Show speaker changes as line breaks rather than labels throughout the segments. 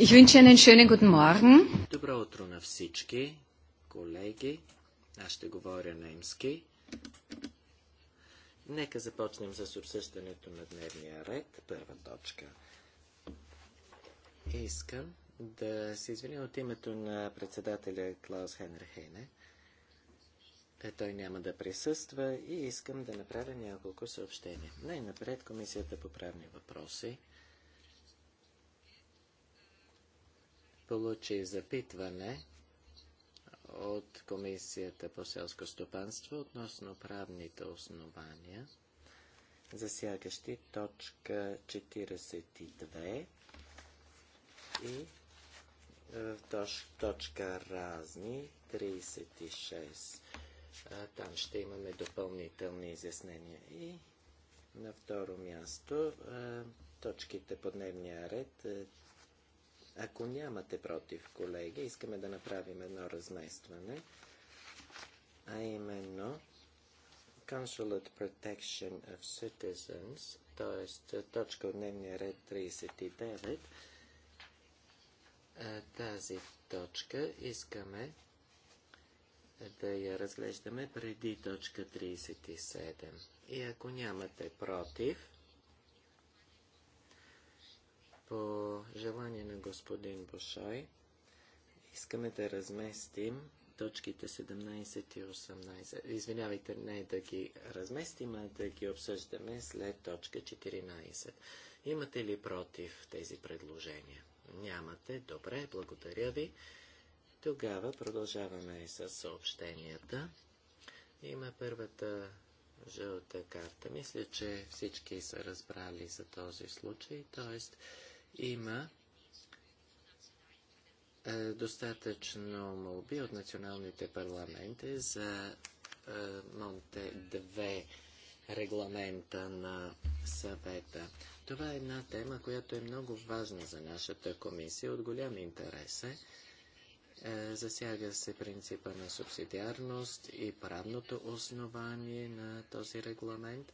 Ich wünsche einen schönen guten Morgen.
Добро утро на всички, колеги. Аз ще говоря немски. Нека започнем с обсъждането на дневния ред. Първа точка. Искам да се извиня от името на председателя Клаус Хенер Хейне. Той няма да присъства и искам да направя няколко съобщения. Най-напред Комисията по правни въпроси получи запитване от Комисията по селско стопанство относно правните основания, засягащи точка 42 и е, точка разни 36. Там ще имаме допълнителни изяснения. И на второ място е, точките по дневния ред е, ако нямате против, колеги, искаме да направим едно разместване, а именно Consulate Protection of Citizens, т.е. точка от дневния ред 39. Тази точка искаме да я разглеждаме преди точка 37. И ако нямате против, по желание на господин Бошой искаме да разместим точките 17 и 18. Извинявайте, не да ги разместим, а да ги обсъждаме след точка 14. Имате ли против тези предложения? Нямате. Добре, благодаря ви. Тогава продължаваме с съобщенията. Има първата жълта карта. Мисля, че всички са разбрали за този случай, т.е. Има е, достатъчно молби от националните парламенти за е, Монте 2 регламента на съвета. Това е една тема, която е много важна за нашата комисия, от голям интерес е, е засяга се принципа на субсидиарност и правното основание на този регламент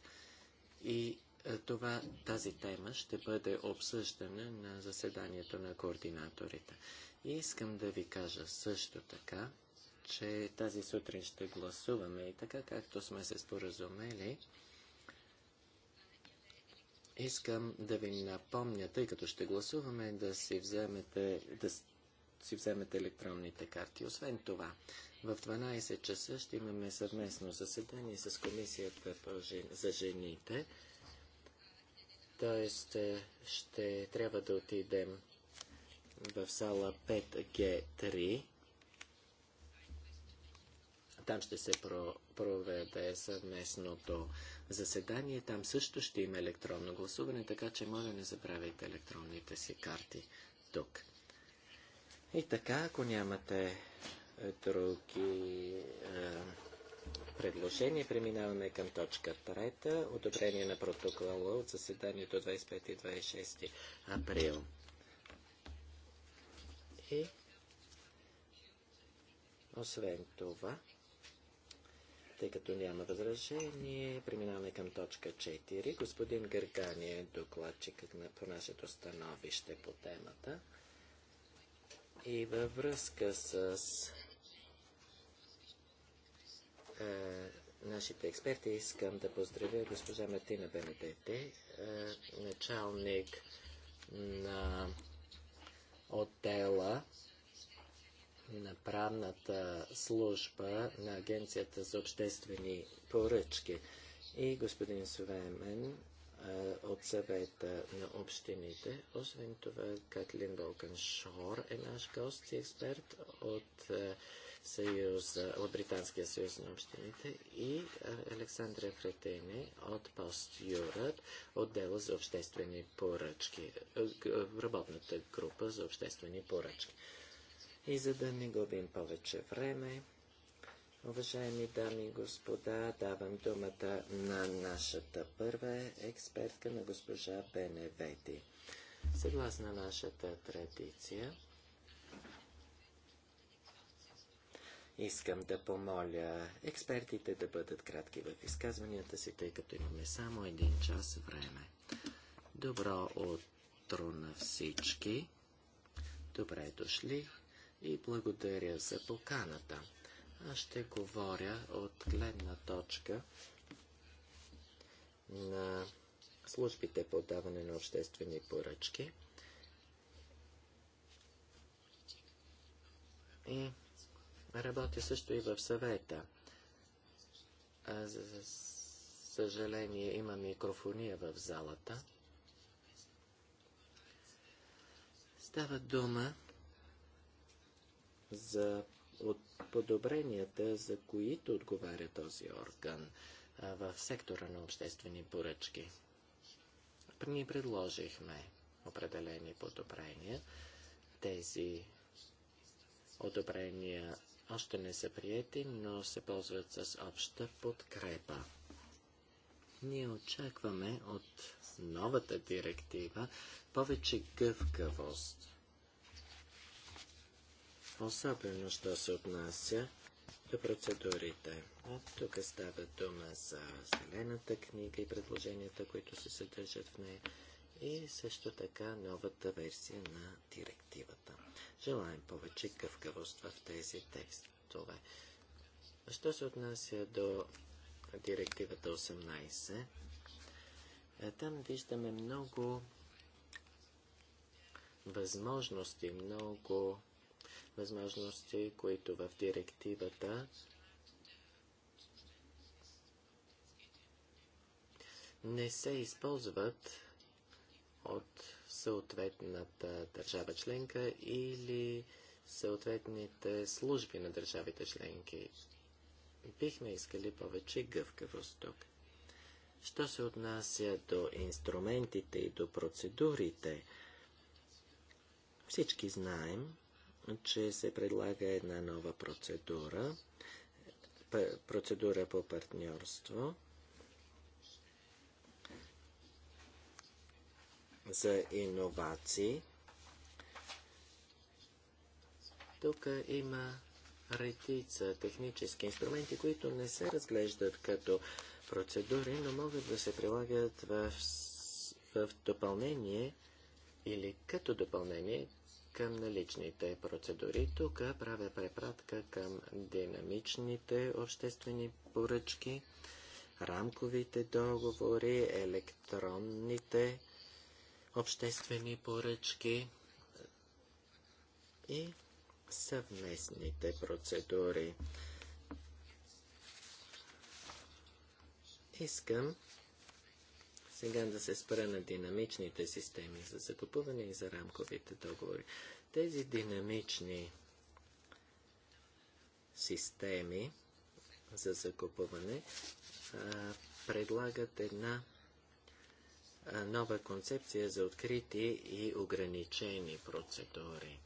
и е, това, тази тема ще бъде обсъждана на заседанието на координаторите. И искам да ви кажа също така, че тази сутрин ще гласуваме и така както сме се споразумели, искам да ви напомня, тъй като ще гласуваме, да си вземете, да си вземете електронните карти. Освен това, в 12 часа ще имаме съвместно заседание с Комисията за жените. Тоест, е, ще трябва да отидем в сала 5G3. Там ще се проведе съвместното заседание. Там също ще има електронно гласуване, така че моля не забравяйте електронните си карти тук. И така, ако нямате други е, предложение. Преминаваме към точка трета. Одобрение на протокола от заседанието 25 и 26 април. И освен това, тъй като няма възражение, преминаваме към точка 4. Господин Гъргани е докладчик на, по нашето становище по темата. И във връзка с нашите експерти. Искам да поздравя госпожа Мартина Бенедете, началник на отдела на правната служба на Агенцията за обществени поръчки и господин Сувемен от съвета на общините. Освен това, Катлин Болканшор е наш гост и експерт от съюз, от Британския съюз на общините и Александра Хретени от Пост Юрат, отдела за обществени поръчки, работната група за обществени поръчки. И за да не губим повече време, уважаеми дами и господа, давам думата на нашата първа експертка, на госпожа Беневети. Съгласно нашата традиция, Искам да помоля експертите да бъдат кратки в изказванията си, тъй като имаме само един час време. Добро утро на всички. Добре дошли и благодаря за поканата. Аз ще говоря от гледна точка на службите по даване на обществени поръчки. И Работя също и в съвета. А, за, за съжаление има микрофония в залата. Става дума за от подобренията, за които отговаря този орган а, в сектора на обществени поръчки. Ни предложихме определени подобрения. Тези одобрения още не са приети, но се ползват с обща подкрепа. Ние очакваме от новата директива повече гъвкавост. Особено, що се отнася до процедурите. От тук става дума за Зелената книга и предложенията, които се съдържат в нея и също така новата версия на директивата. Желаем повече гъвкавост в тези текстове. Що се отнася до директивата 18, е, там виждаме много възможности, много възможности, които в директивата не се използват от съответната държава членка или съответните служби на държавите членки. Бихме искали повече гъвкавост тук. Що се отнася до инструментите и до процедурите, всички знаем, че се предлага една нова процедура, процедура по партньорство – за иновации. Тук има редица технически инструменти, които не се разглеждат като процедури, но могат да се прилагат в, в допълнение или като допълнение към наличните процедури. Тук правя препратка към динамичните обществени поръчки, рамковите договори, електронните обществени поръчки и съвместните процедури. Искам сега да се спра на динамичните системи за закупуване и за рамковите договори. Тези динамични системи за закупуване а, предлагат една нова концепция за открити и ограничени процедури.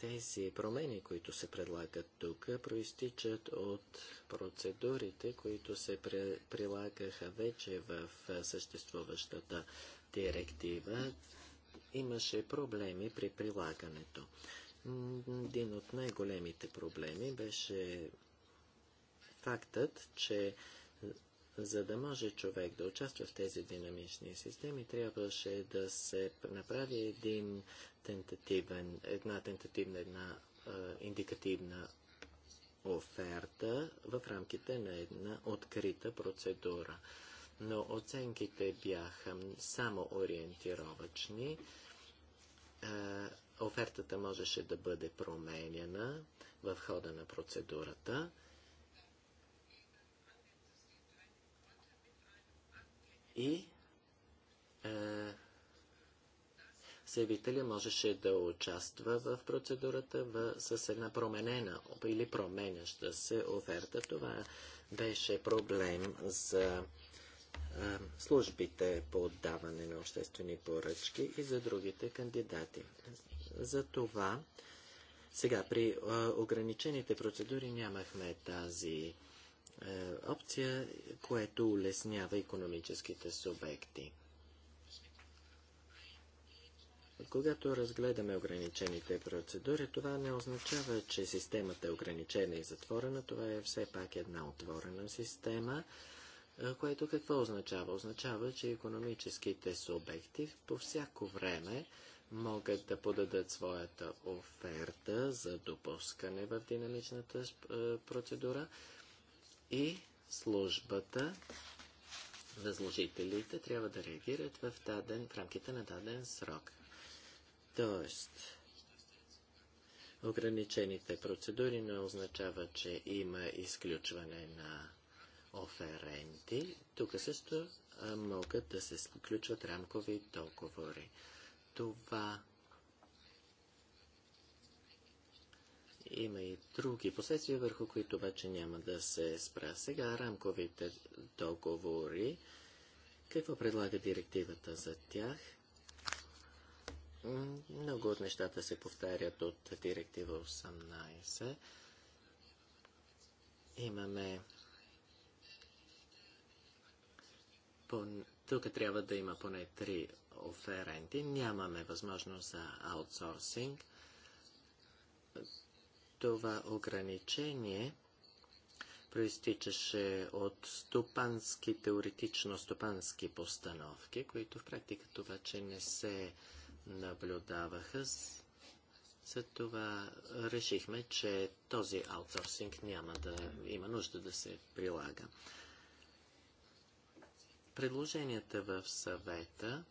Тези промени, които се предлагат тук, проистичат от процедурите, които се прилагаха вече в съществуващата директива. Имаше проблеми при прилагането. Един от най-големите проблеми беше фактът, че за да може човек да участва в тези динамични системи, трябваше да се направи един тентативен, една тентативна, една е, индикативна оферта в рамките на една открита процедура. Но оценките бяха само ориентировачни. Е, офертата можеше да бъде променена в хода на процедурата и е, заявителя можеше да участва в процедурата в, с една променена или променяща се оферта. Това беше проблем за е, службите по отдаване на обществени поръчки и за другите кандидати. За това сега при е, ограничените процедури нямахме тази е, опция, което улеснява економическите субекти. Когато разгледаме ограничените процедури, това не означава, че системата е ограничена и затворена. Това е все пак една отворена система, е, което какво означава? Означава, че економическите субекти по всяко време могат да подадат своята оферта за допускане в динамичната е, процедура и службата, възложителите трябва да реагират в, даден, в рамките на даден срок. Тоест, ограничените процедури не означава, че има изключване на оференти. Тук също а, могат да се включват рамкови договори. Това Има и други последствия, върху които обаче няма да се спра. Сега рамковите договори. Какво предлага директивата за тях? Много от нещата се повтарят от директива 18. Имаме тук трябва да има поне три оференти. Нямаме възможност за аутсорсинг. Това ограничение проистичаше от стопански, теоретично-стопански постановки, които в практиката обаче не се наблюдаваха. Затова решихме, че този аутсорсинг няма да има нужда да се прилага. Предложенията в съвета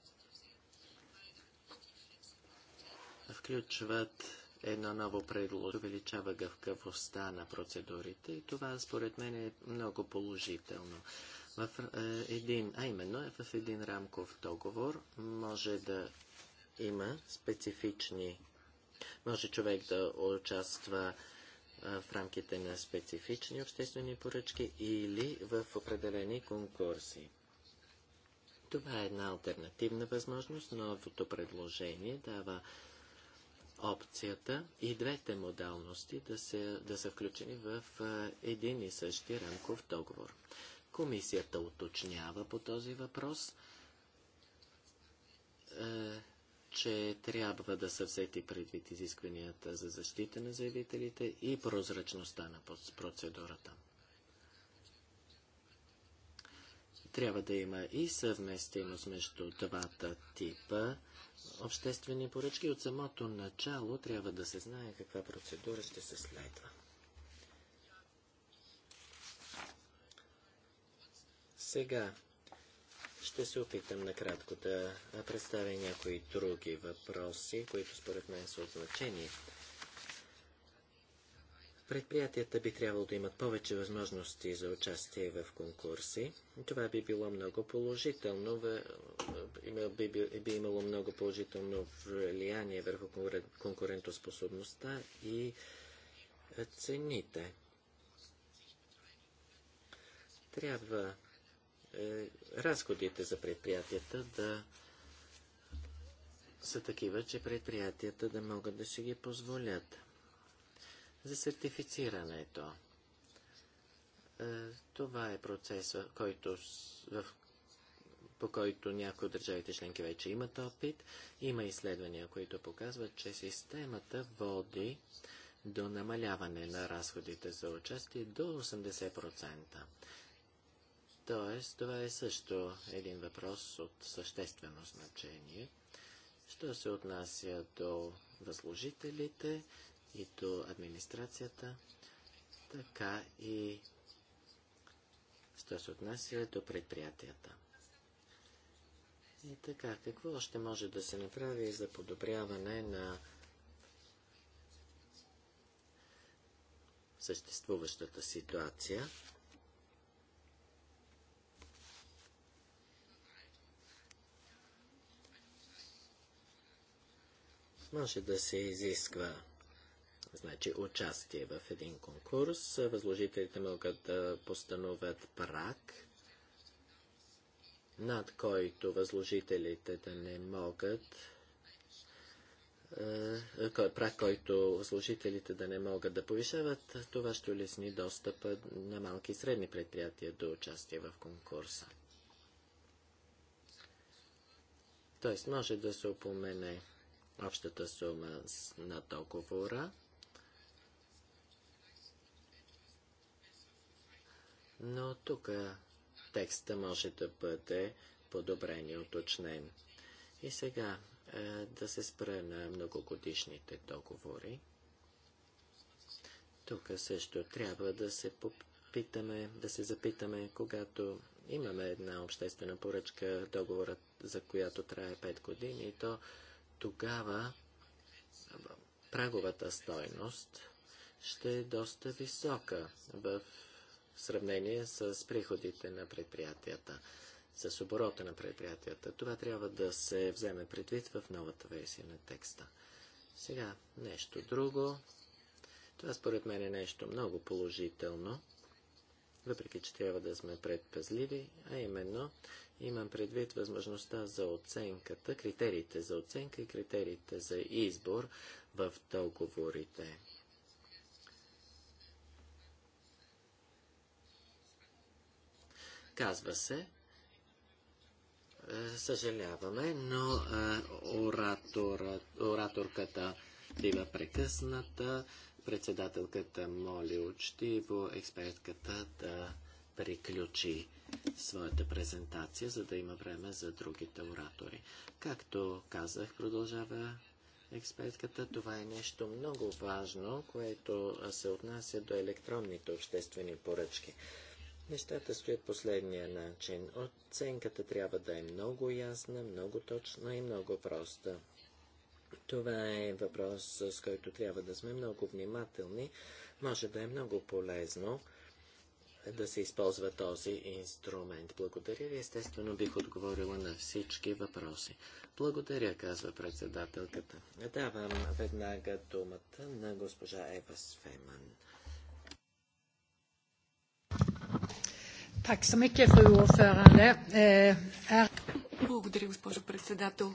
включват едно ново предложение увеличава гъвкавостта на процедурите и това според мен е много положително. В е, един, а именно е в един рамков договор може да има специфични, може човек да участва е, в рамките на специфични обществени поръчки или в определени конкурси. Това е една альтернативна възможност. Новото предложение дава опцията и двете модалности да, се, да са включени в един и същи рамков договор. Комисията уточнява по този въпрос, че трябва да са взети предвид изискванията за защита на заявителите и прозрачността на процедурата. Трябва да има и съвместимост между двата типа обществени поръчки. От самото начало трябва да се знае каква процедура ще се следва. Сега ще се опитам накратко да представя някои други въпроси, които според мен са от значение. Предприятията би трябвало да имат повече възможности за участие в конкурси. Това би било много положително, е, би, имало много положително влияние върху конкурентоспособността и е, цените. Трябва е, разходите за предприятията да са такива, че предприятията да могат да си ги позволят. За сертифицирането. Е, това е процес, който, в, по който някои от държавите членки вече имат опит. Има изследвания, които показват, че системата води до намаляване на разходите за участие до 80%. Тоест, това е също един въпрос от съществено значение. Що се отнася до възложителите, и до администрацията, така и що се отнася до предприятията. И така, какво още може да се направи за подобряване на съществуващата ситуация? Може да се изисква Значи участие в един конкурс. Възложителите могат да постановят прак, над който възложителите да не могат е, прак, който служителите да не могат да повишават, това ще улесни достъпа на малки и средни предприятия до участие в конкурса. Тоест, може да се упомене общата сума на договора но тук текста може да бъде подобрен и уточнен. И сега е, да се спра на многогодишните договори. Тук също трябва да се попитаме, да се запитаме, когато имаме една обществена поръчка, договорът за която трае 5 години, то тогава праговата стойност ще е доста висока в в сравнение с приходите на предприятията, с оборота на предприятията. Това трябва да се вземе предвид в новата версия на текста. Сега нещо друго. Това според мен е нещо много положително, въпреки че трябва да сме предпазливи, а именно имам предвид възможността за оценката, критериите за оценка и критериите за избор в договорите. Казва се, е, съжаляваме, но а, е, оратор, ораторката бива прекъсната, председателката моли учтиво експертката да приключи своята презентация, за да има време за другите оратори. Както казах, продължава експертката, това е нещо много важно, което се отнася до електронните обществени поръчки. Нещата стоят последния начин. Оценката трябва да е много ясна, много точна и много проста. Това е въпрос, с който трябва да сме много внимателни. Може да е много полезно да се използва този инструмент. Благодаря ви. Естествено бих отговорила на всички въпроси. Благодаря, казва председателката. Давам веднага думата на госпожа Ева Сфеман.
Eh, благодаря, госпожо председател.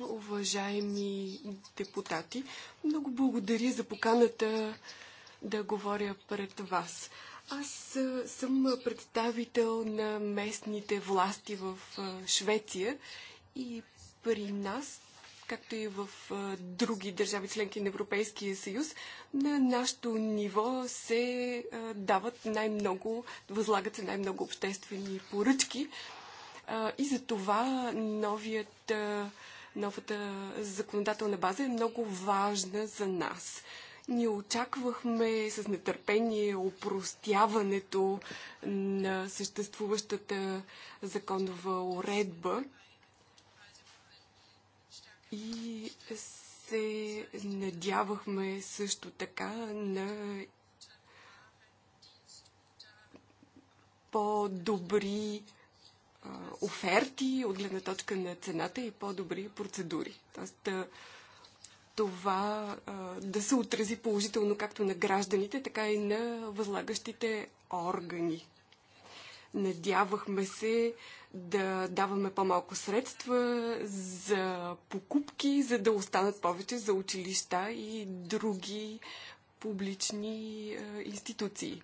Уважаеми депутати, много благодаря за поканата да говоря пред вас. Аз е, съм представител на местните власти в е, Швеция и при нас както и в други държави членки на Европейския съюз, на нашето ниво се дават най-много, възлагат се най-много обществени поръчки. И за това новият, новата законодателна база е много важна за нас. Ние очаквахме с нетърпение опростяването на съществуващата законова уредба и се надявахме също така на по-добри оферти от гледна точка на цената и по-добри процедури. Тоест, това да се отрази положително както на гражданите, така и на възлагащите органи. Надявахме се да даваме по-малко средства за покупки, за да останат повече за училища и други публични институции.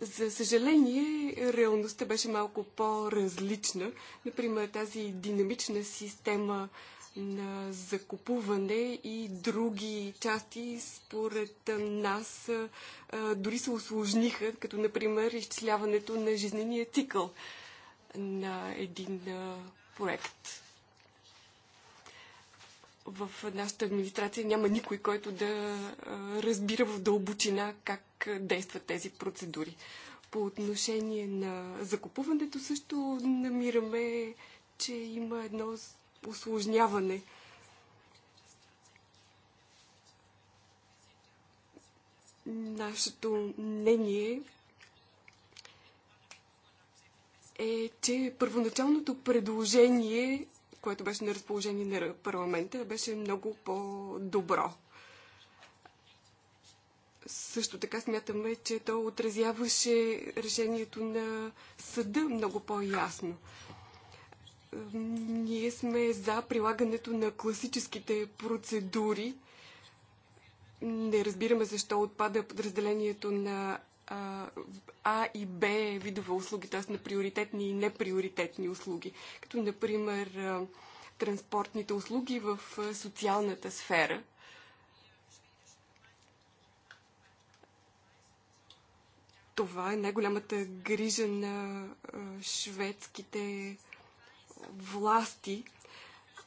За съжаление, реалността беше малко по-различна. Например, тази динамична система на закупуване и други части според нас дори се осложниха, като например изчисляването на жизнения цикъл на един проект. В нашата администрация няма никой, който да разбира в дълбочина как действат тези процедури. По отношение на закупуването също намираме, че има едно осложняване. Нашето мнение е, че първоначалното предложение, което беше на разположение на парламента, беше много по-добро. Също така смятаме, че то отразяваше решението на съда много по-ясно ние сме за прилагането на класическите процедури. Не разбираме защо отпада подразделението на а и Б видове услуги, т.е. на приоритетни и неприоритетни услуги, като например транспортните услуги в социалната сфера. Това е най-голямата грижа на шведските власти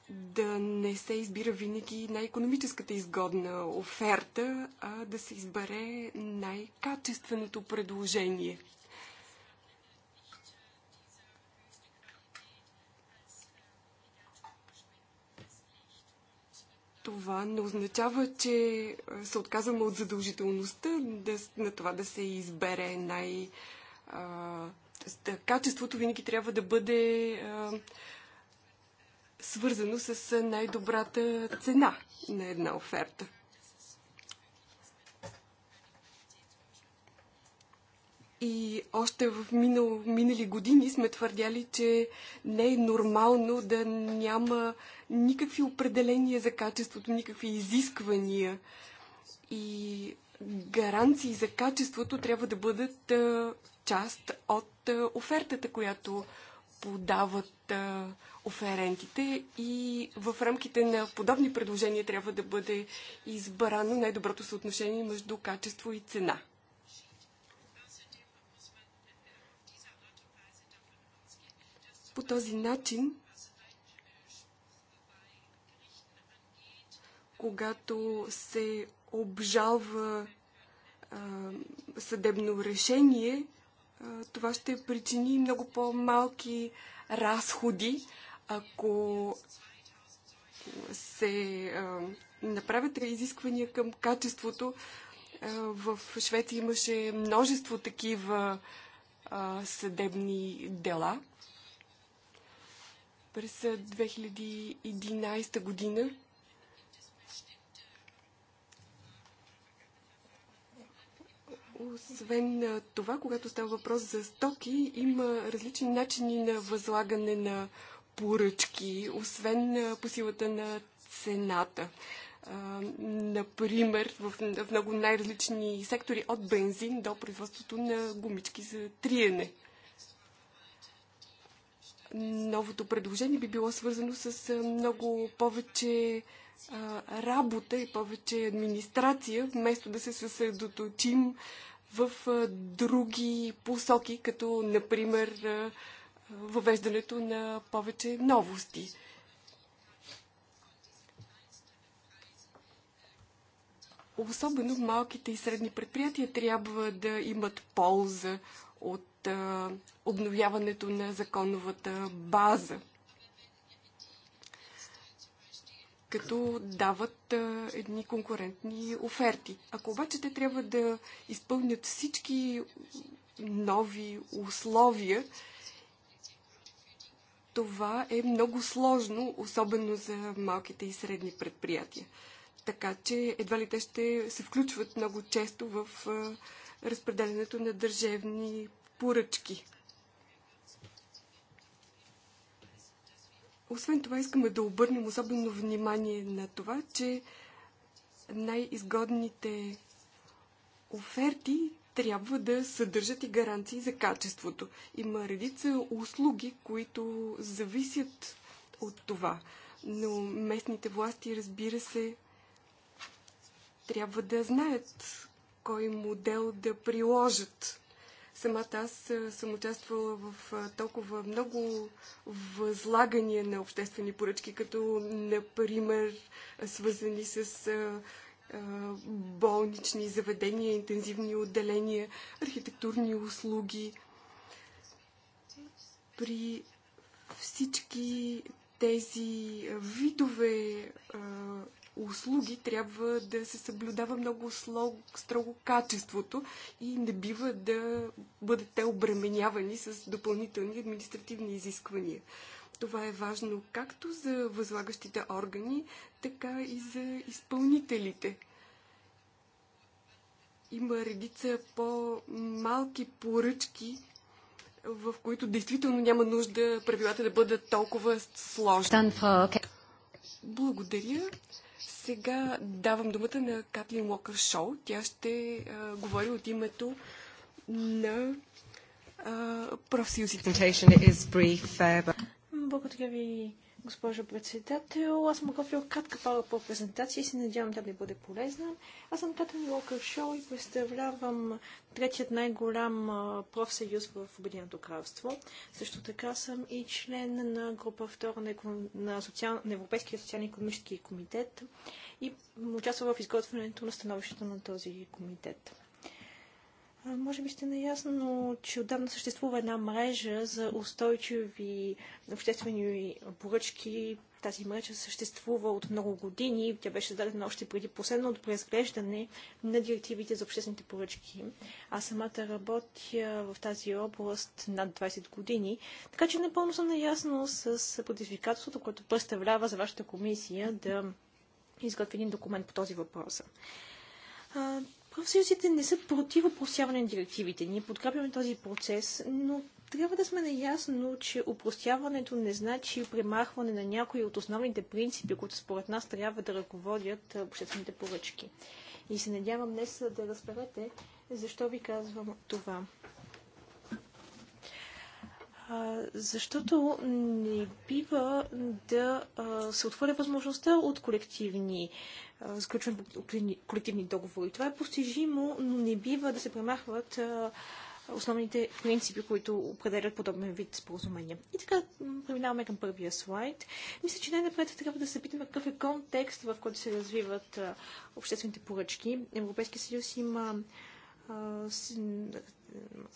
да не се избира винаги най-економическата изгодна оферта, а да се избере най-качественото предложение. Това не означава, че се отказваме от задължителността да, на това да се избере най- Качеството винаги трябва да бъде а, свързано с най-добрата цена на една оферта. И още в минал, минали години сме твърдяли, че не е нормално да няма никакви определения за качеството, никакви изисквания. И гаранции за качеството трябва да бъдат част от е, офертата, която подават е, оферентите и в рамките на подобни предложения трябва да бъде избрано най-доброто съотношение между качество и цена. По този начин, когато се обжалва а, е, съдебно решение, това ще причини много по-малки разходи, ако се направят изисквания към качеството. В Швеция имаше множество такива съдебни дела. През 2011 година Освен това, когато става въпрос за стоки, има различни начини на възлагане на поръчки, освен по силата на цената. Например, в много най-различни сектори, от бензин до производството на гумички за триене новото предложение би било свързано с много повече работа и повече администрация, вместо да се съсредоточим в други посоки, като, например, въвеждането на повече новости. Особено малките и средни предприятия трябва да имат полза от обновяването на законовата база. като дават а, едни конкурентни оферти. Ако обаче те трябва да изпълнят всички нови условия, това е много сложно, особено за малките и средни предприятия. Така че едва ли те ще се включват много често в а, разпределенето на държавни поръчки. Освен това, искаме да обърнем особено внимание на това, че най-изгодните оферти трябва да съдържат и гаранции за качеството. Има редица услуги, които зависят от това. Но местните власти, разбира се, трябва да знаят кой модел да приложат. Самата аз съм участвала в толкова много възлагания на обществени поръчки, като, например, свързани с болнични заведения, интензивни отделения, архитектурни услуги. При всички тези видове услуги трябва да се съблюдава много слог, строго качеството и не бива да бъдат те обременявани с допълнителни административни изисквания. Това е важно както за възлагащите органи, така и за изпълнителите. Има редица по-малки поръчки, в които действително няма нужда правилата да бъдат толкова сложни. Благодаря. Сега давам думата на Катлин Локър Шоу. Тя ще а, говори от името на профсъюзите. Uh,
Благодаря ви, госпожо
председател. Аз съм
готвил кратка пара по презентация и се надявам тя да ми бъде полезна. Аз съм Катен Локър Шоу и представлявам третият най-голям профсъюз в Обединеното кралство. Също така съм и член на група втора на, на, социал... на Европейския социално-економически комитет и участвам в изготвянето на становището на този комитет. Може би сте наясно, че отдавна съществува една мрежа за устойчиви обществени поръчки. Тази мрежа съществува от много години. Тя беше зададена още преди последното преразглеждане на директивите за обществените поръчки. Аз самата работя в тази област над 20 години, така че напълно съм наясно с предизвикателството, което представлява за вашата комисия да изготви един документ по този въпрос. Профсъюзите не са противопростяване на директивите. Ние подкрепяме този процес, но трябва да сме наясно, че упростяването не значи премахване на някои от основните принципи, които според нас трябва да ръководят обществените поръчки. И се надявам днес да разберете защо ви казвам това. А, защото не бива да а, се отворя възможността от колективни сключване колективни договори. Това е постижимо, но не бива да се премахват основните принципи, които определят подобен вид споразумения. И така преминаваме към първия слайд. Мисля, че най-напред трябва да се питаме какъв е контекст, в който се развиват обществените поръчки. Европейския съюз има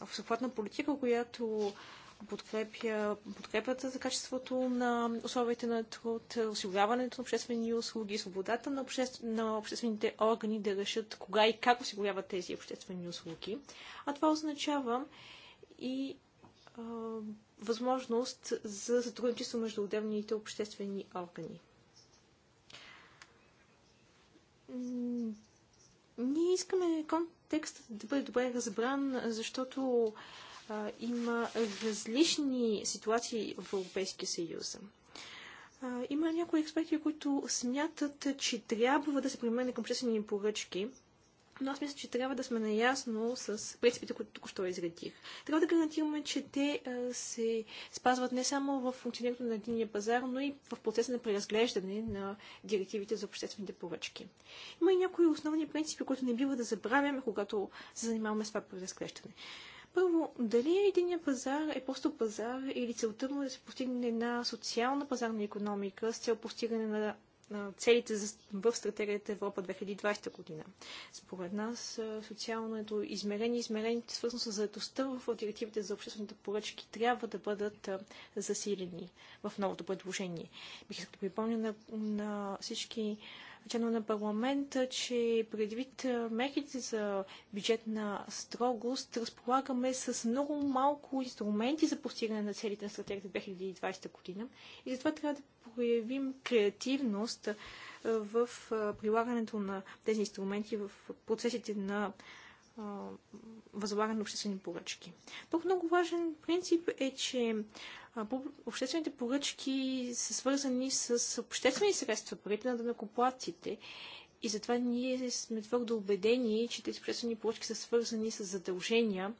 съхватна политика, която подкрепя, подкрепата за качеството на условията на труд, осигуряването на обществени услуги, свободата на, обществ... на обществените органи да решат кога и как осигуряват тези обществени услуги. А това означава и а, възможност за сътрудничество между отделните обществени органи. Ние искаме контекстът да бъде добре разбран, защото има различни ситуации в Европейския съюз. има някои експерти, които смятат, че трябва да се промене към обществени поръчки, но аз мисля, че трябва да сме наясно с принципите, които току-що изредих. Трябва да гарантираме, че те а, се спазват не само в функционирането на единния пазар, но и в процеса на преразглеждане на директивите за обществените поръчки. Има и някои основни принципи, които не бива да забравяме, когато се занимаваме с това преразглеждане. Първо, дали единия пазар е просто пазар или целта му е да се постигне една социална пазарна економика с цел постигане на целите в стратегията Европа 2020 година. Според нас социалното измерение, измерението свързано с заедостта в директивите за обществените поръчки трябва да бъдат засилени в новото предложение. Бих искал да припомня на, на всички членове на парламента, че предвид мерките за бюджетна строгост, разполагаме с много малко инструменти за постигане на целите на стратегията 2020 година и затова трябва да проявим креативност в прилагането на тези инструменти в процесите на възлагане на обществени поръчки. Тук много важен принцип е, че обществените поръчки са свързани с обществени средства, парите на данакоплатците. И затова ние сме твърдо убедени, че тези обществени поръчки са свързани с задължения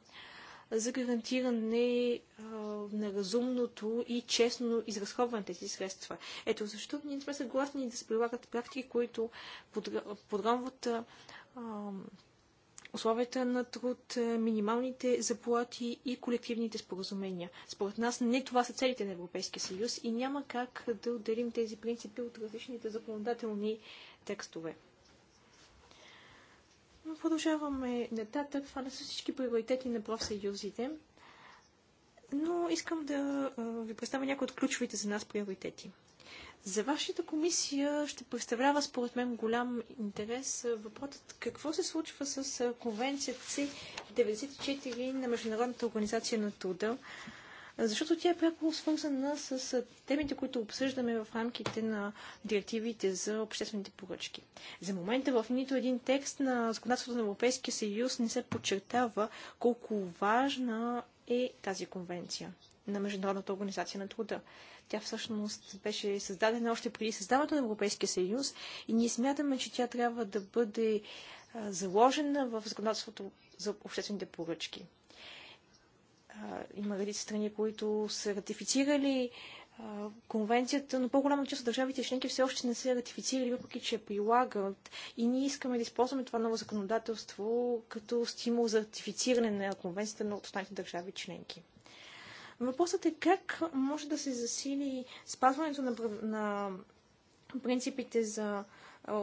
за гарантиране на разумното и честно изразходване тези средства. Ето защо ние сме съгласни да се прилагат практики, които подробват условията на труд, е, минималните заплати и колективните споразумения. Според нас не това са целите на Европейския съюз и няма как да отделим тези принципи от различните законодателни текстове. Но продължаваме нататък. Това не са всички приоритети на профсъюзите, но искам да е, ви представя някои от ключовите за нас приоритети. За вашата комисия ще представлява според мен голям интерес въпросът какво се случва с конвенция C94 на Международната организация на труда, защото тя е пряко свързана с темите, които обсъждаме в рамките на директивите за обществените поръчки. За момента в нито един текст на законодателството на Европейския съюз не се подчертава колко важна е тази конвенция на Международната организация на труда. Тя всъщност беше създадена още преди създаването на Европейския съюз и ние смятаме, че тя трябва да бъде заложена в законодателството за обществените поръчки. има редица страни, които са ратифицирали конвенцията, но по-голяма част от държавите членки все още не са ратифицирали, въпреки че я прилагат. И ние искаме да използваме това ново законодателство като стимул за ратифициране на конвенцията на останалите държави членки. Въпросът е как може да се засили спазването на, на принципите за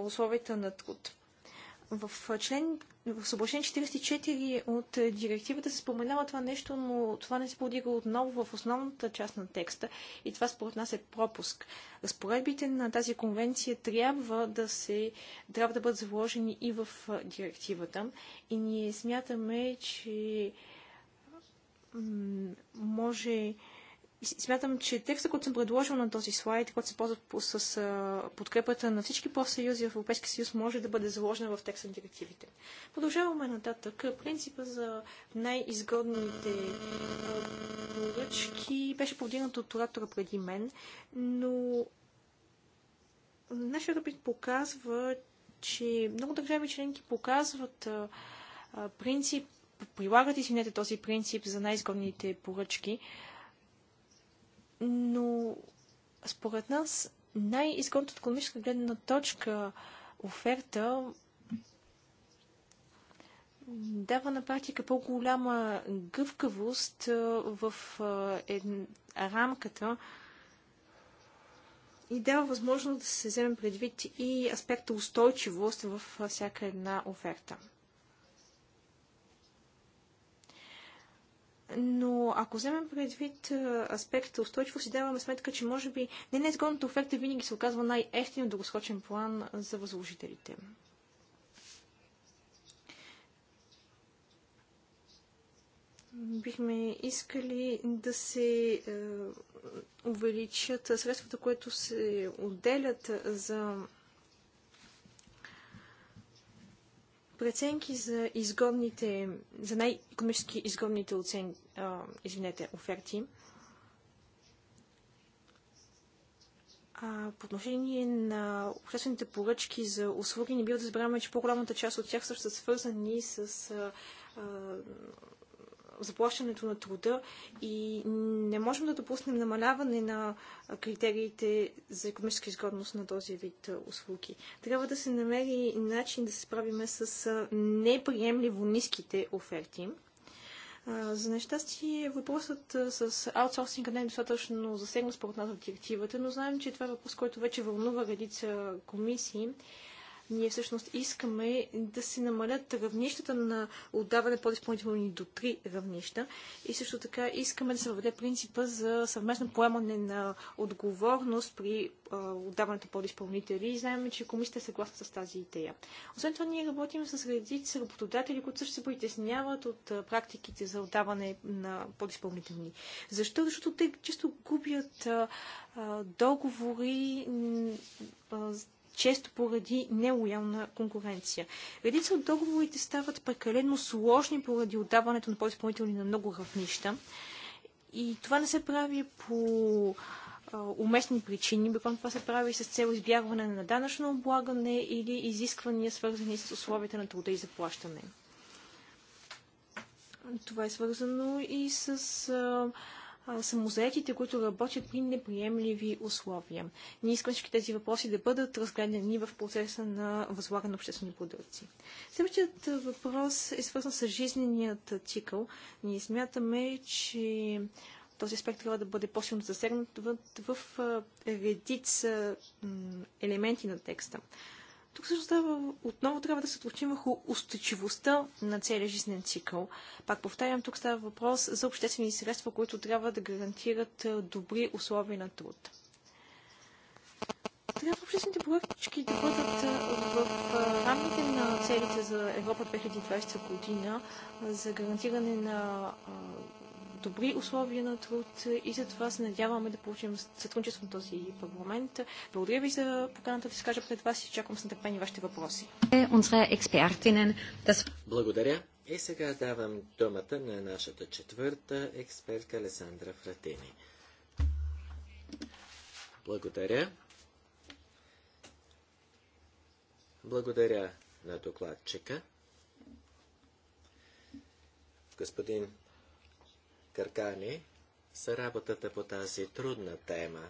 условията на труд. В член в съобщение 44 от директивата се споменава това нещо, но това не се подига отново в основната част на текста и това според нас е пропуск. Разпоредбите на тази конвенция трябва да, се, трябва да бъдат заложени и в директивата и ние смятаме, че може смятам, че текста, който съм предложил на този слайд, който се ползва с подкрепата на всички профсъюзи в Европейския съюз, може да бъде заложен в текста на директивите. Продължаваме нататък. Принципа за най-изгодните поръчки беше повдигнат от оратора преди мен, но нашия опит показва, че много държави членки показват принцип прилагат, извинете, този принцип за най-изгодните поръчки, но според нас най-изгодната от економическа гледна точка оферта дава на практика по-голяма гъвкавост в рамката и дава възможност да се вземе предвид и аспекта устойчивост във всяка една оферта. но ако вземем предвид аспекта устойчиво, си даваме сметка, че може би не неизгодната оферта винаги се оказва най-ефтин в дългосрочен план за възложителите. бихме искали да се увеличат средствата, които се отделят за преценки за изгодните, за най-економически изгодните оцен, а, извинете, оферти. А, по отношение на обществените поръчки за услуги, не бива да забравяме, че по-голямата част от тях също са свързани с а, а, заплащането на труда и не можем да допуснем намаляване на критериите за економическа изгодност на този вид услуги. Трябва да се намери начин да се справиме с неприемливо ниските оферти. За нещастие въпросът с аутсорсинга не е достатъчно засегнат според нас в директивата, но знаем, че това е въпрос, който вече вълнува редица комисии ние всъщност искаме да се намалят равнищата на отдаване по изпълнителни до три равнища и също така искаме да се въведе принципа за съвместно поемане на отговорност при отдаването под изпълнители и знаем, че комисията е съгласна с тази идея. Освен това, ние работим с редици работодатели, които също се притесняват от практиките за отдаване на подизпълнителни. Защо? Защото те често губят договори често поради нелоялна конкуренция. Редица от договорите стават прекалено сложни поради отдаването на по подизпълнители на много равнища. И това не се прави по уместни причини, бекон това се прави с цел избягване на данъчно облагане или изисквания, свързани с условията на труда и заплащане. Това е свързано и с самозаетите, които работят при неприемливи условия. Ние искаме всички тези въпроси да бъдат разгледани в процеса на възлагане на обществени продукти. Следващият въпрос е свързан с жизненият цикъл. Ние смятаме, че този аспект трябва да бъде по-силно засегнат в, в редица елементи на текста. Тук също става, отново трябва да се отлучим върху устойчивостта на целия жизнен цикъл. Пак повтарям, тук става въпрос за обществени средства, които трябва да гарантират добри условия на труд. Трябва обществените поръчки да бъдат в рамките на целите за Европа 2020 година за гарантиране на добри условия на труд и за това се надяваме да получим сътрудничество на този парламент. Благодаря ви за поканата да се кажа пред вас и чакам с нетърпение вашите въпроси. Е,
Благодаря. И сега давам думата на нашата четвърта експертка Алесандра Фратини. Благодаря. Благодаря на докладчика. Господин Каркани за работата по тази трудна тема.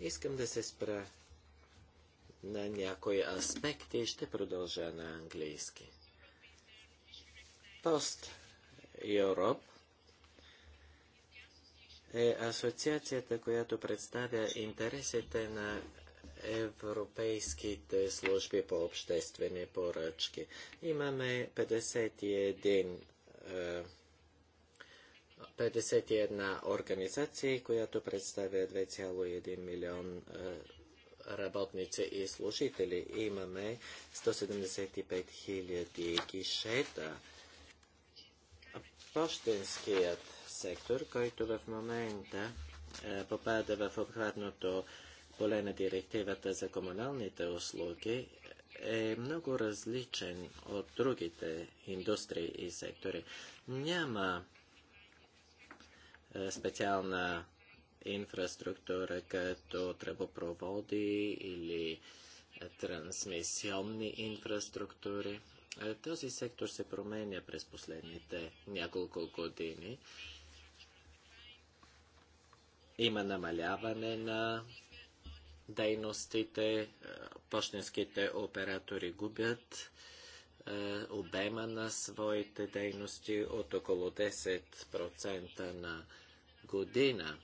Искам да се спра на някои аспекти и ще продължа на английски. Пост Европ е асоциацията, която представя интересите на европейските служби по обществени поръчки. Имаме 51 е, 51 организации, която представя 2,1 милион е, работници и служители. Имаме 175 хиляди кишета. Пощенският сектор, който в момента е, попада в обхватното поле на директивата за комуналните услуги, е много различен от другите индустрии и сектори. Няма е, специална инфраструктура, като тръбопроводи или е, трансмисионни инфраструктури. Е, този сектор се променя през последните няколко години. Има намаляване на дейностите, почтенските оператори губят обема на своите дейности от около 10% на година.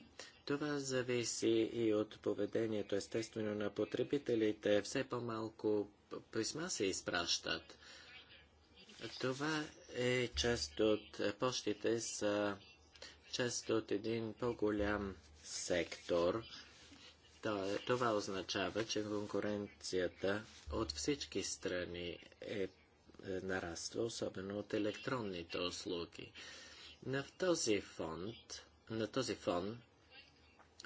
Това зависи и от поведението, естествено, на потребителите. Все по-малко писма се изпращат. Това е част от почтите са част от един по-голям сектор. Това означава, че конкуренцията от всички страни е, е нараства, особено от електронните услуги. На този фонд на този фон,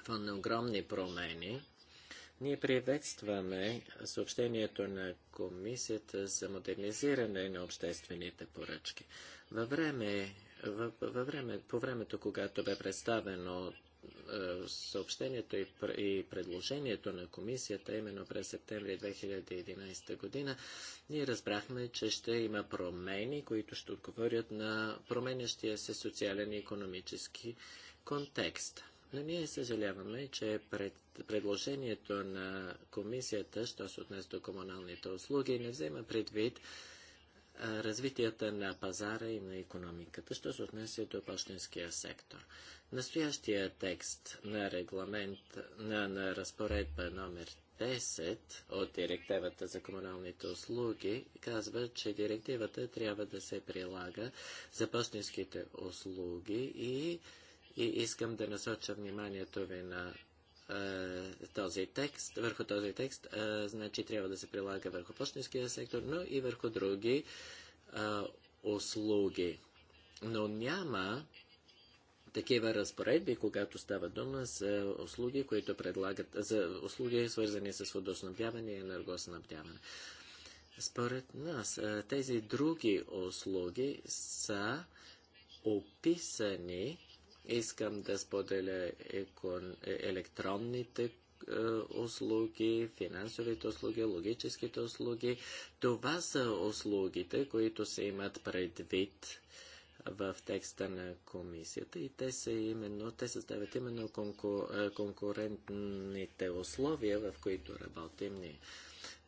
фон на огромни промени, ние приветстваме съобщението на Комисията за модернизиране на обществените поръчки. Във време, във, във време, по времето, когато бе представено е, съобщението и, и предложението на комисията именно през септември 2011 година, ние разбрахме, че ще има промени, които ще отговорят на променящия се социален и економически контекст. Но ние съжаляваме, че пред предложението на комисията, що се отнес до комуналните услуги, не взема предвид развитията на пазара и на економиката, що се отнесе до почтенския сектор. Настоящия текст на регламент на, на разпоредба номер 10 от директивата за комуналните услуги казва, че директивата трябва да се прилага за почтенските услуги и и искам да насоча вниманието ви на е, този текст, върху този текст, е, значи трябва да се прилага върху почтенския сектор, но и върху други е, услуги. Но няма такива разпоредби, когато става дума за услуги, които предлагат, за услуги свързани с водоснабдяване и енергоснабдяване. Според нас е, тези други услуги са описани Искам да споделя е, електронните е, услуги, финансовите услуги, логическите услуги. Това са услугите, които се имат предвид в текста на комисията и те, са именно, те създават именно е, конкурентните условия, в които работим ние.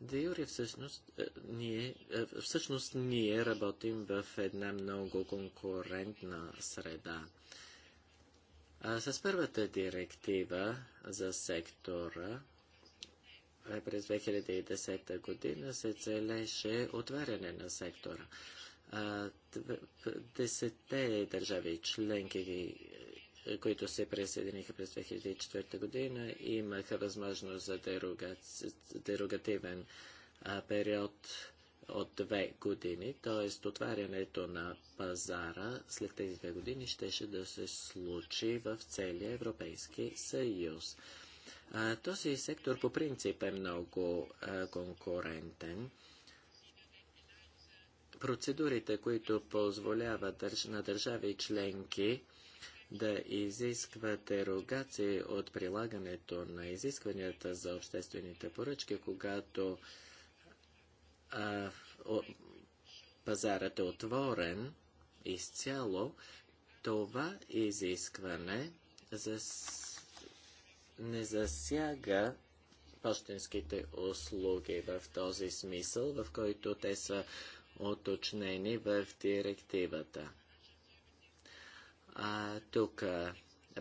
Да, Юри, всъщност ние, всъщност ние работим в една много конкурентна среда. А, с първата директива за сектора е през 2010 година се целеше отваряне на сектора. Десетте държави членки, които се присъединиха през 2004 година, имаха възможност за дерогативен период от две години, т.е. отварянето на пазара след тези две години щеше да се случи в целия Европейски съюз. А, този сектор по принцип е много а, конкурентен. Процедурите, които позволяват държ... на държави членки да изискват ерогации от прилагането на изискванията за обществените поръчки, когато а, о, пазарът е отворен изцяло, това изискване зас... не засяга почтенските услуги в този смисъл, в който те са уточнени в директивата. А тук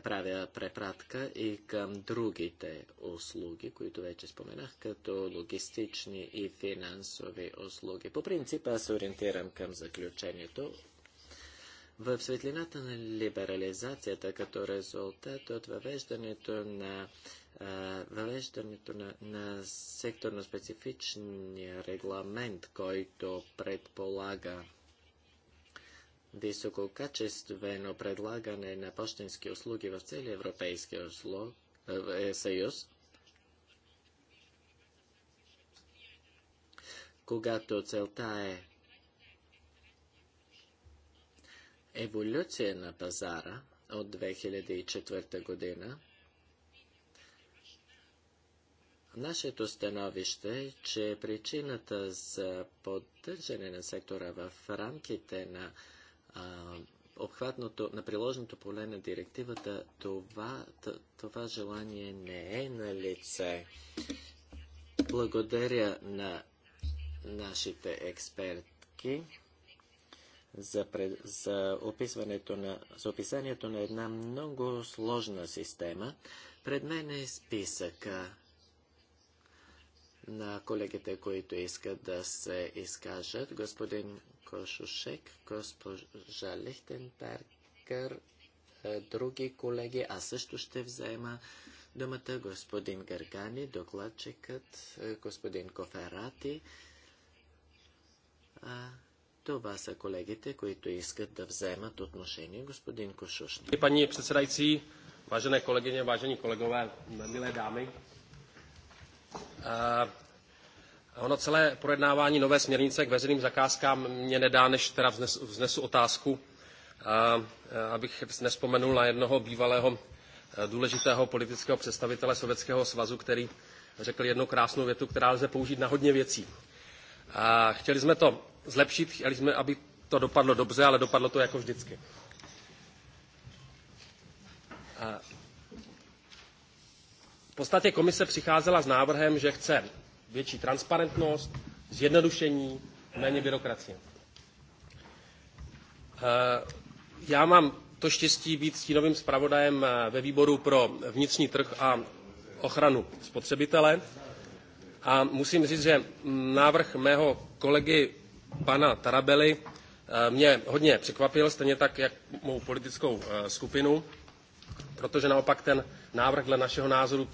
правя препратка и към другите услуги, които вече споменах, като логистични и финансови услуги. По принцип аз ориентирам към заключението. В светлината на либерализацията като резултат от въвеждането на въвеждането на, на секторно специфичния регламент, който предполага висококачествено предлагане на почтенски услуги в целия Европейски е, е, съюз, когато целта е еволюция на пазара от 2004 година, Нашето становище е, че причината за поддържане на сектора в рамките на а, обхватното, на приложното поле на директивата, това, това желание не е на лице. Благодаря на нашите експертки за, пред, за, описването на, за описанието на една много сложна система. Пред мен е списъка на колегите, които искат да се изкажат. Господин Кошушек, госпожа Лихтенбергер, е, други колеги. Аз също ще взема думата господин Гаргани, докладчикът, е, господин Коферати. А, това са колегите, които искат да вземат отношение господин Кошушек. Пани председайци,
важене колегиня, важени колегове, миле дами, Ono celé projednávání nové směrnice k veřejným zakázkám mě nedá, než teda vznesu otázku, abych nespomenul na jednoho bývalého důležitého politického představitele Sovětského svazu, který řekl jednu krásnou větu, která lze použít na hodně věcí. Chtěli jsme to zlepšit, chtěli jsme, aby to dopadlo dobře, ale dopadlo to jako vždycky. podstatě komise přicházela s návrhem, že chce větší transparentnost, zjednodušení, méně byrokracie. Já mám to štěstí být stínovým zpravodajem ve výboru pro vnitřní trh a ochranu spotřebitele. A musím říct, že návrh mého kolegy pana Tarabely mě hodně překvapil, stejně tak, jak mou politickou skupinu, protože naopak ten návrh dle našeho názoru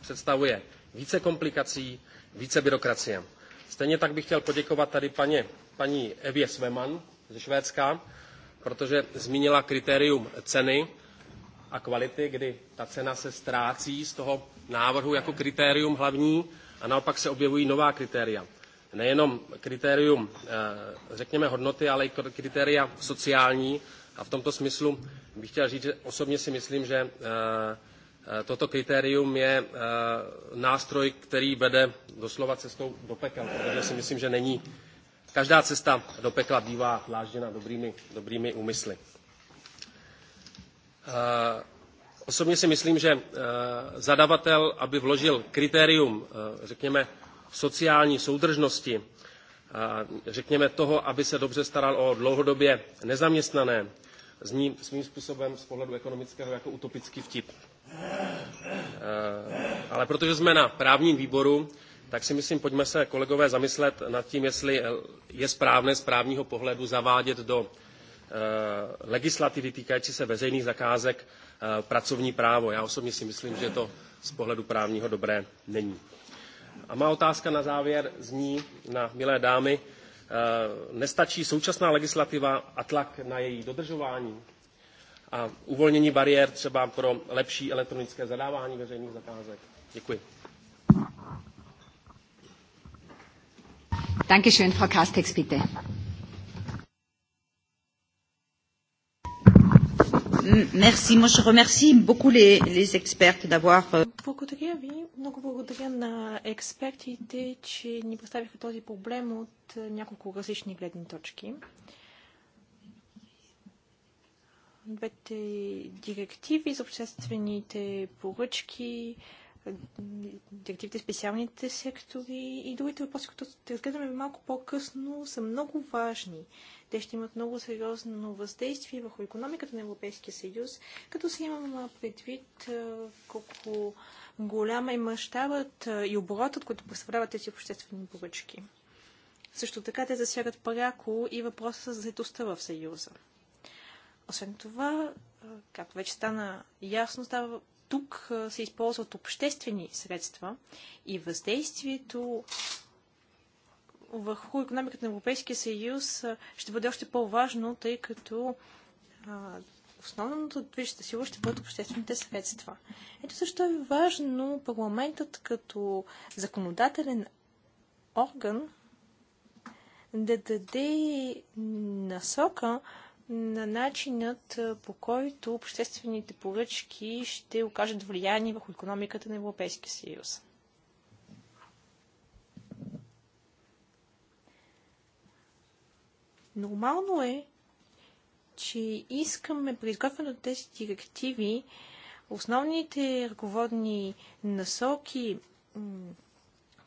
představuje více komplikací, více byrokracie. Stejně tak bych chtěl poděkovat tady paně, paní Evě Sveman ze Švédska, protože zmínila kritérium ceny a kvality, kdy ta cena se ztrácí z toho návrhu jako kritérium hlavní a naopak se objevují nová kritéria. Nejenom kritérium, řekněme, hodnoty, ale i kritéria sociální A v tomto smyslu bych chtěl říct, že osobně si myslím, že toto kritérium je nástroj, který vede doslova cestou do pekel, protože si myslím, že není. Každá cesta do pekla bývá dlážděna dobrými, dobrými úmysly. Osobně si myslím, že zadavatel, aby vložil kritérium, řekněme, sociální soudržnosti řekněme, toho, aby se dobře staral o dlouhodobě nezaměstnané, zní svým způsobem z pohledu ekonomického jako utopický vtip. Ale protože jsme na právním výboru, tak si myslím, pojďme se, kolegové, zamyslet nad tím, jestli je správné z právního pohledu zavádět do legislativy týkající se veřejných zakázek pracovní právo. Já osobně si myslím, že to z pohledu právního dobré není. A má otázka na závěr zní na milé dámy. Nestačí současná legislativa a tlak na její dodržování a uvolnění bariér třeba pro lepší elektronické zadávání veřejných zakázek. Děkuji.
Dankeschön, Frau Kastex, bitte. Merci. Moi, je remercie beaucoup les, les experts d'avoir... Euh, благодаря ви. Много благодаря на експертите, че ни поставиха този проблем от е, няколко различни гледни точки. Двете директиви за обществените поръчки, е, директивите специалните сектори и другите въпроси, които ще разгледаме малко по-късно, са много важни. Те ще имат много сериозно въздействие върху економиката на Европейския съюз, като се имам предвид колко голяма е мащабът и оборотът, който представляват тези обществени поръчки. Също така те засягат пряко и въпроса за заедостта в Съюза. Освен това, както вече стана ясно, става, тук се използват обществени средства и въздействието върху економиката на Европейския съюз ще бъде още по-важно, тъй като основната движеща сила ще бъдат обществените средства. Ето защо е важно парламентът като законодателен орган да даде насока на начинът по който обществените поръчки ще окажат влияние върху економиката на Европейския съюз. Нормално е, че искаме при изготвянето на тези директиви основните ръководни насоки,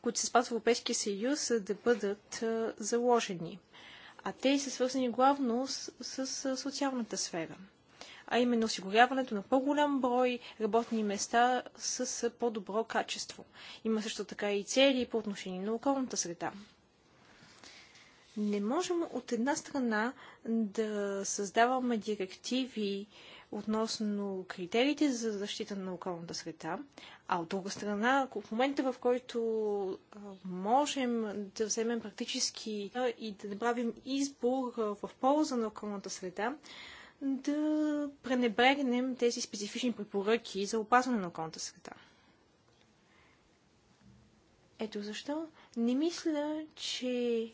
които се спазват в Европейския съюз, да бъдат заложени. А те са свързани главно с, с, с социалната сфера а именно осигуряването на по-голям брой работни места с по-добро качество. Има също така и цели по отношение на околната среда. Не можем от една страна да създаваме директиви относно критериите за защита на околната среда, а от друга страна, в момента в който можем да вземем практически и да направим избор в полза на околната среда, да пренебрегнем тези специфични препоръки за опазване на околната среда. Ето защо не мисля, че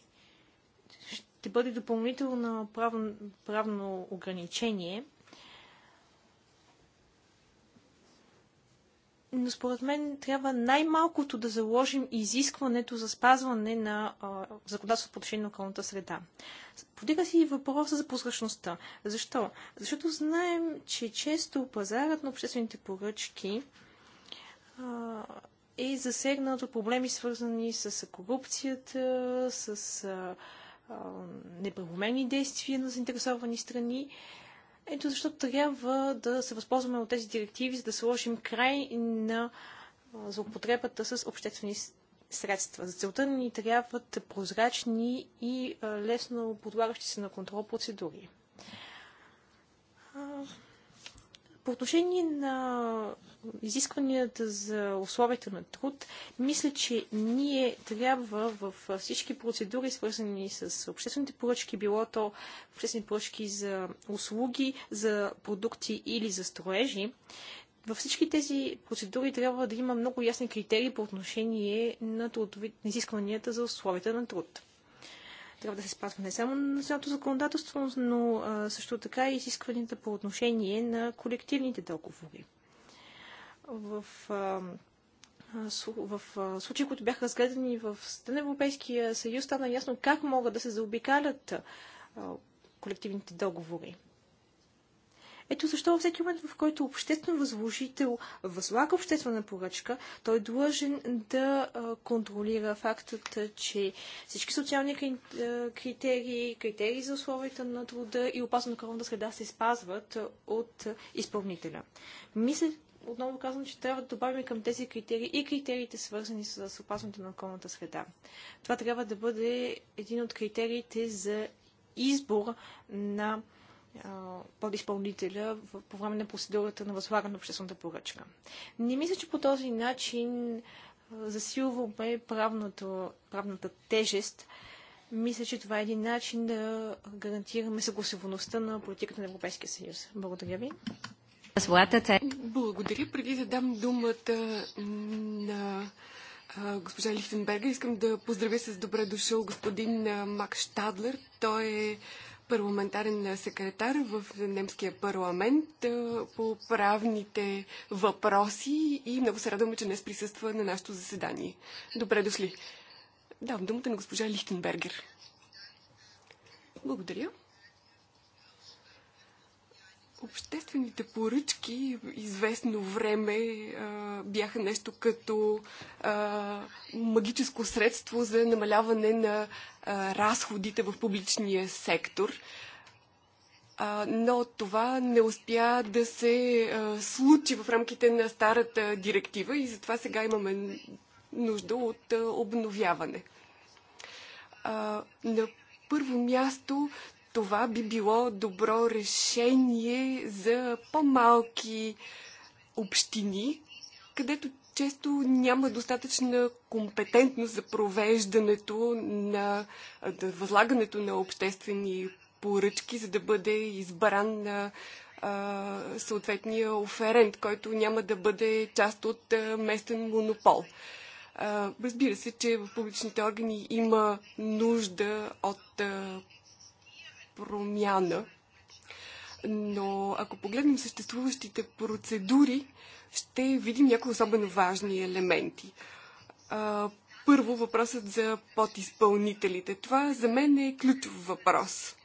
ще бъде допълнително правно, правно ограничение. Но според мен трябва най-малкото да заложим изискването за спазване на законодателството по отношение на околната среда. Подига си и въпроса за прозрачността. Защо? Защото знаем, че често пазарът на обществените поръчки а, е засегнат от проблеми, свързани с корупцията, с а, неправомерни действия на заинтересовани страни. Ето защо трябва да се възползваме от тези директиви, за да сложим край на злоупотребата с обществени средства. За целта ни трябват прозрачни и лесно подлагащи се на контрол процедури. По отношение на изискванията за условията на труд, мисля, че ние трябва в всички процедури, свързани с обществените поръчки, било то обществени поръчки за услуги, за продукти или за строежи, във всички тези процедури трябва да има много ясни критерии по отношение на, трудови... на изискванията за условията на труд трябва да се спазва не само на националното законодателство, но а, също така и изискванията по отношение на колективните договори. В а, в случаи, които бяха разгледани в Стан Европейския съюз, стана ясно как могат да се заобикалят колективните договори. Ето защо всеки момент, в който обществен възложител възлага обществена поръчка, той е длъжен да контролира фактът, че всички социални критерии, критерии за условията на труда и опасно на среда се спазват от изпълнителя. Мисля, отново казвам, че трябва да добавим към тези критерии и критериите свързани с опасното на околната среда. Това трябва да бъде един от критериите за избор на подизпълнителя по време на процедурата на възлагане на обществената поръчка. Не мисля, че по този начин засилваме правното, правната тежест. Мисля, че това е един начин да гарантираме съгласуваността на политиката на Европейския съюз. Благодаря ви.
Благодаря. Преди да дам думата на госпожа Лихтенберга, искам да поздравя с добре дошъл господин Мак Штадлер. Той е парламентарен секретар в немския парламент по правните въпроси и много се радваме, че днес присъства на нашето заседание. Добре дошли. Давам думата на госпожа Лихтенбергер. Благодаря. Обществените поръчки известно време а, бяха нещо като а, магическо средство за намаляване на разходите в публичния сектор. Но това не успя да се случи в рамките на старата директива и затова сега имаме нужда от обновяване. На първо място това би било добро решение за по-малки общини, където често няма достатъчна компетентност за провеждането на да, възлагането на обществени поръчки, за да бъде избран на съответния оферент, който няма да бъде част от местен монопол. разбира се, че в публичните органи има нужда от промяна, но ако погледнем съществуващите процедури, ще видим някои особено важни елементи. Първо въпросът за подизпълнителите. Това за мен е ключов въпрос.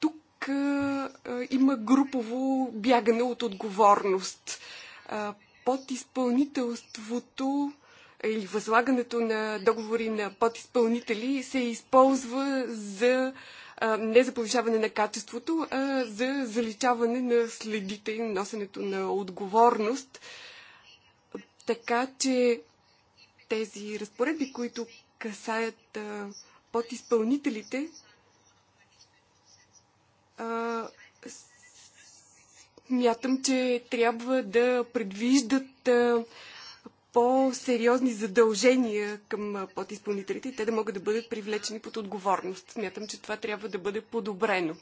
Тук а, има групово бягане от отговорност. А, подизпълнителството или възлагането на договори на подизпълнители се използва за а, не за повишаване на качеството, а за заличаване на следите и носенето на отговорност. Така че тези разпоредби, които касаят подизпълнителите, мятам, че трябва да предвиждат по-сериозни задължения към подизпълнителите и те да могат да бъдат привлечени под отговорност. Смятам, че това трябва да бъде подобрено.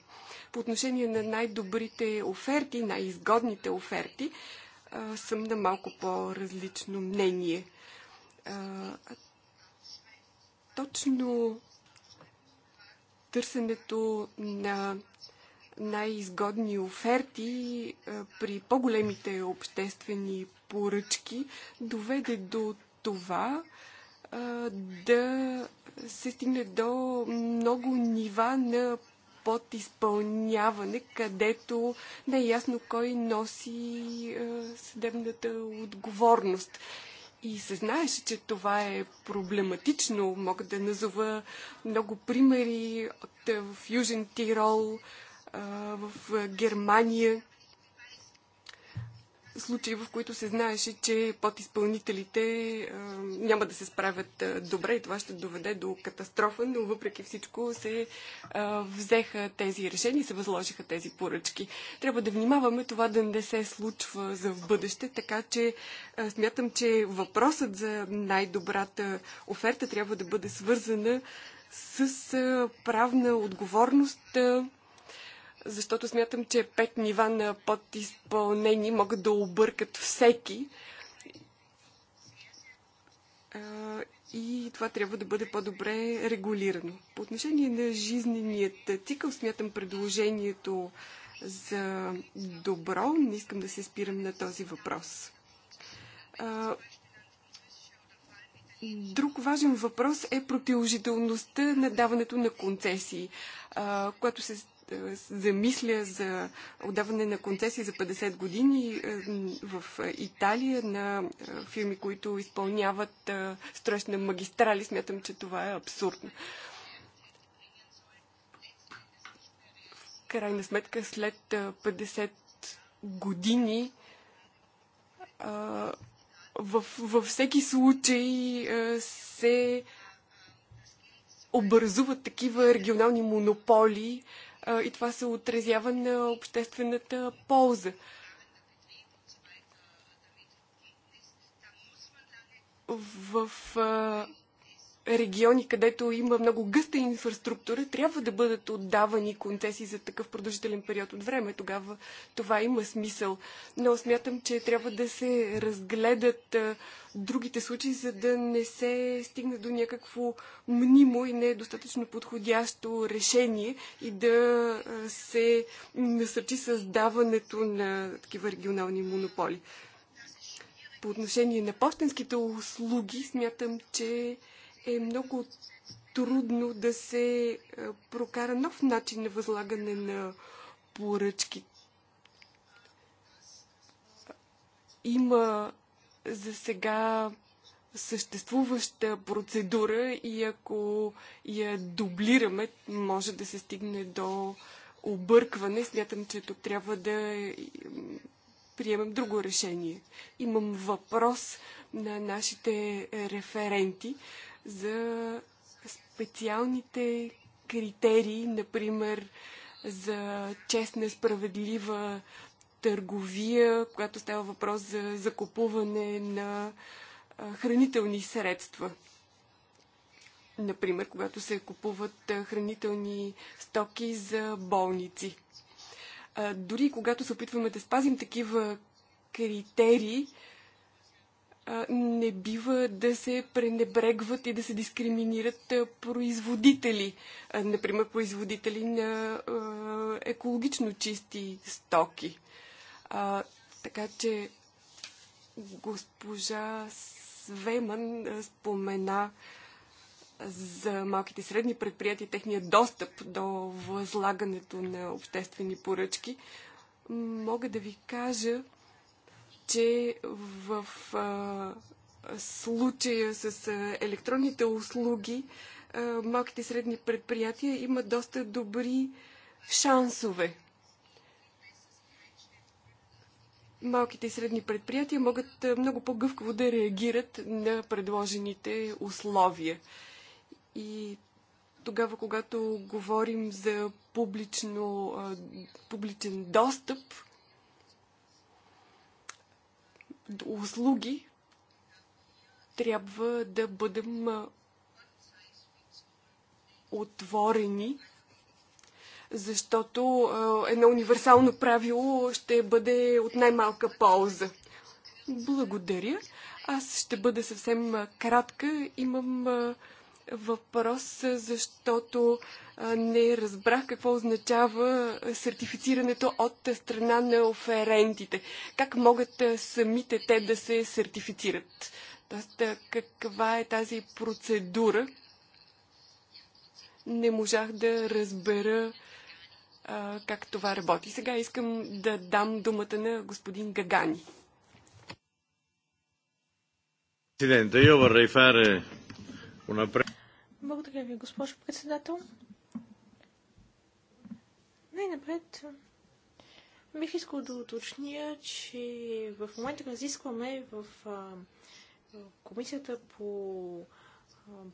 По отношение на най-добрите оферти, най-изгодните оферти, съм на малко по-различно мнение. Точно търсенето на най-изгодни оферти е, при по-големите обществени поръчки доведе до това е, да се стигне до много нива на подизпълняване, където не е ясно кой носи е, съдебната отговорност. И се знаеше, че това е проблематично. Мога да назова много примери от, в Южен Тирол, в Германия случаи, в които се знаеше, че подизпълнителите няма да се справят добре и това ще доведе до катастрофа, но въпреки всичко се взеха тези решения и се възложиха тези поръчки. Трябва да внимаваме това да не се случва за в бъдеще, така че смятам, че въпросът за най-добрата оферта трябва да бъде свързана с правна отговорност защото смятам, че пет нива на подизпълнение могат да объркат всеки. И това трябва да бъде по-добре регулирано. По отношение на жизненият цикъл, смятам предложението за добро. Не искам да се спирам на този въпрос. Друг важен въпрос е продължителността на даването на концесии, което се замисля е, за отдаване на концесии за 50 години е, в е, Италия на фирми, които изпълняват строеж на магистрали. Смятам, че това е абсурдно. В крайна сметка, след 50 години във, всеки случай се образуват такива регионални монополи, и това се отразява на обществената полза. В региони, където има много гъста инфраструктура, трябва да бъдат отдавани концесии за такъв продължителен период от време. Тогава това има смисъл. Но смятам, че трябва да се разгледат другите случаи, за да не се стигне до някакво мнимо и недостатъчно подходящо решение и да се насърчи създаването на такива регионални монополи. По отношение на почтенските услуги, смятам, че е много трудно да се прокара нов начин на възлагане на поръчки. Има за сега съществуваща процедура и ако я дублираме, може да се стигне до объркване. Смятам, че тук трябва да приемем друго решение. Имам въпрос на нашите референти за специалните критерии, например за честна, справедлива търговия, когато става въпрос за закупуване на хранителни средства. Например, когато се купуват хранителни стоки за болници. Дори когато се опитваме да спазим такива критерии, не бива да се пренебрегват и да се дискриминират производители, например производители на екологично чисти стоки. Така че госпожа Свеман спомена за малките и средни предприятия, техния достъп до възлагането на обществени поръчки. Мога да ви кажа, че в а, случая с а, електронните услуги а, малките и средни предприятия имат доста добри шансове. Малките и средни предприятия могат много по-гъвкаво да реагират на предложените условия. И тогава, когато говорим за публично, публичен достъп, услуги, трябва да бъдем отворени, защото едно универсално правило ще бъде от най-малка полза. Благодаря. Аз ще бъда съвсем кратка. Имам въпрос, защото не разбрах какво означава сертифицирането от страна на оферентите. Как могат самите те да се сертифицират? Тоест, каква е тази процедура? Не можах да разбера как това работи. Сега искам да дам думата на господин Гагани.
Presidente, io vorrei fare una pre...
Благодаря ви, госпожо председател. Най-напред бих искал да уточня, че в момента разискваме в а, комисията по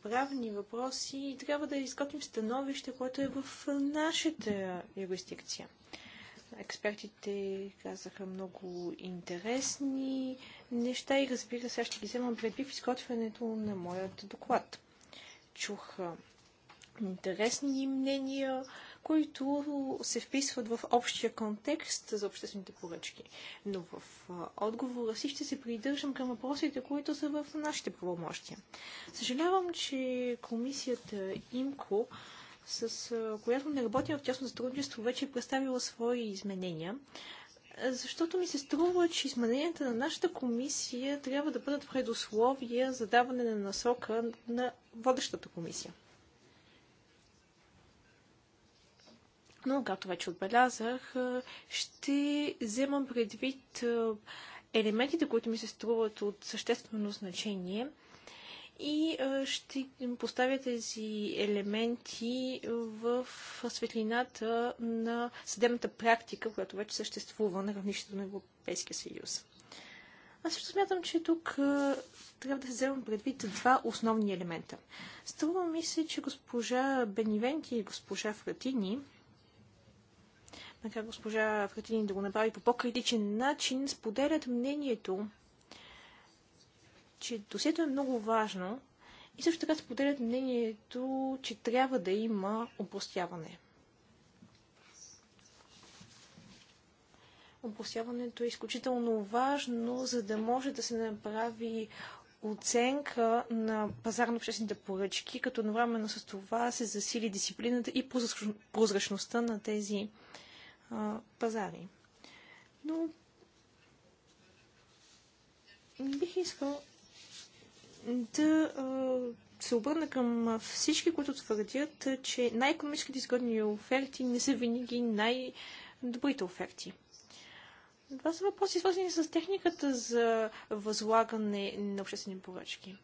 правни въпроси и трябва да изготвим становище, което е в нашата юрисдикция. Експертите казаха много интересни неща и разбира се, аз ще ги вземам предвид в изготвянето на моят доклад чуха интересни мнения, които се вписват в общия контекст за обществените поръчки. Но в отговора си ще се придържам към въпросите, които са в нашите правомощия. Съжалявам, че комисията ИМКО, с която не работим в тясно сътрудничество, вече е представила свои изменения защото ми се струва, че измененията на нашата комисия трябва да бъдат предусловия за даване на насока на водещата комисия. Но, както вече отбелязах, ще вземам предвид е, елементите, които ми се струват от съществено значение – и ще поставя тези елементи в светлината на съдебната практика, която вече съществува на равнището на Европейския съюз. Аз също смятам, че тук трябва да се вземем предвид два основни елемента. Струва ми се, че госпожа Бенивенти и госпожа Фратини, макар госпожа Фратини да го направи по по-критичен начин, споделят мнението, че досието е много важно и също така споделят мнението, че трябва да има опростяване. Опростяването е изключително важно, за да може да се направи оценка на пазарно-обществените поръчки, като едновременно с това се засили дисциплината и прозрачността на тези а, пазари. Но бих искал да се обърна към всички, които твърдят, че най-економическите изгодни оферти не са винаги най-добрите оферти. Това са въпроси, свързани с техниката за възлагане на обществени поръчки.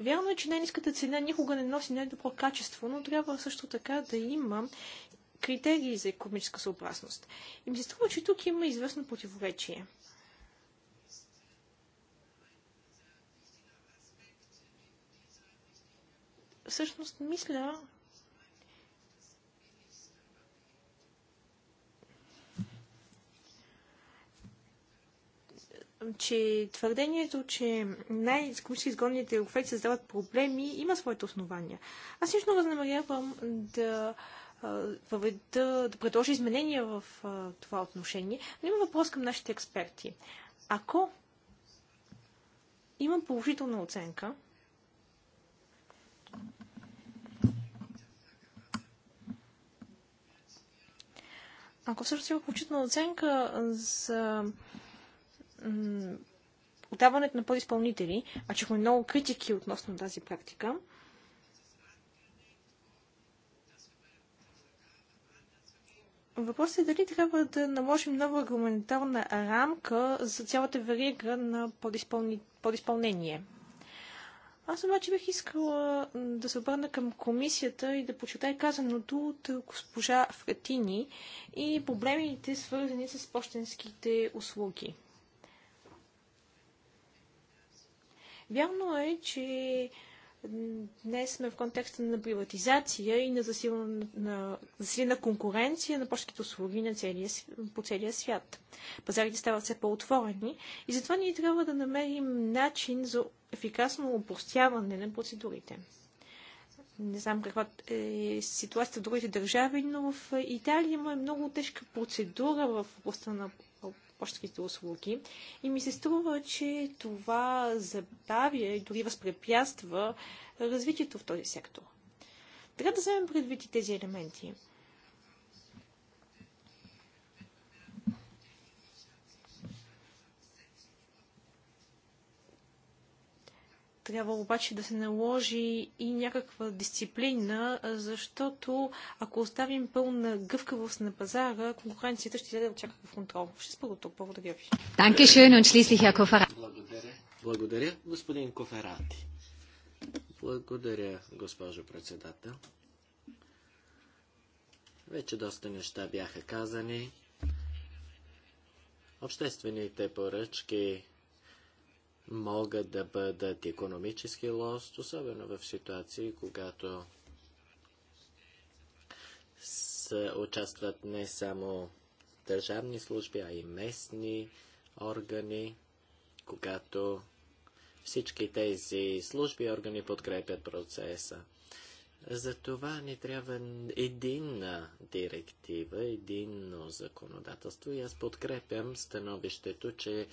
Вярно е, че най-низката цена никога не носи най-добро качество, но трябва също така да има критерии за економическа съобразност. И ми се струва, че тук има известно противоречие. всъщност мисля, че твърдението, че най-скучно изгодните оферти създават проблеми, има своите основания. Аз лично възнамерявам да въведа, да предложа изменения в това отношение, но има въпрос към нашите експерти. Ако има положителна оценка, ако всъщност има включителна оценка за отдаването на подиспълнители, а чухме много критики относно тази практика, Въпросът е дали трябва да наложим нова регламентарна рамка за цялата верига на подизпълни... Аз обаче бих искала да се обърна към комисията и да почитай казаното от е, госпожа Фратини и проблемите свързани с почтенските услуги. Вярно е, че Днес сме в контекста на приватизация и на засилена, на засилена конкуренция на почтите услуги на целия, по целия свят. Пазарите стават все по-отворени и затова ние трябва да намерим начин за ефикасно упростяване на процедурите. Не знам каква е ситуацията в другите държави, но в Италия има много тежка процедура в областта на почтските услуги. И ми се струва, че това забавя и дори възпрепятства развитието в този сектор. Трябва да вземем предвид и тези елементи. Трябва обаче да се наложи и някаква дисциплина, защото ако оставим пълна гъвкавост на пазара, конкуренцията ще даде очаква контрол. Ще спра тук. Благодаря ви.
Благодаря.
Благодаря, господин Коферати. Благодаря, госпожо председател. Вече доста неща бяха казани. Обществените поръчки могат да бъдат економически лост, особено в ситуации, когато са, участват не само държавни служби, а и местни органи, когато всички тези служби и органи подкрепят процеса. Затова ни трябва единна директива, единно законодателство и аз подкрепям становището, че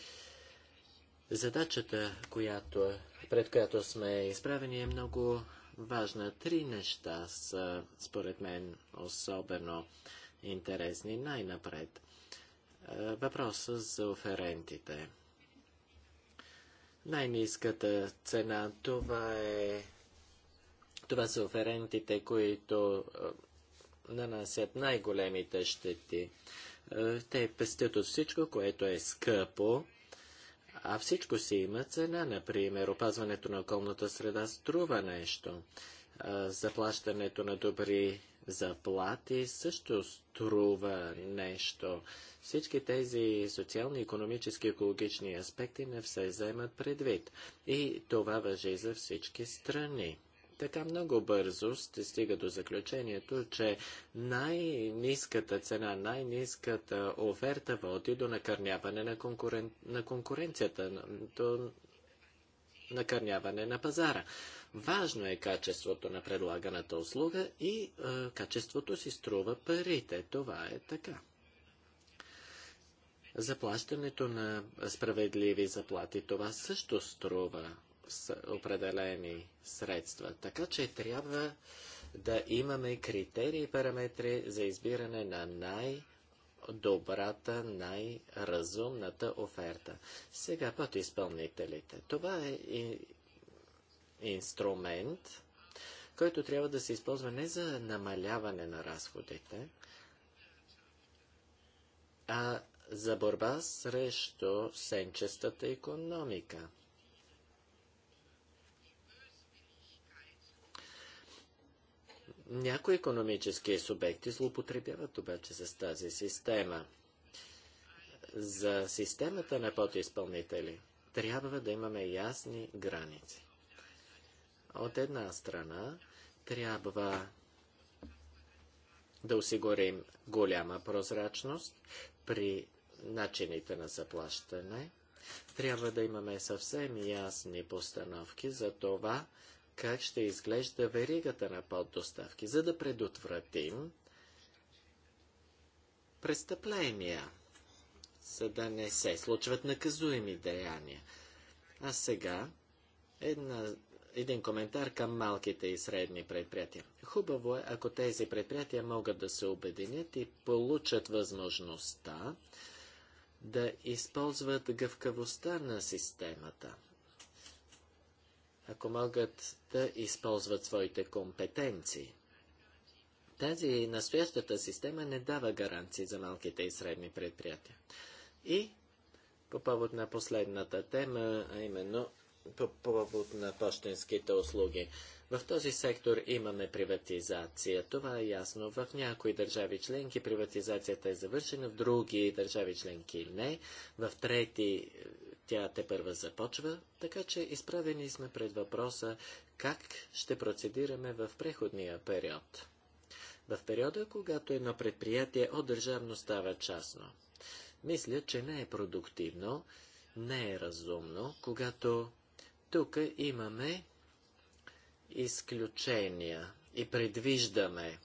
Задачата, която, пред която сме изправени, е много важна. Три неща са, според мен, особено интересни. Най-напред е, въпроса за оферентите. Най-низката цена, това е това са оферентите, които е, нанасят най-големите щети. Е, те пестят от всичко, което е скъпо а всичко си има цена, например, опазването на околната среда струва нещо. Заплащането на добри заплати също струва нещо. Всички тези социални, економически, екологични аспекти не все вземат предвид. И това въжи за всички страни. Така много бързо се стига до заключението, че най-низката цена, най-низката оферта води до накърняване на, конкурен... на конкуренцията, до накърняване на пазара. Важно е качеството на предлаганата услуга и е, качеството си струва парите. Това е така. Заплащането на справедливи заплати, това също струва определени средства. Така че трябва да имаме критерии и параметри за избиране на най- добрата, най-разумната оферта. Сега път изпълнителите. Това е и инструмент, който трябва да се използва не за намаляване на разходите, а за борба срещу сенчестата економика. Някои економически субекти злоупотребяват обаче с тази система. За системата на подизпълнители трябва да имаме ясни граници. От една страна трябва да осигурим голяма прозрачност при начините на заплащане. Трябва да имаме съвсем ясни постановки за това, как ще изглежда веригата на поддоставки, за да предотвратим престъпления, за да не се случват наказуеми деяния. А сега една, един коментар към малките и средни предприятия. Хубаво е, ако тези предприятия могат да се обединят и получат възможността да използват гъвкавостта на системата – ако могат да използват своите компетенции. Тази настоящата система не дава гаранции за малките и средни предприятия. И по повод на последната тема, а именно по повод на почтенските услуги. В този сектор имаме приватизация. Това е ясно. В някои държави членки приватизацията е завършена, в други държави членки не. В трети тя те първа започва, така че изправени сме пред въпроса как ще процедираме в преходния период. В периода, когато едно предприятие от държавно става частно. Мисля, че не е продуктивно, не е разумно, когато тук имаме изключения и предвиждаме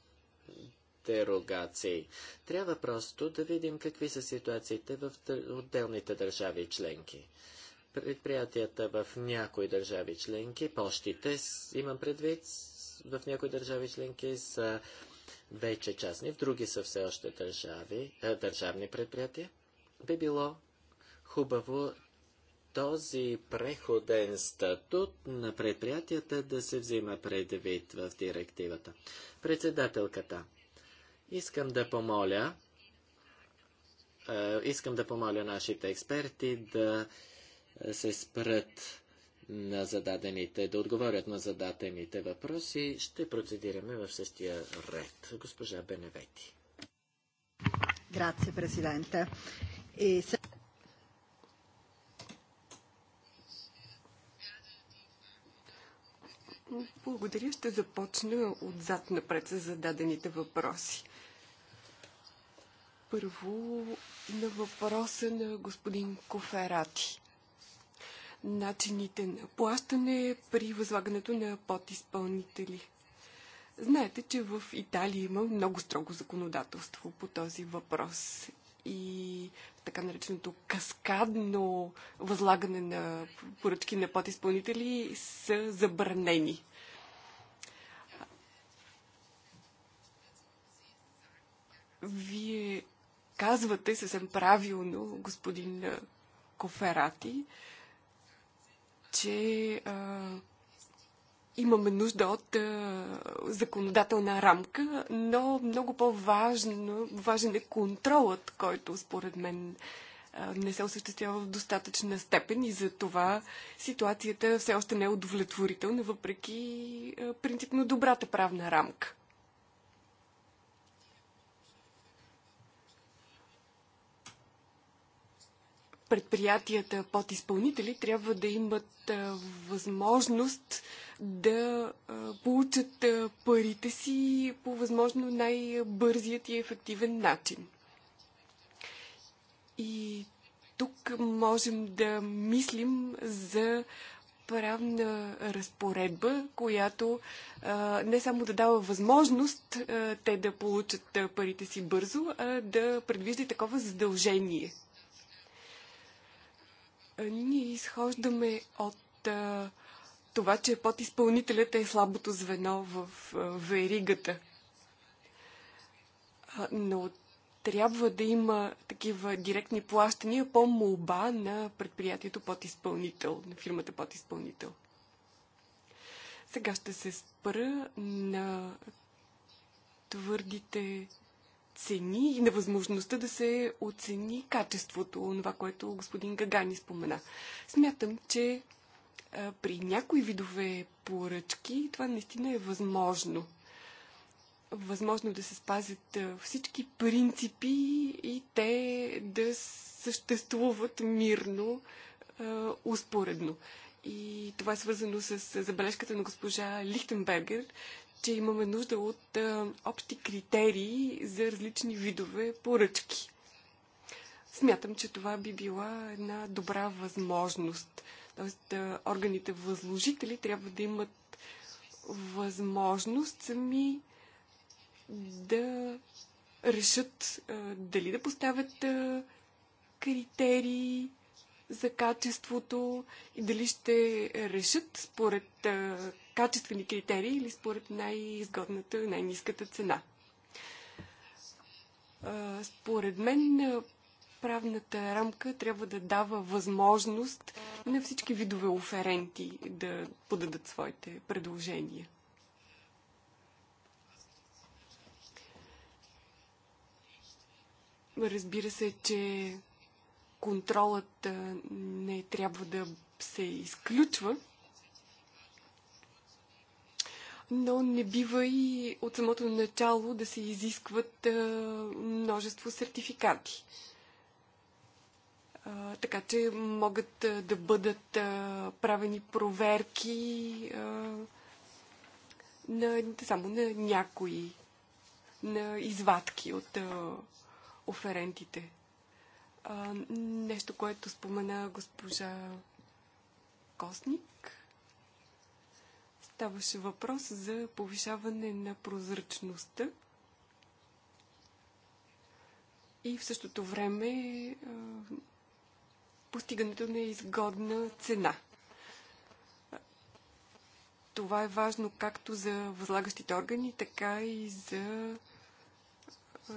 дерогации. Трябва просто да видим какви са ситуациите в отделните държави членки. Предприятията в някои държави членки, почтите, имам предвид, в някои държави членки са вече частни, в други са все още държави, държавни предприятия. Би било хубаво този преходен статут на предприятията да се взима предвид в директивата. Председателката, Искам да помоля, е, искам да помоля нашите експерти да се спрат на зададените, да отговорят на зададените въпроси. Ще процедираме в същия ред. Госпожа Беневети.
Грация, президента.
Благодаря. Ще започна отзад напред с зададените въпроси. Първо на въпроса на господин Коферати. Начините на плащане при възлагането на подизпълнители. Знаете, че в Италия има много строго законодателство по този въпрос и така нареченото каскадно възлагане на поръчки на подизпълнители са забранени. Вие казвате съвсем правилно, господин Коферати, че а, имаме нужда от законодателна рамка, но много по-важен е контролът, който според мен не се осъществява в достатъчна степен и за това ситуацията все още не е удовлетворителна, въпреки принципно добрата правна рамка. предприятията под изпълнители трябва да имат възможност да получат парите си по възможно най-бързият и ефективен начин. И тук можем да мислим за правна разпоредба, която а, не само да дава възможност а, те да получат парите си бързо, а да предвижда такова задължение ние изхождаме от а, това, че подизпълнителят е слабото звено в а, веригата. А, но трябва да има такива директни плащания по молба на предприятието подизпълнител, на фирмата подизпълнител. Сега ще се спра на твърдите цени и невъзможността да се оцени качеството, на това, което господин Гагани спомена. Смятам, че а, при някои видове поръчки това наистина е възможно. Възможно да се спазят всички принципи и те да съществуват мирно, а, успоредно. И това е свързано с забележката на госпожа Лихтенбергер, че имаме нужда от общи критерии за различни видове поръчки. Смятам, че това би била една добра възможност. Тоест, органите възложители трябва да имат възможност сами да решат дали да поставят критерии за качеството и дали ще решат според а, качествени критерии или според най-изгодната, най-низката цена. А, според мен правната рамка трябва да дава възможност на всички видове оференти да подадат своите предложения. Разбира се, че контролът не трябва да се изключва, но не бива и от самото начало да се изискват множество сертификати. Така че могат да бъдат правени проверки на, само на някои на извадки от оферентите. А, нещо, което спомена госпожа Косник. Ставаше въпрос за повишаване на прозрачността и в същото време а, постигането на изгодна цена. Това е важно както за възлагащите органи, така и за а,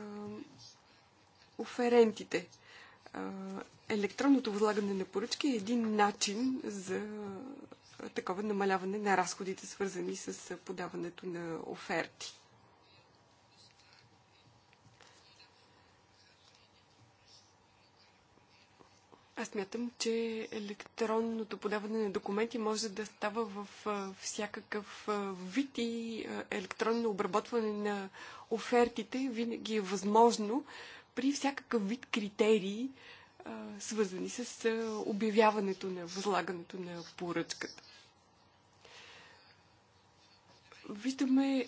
оферентите електронното възлагане на поръчки е един начин за такова намаляване на разходите, свързани с подаването на оферти. Аз мятам, че електронното подаване на документи може да става в всякакъв вид и електронно обработване на офертите винаги е възможно при всякакъв вид критерии, свързани с обявяването на възлагането на поръчката. Виждаме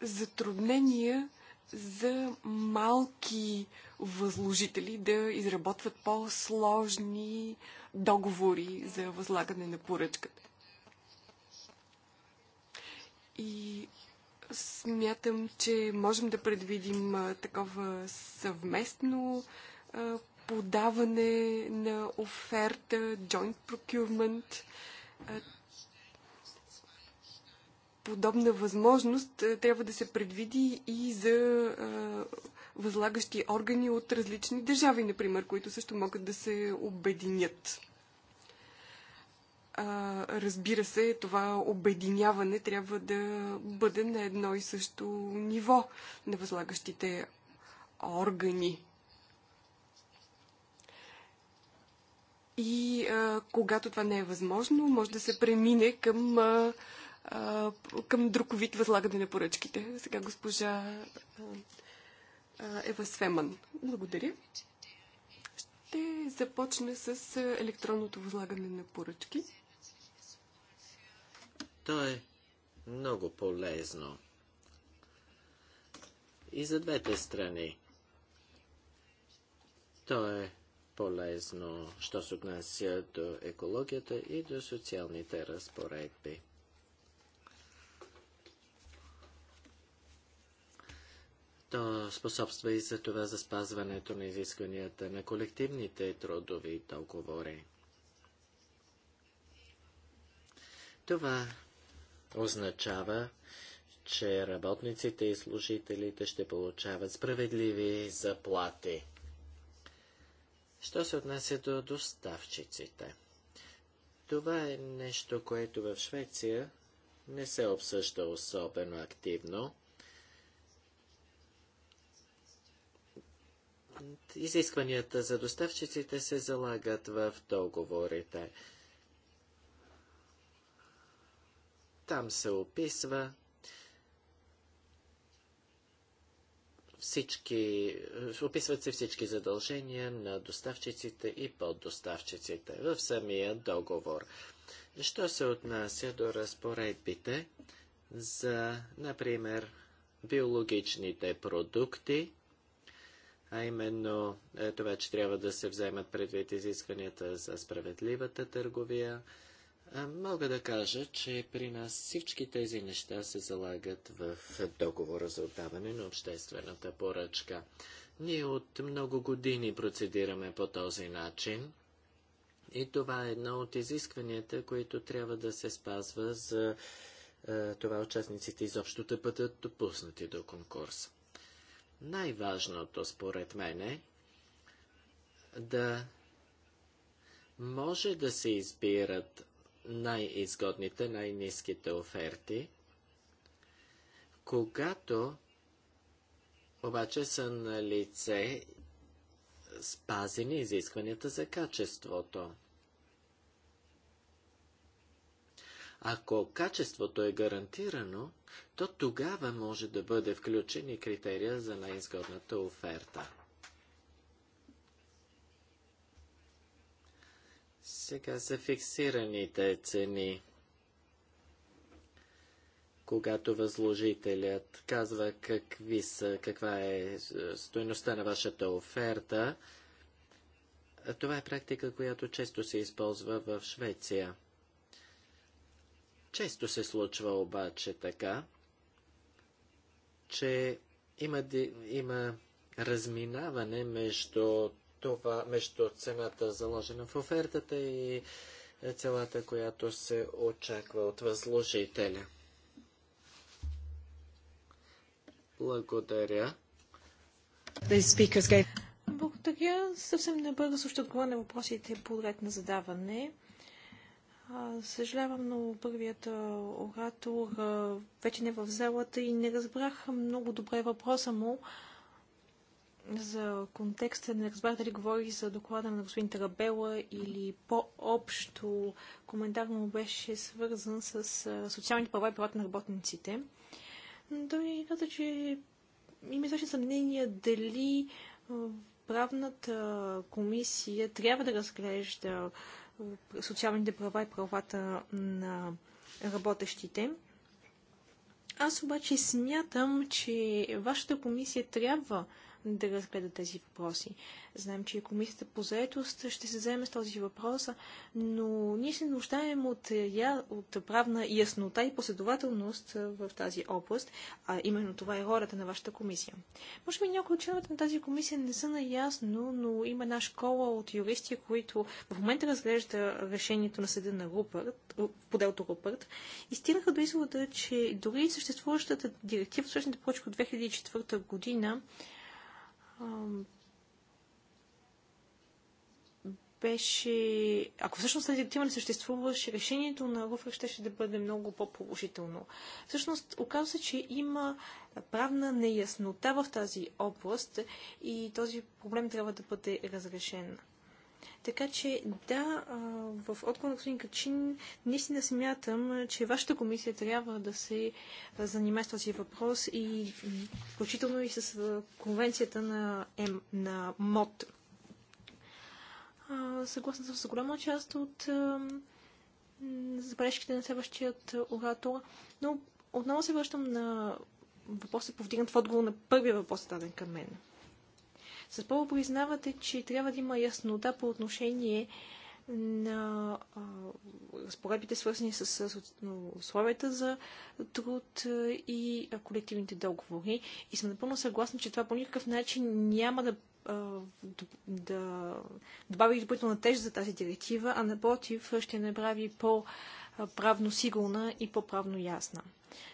затруднения за малки възложители да изработват по-сложни договори за възлагане на поръчката. И Смятам, че можем да предвидим такова съвместно подаване на оферта, joint procurement. Подобна възможност трябва да се предвиди и за възлагащи органи от различни държави, например, които също могат да се обединят а, разбира се, това обединяване трябва да бъде на едно и също ниво на възлагащите органи. И а, когато това не е възможно, може да се премине към, а, а, към друг вид възлагане на поръчките. Сега госпожа а, Ева Свеман. Благодаря. Ще започна с електронното възлагане на поръчки.
То е много полезно. И за двете страни. То е полезно, що се отнася до екологията и до социалните разпоредби. То способства и за това за спазването на изискванията на колективните трудови договори. Това означава, че работниците и служителите ще получават справедливи заплати. Що се отнася до доставчиците? Това е нещо, което в Швеция не се обсъжда особено активно. Изискванията за доставчиците се залагат в договорите. Там се описва всички, описват се всички задължения на доставчиците и поддоставчиците в самия договор. Що се отнася до разпоредбите за, например, биологичните продукти, а именно е, това, че трябва да се вземат предвид изискванията за справедливата търговия, Мога да кажа, че при нас всички тези неща се залагат в договора за отдаване на обществената поръчка. Ние от много години процедираме по този начин. И това е едно от изискванията, които трябва да се спазва за това участниците изобщо да бъдат допуснати до конкурс. Най-важното, според мен, е да може да се избират най-изгодните, най-низките оферти. Когато обаче са на лице спазени изискванията за качеството. Ако качеството е гарантирано, то тогава може да бъде включен и критерия за най-изгодната оферта. Сега за фиксираните цени. Когато възложителят казва какви са, каква е, е стоеността на вашата оферта, това е практика, която често се използва в Швеция. Често се случва обаче така, че има, има разминаване между това между цената заложена в офертата и е, целата, която се очаква от възложителя. Благодаря.
Благодаря. Съвсем набързо също отговоря на въпросите по ред на задаване. Съжалявам, но първият оратор вече не е в залата и не разбрах много добре въпроса му за контекста не разбрах дали говори за доклада на господин Тарабела или по-общо коментар му беше свързан с социалните права и правата на работниците. Той каза, че има също съмнение дали правната комисия трябва да разглежда социалните права и правата на работещите. Аз обаче смятам, че вашата комисия трябва да разгледа тези въпроси. Знаем, че и комисията по заетост ще се заеме с този въпрос, но ние се нуждаем от, я, от правна яснота и последователност в тази област, а именно това е ролята на вашата комисия. Може би някои от членовете на тази комисия не са наясно, но има една школа от юристи, които в момента разглежда решението на съда на Рупърт, по делото Рупърт, и стигнаха до извода, че дори съществуващата директива, всъщност поръчка от 2004 година, беше... Ако всъщност тази директива не съществуваше, решението на Руфер ще, ще да бъде много по-положително. Всъщност, оказва се, че има правна неяснота в тази област и този проблем трябва да бъде разрешен. Така че да, в отговор на господин Качин, наистина смятам, че вашата комисия трябва да се занимае с този въпрос и включително и с конвенцията на, М, на МОД. Съгласна съм с голяма част от забележките на следващият оратор, но отново се връщам на въпроса, повдигнат в отговор на първия въпрос, даден към мен. С първо признавате, че трябва да има яснота по отношение на разпоредбите, свързани с, условията за труд и колективните договори. И съм напълно съгласна, че това по никакъв начин няма да, а, да добави допълнителна тежест за тази директива, а напротив ще направи по-правно сигурна и по-правно ясна.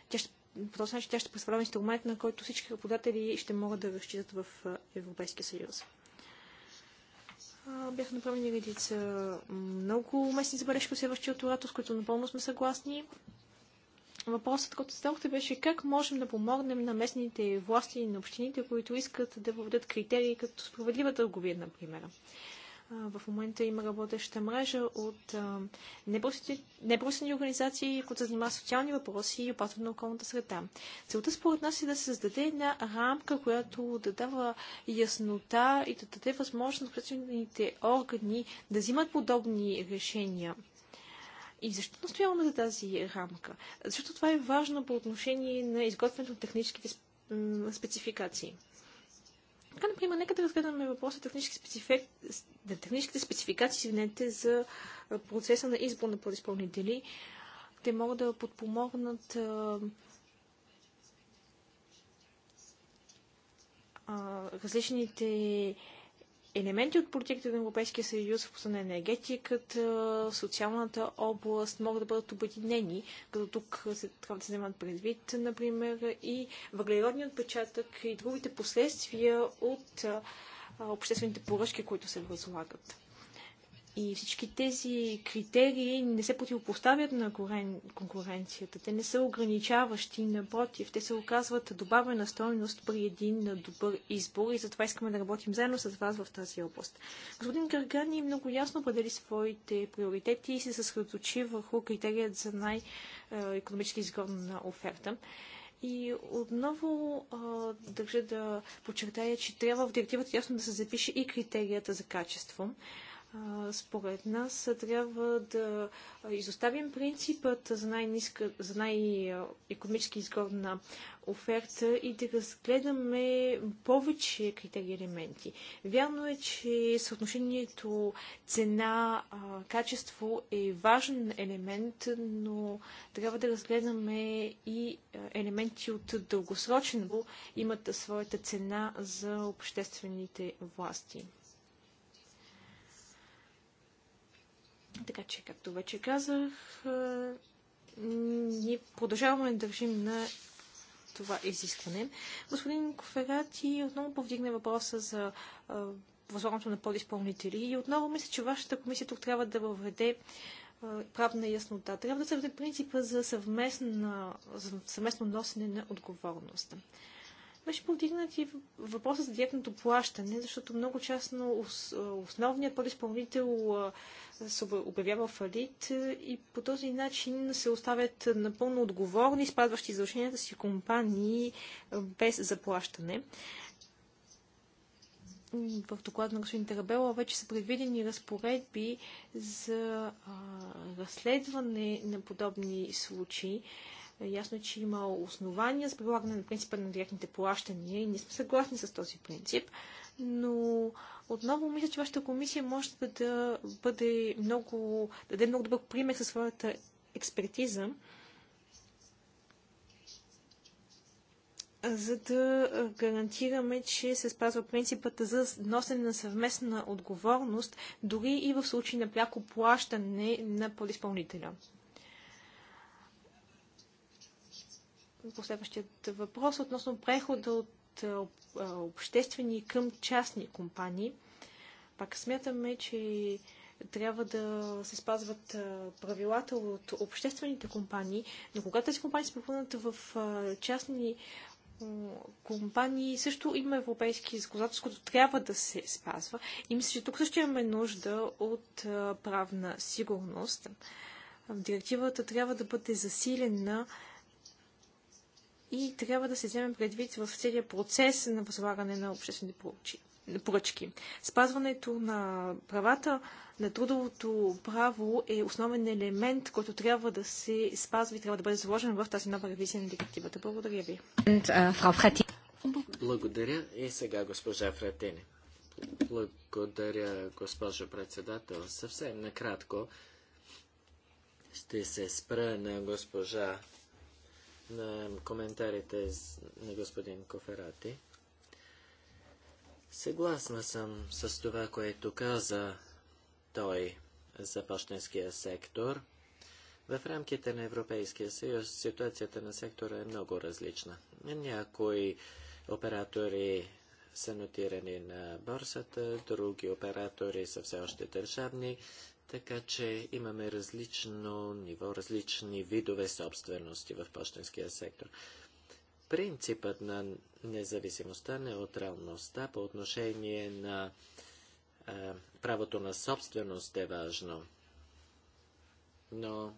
Тя ще по този начин тя ще представлява инструмент, на който всички работодатели ще могат да разчитат в Европейския съюз. Бяха направени редица много местни забележки от следващия оратор, с които напълно сме съгласни. Въпросът, който зададохте, беше как можем да помогнем на местните власти и на общините, които искат да въведат критерии като справедлива търговия, например. В момента има работеща мрежа от непросени организации, които се занимават социални въпроси и опазване на околната среда. Целта според нас е да се създаде една рамка, която да дава яснота и да даде възможност на обществените органи да взимат подобни решения. И защо настояваме за тази рамка? Защото това е важно по отношение на изготвянето на техническите спецификации. Така, например, нека да разгледаме въпроса технически на техническите спецификации извинете, за процеса на избор на подизпълнители. Те могат да подпомогнат а, а, различните елементи от политиката на Европейския съюз в на енергетиката, социалната област могат да бъдат обединени, като тук се, трябва да се вземат предвид, например, и въглеродният отпечатък и другите последствия от обществените поръчки, които се възлагат. И всички тези критерии не се противопоставят на конкуренцията. Те не са ограничаващи, напротив, те се оказват добавена стоеност при един добър избор и затова искаме да работим заедно с вас в тази област. Господин Гаргани много ясно определи своите приоритети и се съсредоточи върху критерият за най-економически изгодна оферта. И отново а, държа да подчертая, че трябва в директивата ясно да се запише и критерията за качество според нас трябва да изоставим принципът за най-ниска, за най-економически изгодна оферта и да разгледаме повече критерии елементи. Вярно е, че съотношението цена-качество е важен елемент, но трябва да разгледаме и елементи от дългосрочен имат своята цена за обществените власти. Така че, както вече казах, е, ние продължаваме да държим на това изискване. Господин Коферати отново повдигне въпроса за е, възлагането на подиспълнители и отново мисля, че вашата комисия тук трябва да въведе е, правна яснота. Трябва да се въведе принципа за съвместно, съвместно носене на отговорността. Беше повдигнат и въпроса за директното плащане, защото много частно основният основният подизпълнител се обявява фалит и по този начин се оставят напълно отговорни, спазващи задълженията си компании без заплащане в доклада на господин Тарабела вече са предвидени разпоредби за а, разследване на подобни случаи. Е, ясно е, че има основания за прилагане на принципа на директните плащания и ние сме съгласни с този принцип, но отново мисля, че вашата комисия може да бъде много, да даде много добър пример със своята експертиза, за да гарантираме, че се спазва принципата за носене на съвместна отговорност, дори и в случай на пряко плащане на подиспълнителя. последващият въпрос относно прехода от е, е, обществени към частни компании. Пак смятаме, че трябва да се спазват е, правилата от обществените компании, но когато тези компании се препънат в частни компании също има европейски законодателство, което трябва да се спазва. И мисля, че тук също имаме нужда от правна сигурност. Директивата трябва да бъде засилена и трябва да се вземе предвид в целия процес на възлагане на обществените поръчки. Спазването на правата на трудовото право е основен елемент, който трябва да се спазва и трябва да бъде заложен в тази нова ревизия на директивата.
Благодаря ви.
Благодаря. И сега госпожа Фратини. Благодаря, госпожо председател. Съвсем накратко ще се спра на госпожа на коментарите на господин Коферати. Съгласна съм с това, което каза той за почтенския сектор. В рамките на Европейския съюз ситуацията на сектора е много различна. Някои оператори са нотирани на борсата, други оператори са все още държавни, така че имаме различно ниво, различни видове собствености в почтенския сектор. Принципът на независимостта, неутралността по отношение на е, правото на собственост е важно. Но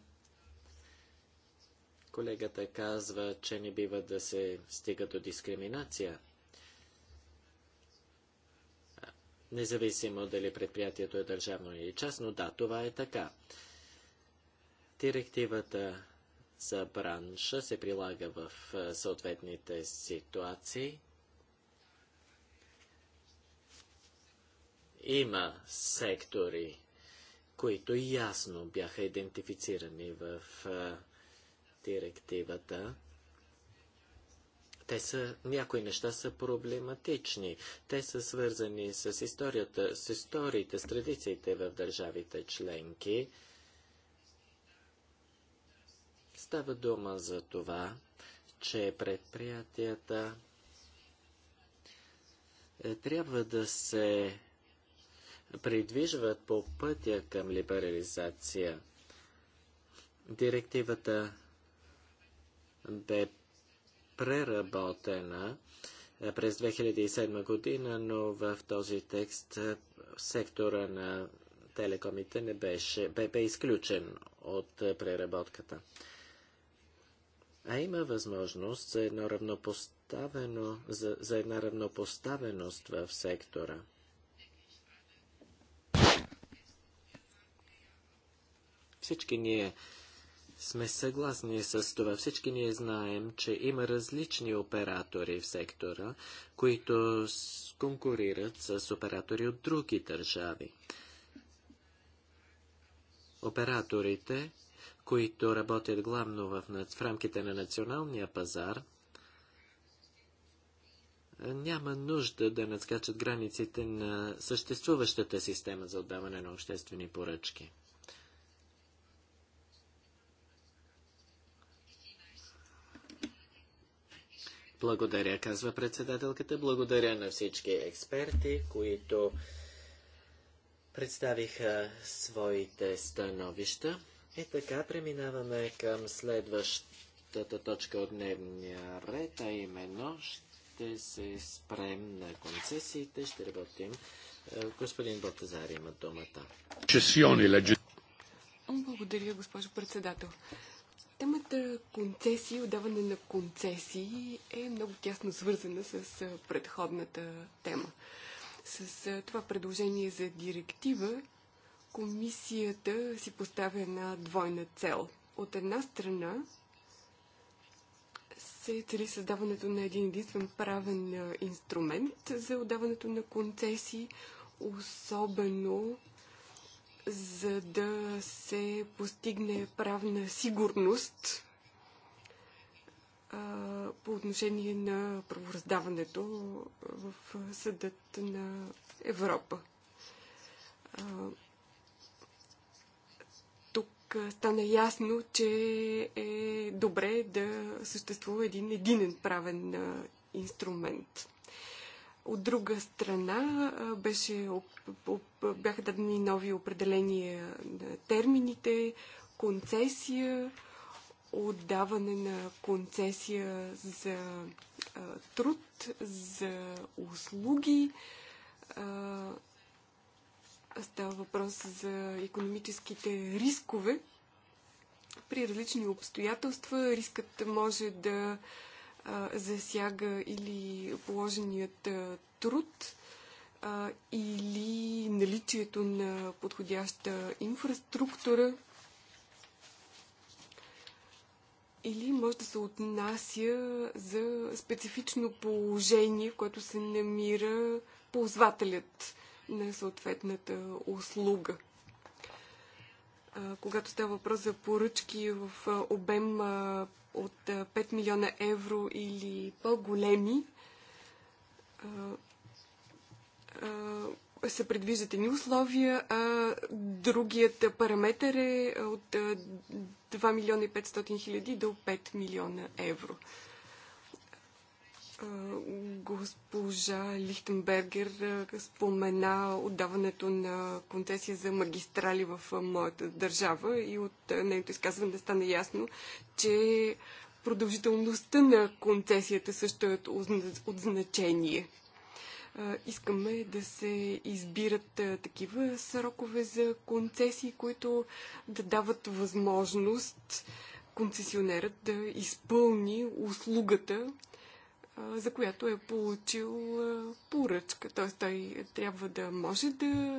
колегата казва, че не бива да се стига до дискриминация. независимо дали предприятието е държавно или частно. Да, това е така. Директивата за бранша се прилага в съответните ситуации. Има сектори, които ясно бяха идентифицирани в директивата. Те са, някои неща са проблематични. Те са свързани с историята, с историите, с традициите в държавите членки. Става дума за това, че предприятията е, трябва да се придвижват по пътя към либерализация. Директивата бе преработена е, през 2007 година, но в този текст е, сектора на телекомите не беше, бе, бе изключен от е, преработката. А има възможност за, едно равнопоставено, за, за една равнопоставеност в сектора. Всички ние сме съгласни с това. Всички ние знаем, че има различни оператори в сектора, които конкурират с оператори от други държави. Операторите, които работят главно в, в рамките на националния пазар, няма нужда да надскачат границите на съществуващата система за отдаване на обществени поръчки. Благодаря, казва председателката. Благодаря на всички експерти, които представиха своите становища. И така преминаваме към следващата точка от дневния ред, а именно ще се спрем на концесиите, ще работим. Е, господин Балтазар има думата.
Благодаря, госпожо председател. Темата концесии, отдаване на концесии е много тясно свързана с предходната тема. С това предложение за директива комисията си поставя една двойна цел. От една страна се цели създаването на един единствен правен инструмент за отдаването на концесии, особено за да се постигне правна сигурност по отношение на правораздаването в съдът на Европа. Тук стана ясно, че е добре да съществува един единен правен инструмент. От друга страна беше, бяха дадени нови определения на термините, концесия, отдаване на концесия за труд, за услуги. става въпрос за економическите рискове. При различни обстоятелства рискът може да а, засяга или положеният труд, или наличието на подходяща инфраструктура, или може да се отнася за специфично положение, в което се намира ползвателят на съответната услуга. Когато става въпрос за поръчки в обем от 5 е, милиона евро или по-големи, е, е, се предвиждат едни условия, а другият параметър е от 2 милиона и 500 хиляди до 5 милиона евро. Госпожа Лихтенбергер спомена отдаването на концесия за магистрали в моята държава и от нейното изказване да стане ясно, че продължителността на концесията също е от значение. Искаме да се избират такива срокове за концесии, които да дават възможност концесионерът да изпълни услугата, за която е получил поръчка. Т.е. той трябва да може да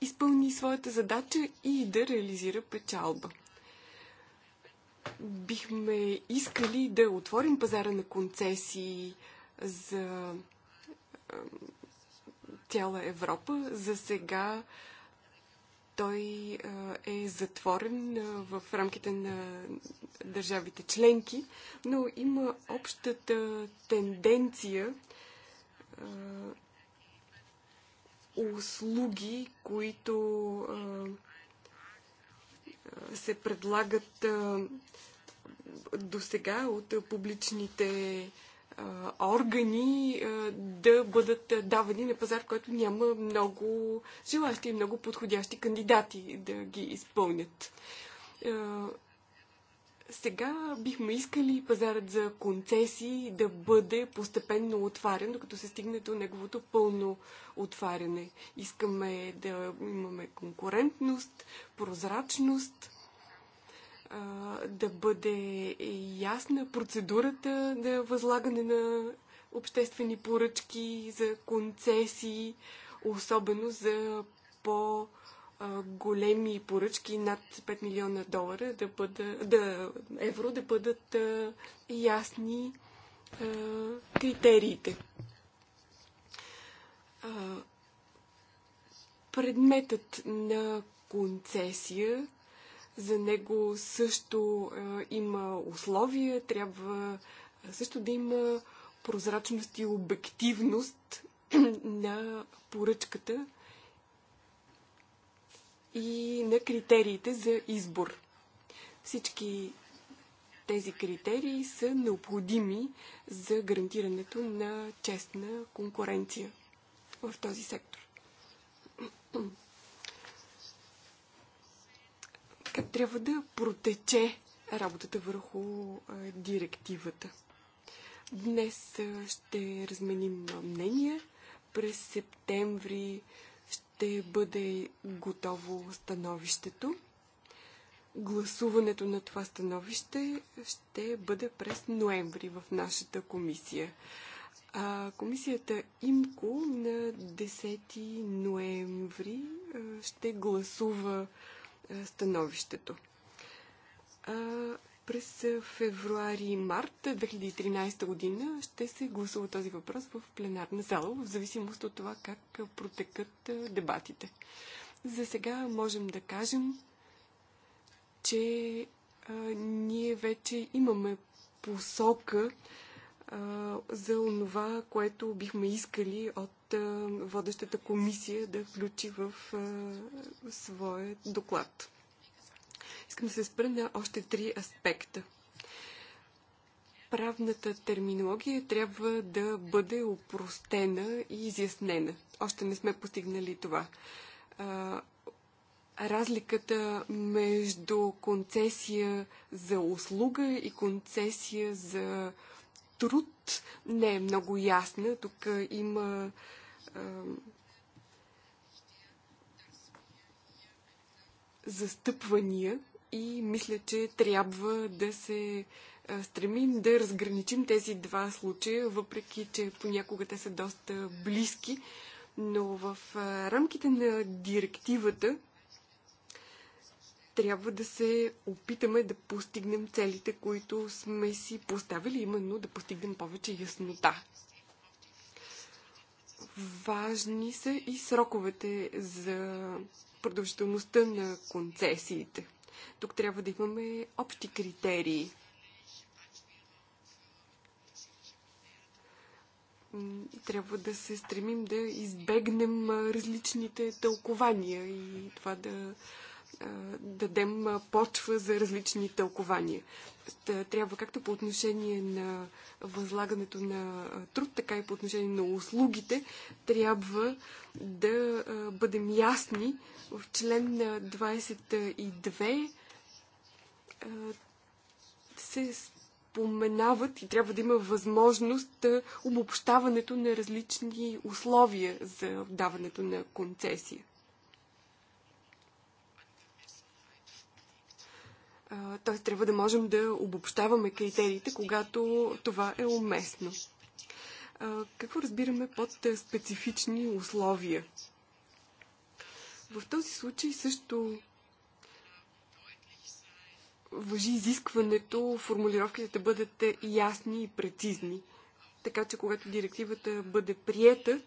изпълни своята задача и да реализира печалба. Бихме искали да отворим пазара на концесии за цяла Европа. За сега той е затворен в рамките на държавите членки, но има общата тенденция услуги, които се предлагат до сега от публичните органи да бъдат давани на пазар, в който няма много желащи и много подходящи кандидати да ги изпълнят. Сега бихме искали пазарът за концесии да бъде постепенно отварен, докато се стигне до неговото пълно отваряне. Искаме да имаме конкурентност, прозрачност, да бъде ясна процедурата на възлагане на обществени поръчки, за концесии, особено за по-големи поръчки над 5 милиона долара да бъда, да, евро да бъдат ясни а, критериите. А, предметът на концесия за него също а, има условия, трябва също да има прозрачност и обективност на поръчката и на критериите за избор. Всички тези критерии са необходими за гарантирането на честна конкуренция в този сектор. Как трябва да протече работата върху директивата? Днес ще разменим мнения. През септември ще бъде готово становището. Гласуването на това становище ще бъде през ноември в нашата комисия. А, комисията ИМКО на 10 ноември ще гласува е, становището. През февруари и март 2013 година ще се гласува този въпрос в пленарна зала, в зависимост от това как протекат дебатите. За сега можем да кажем, че а, ние вече имаме посока за това, което бихме искали от водещата комисия да включи в своя доклад. Искам да се спра на още три аспекта. Правната терминология трябва да бъде упростена и изяснена. Още не сме постигнали това. Разликата между концесия за услуга и концесия за труд не е много ясна. Тук има а, застъпвания и мисля, че трябва да се стремим да разграничим тези два случая, въпреки че понякога те са доста близки. Но в рамките на директивата трябва да се опитаме да постигнем целите, които сме си поставили, именно да постигнем повече яснота. Важни са и сроковете за продължителността на концесиите. Тук трябва да имаме общи критерии. Трябва да се стремим да избегнем различните тълкования и това да дадем почва за различни тълкования. Трябва както по отношение на възлагането на труд, така и по отношение на услугите, трябва да бъдем ясни. В член 22 се споменават и трябва да има възможност обобщаването на различни условия за даването на концесия. т.е. трябва да можем да обобщаваме критериите, когато това е уместно. Какво разбираме под специфични условия? В този случай също въжи изискването формулировките да бъдат ясни и прецизни. Така че когато директивата бъде приета,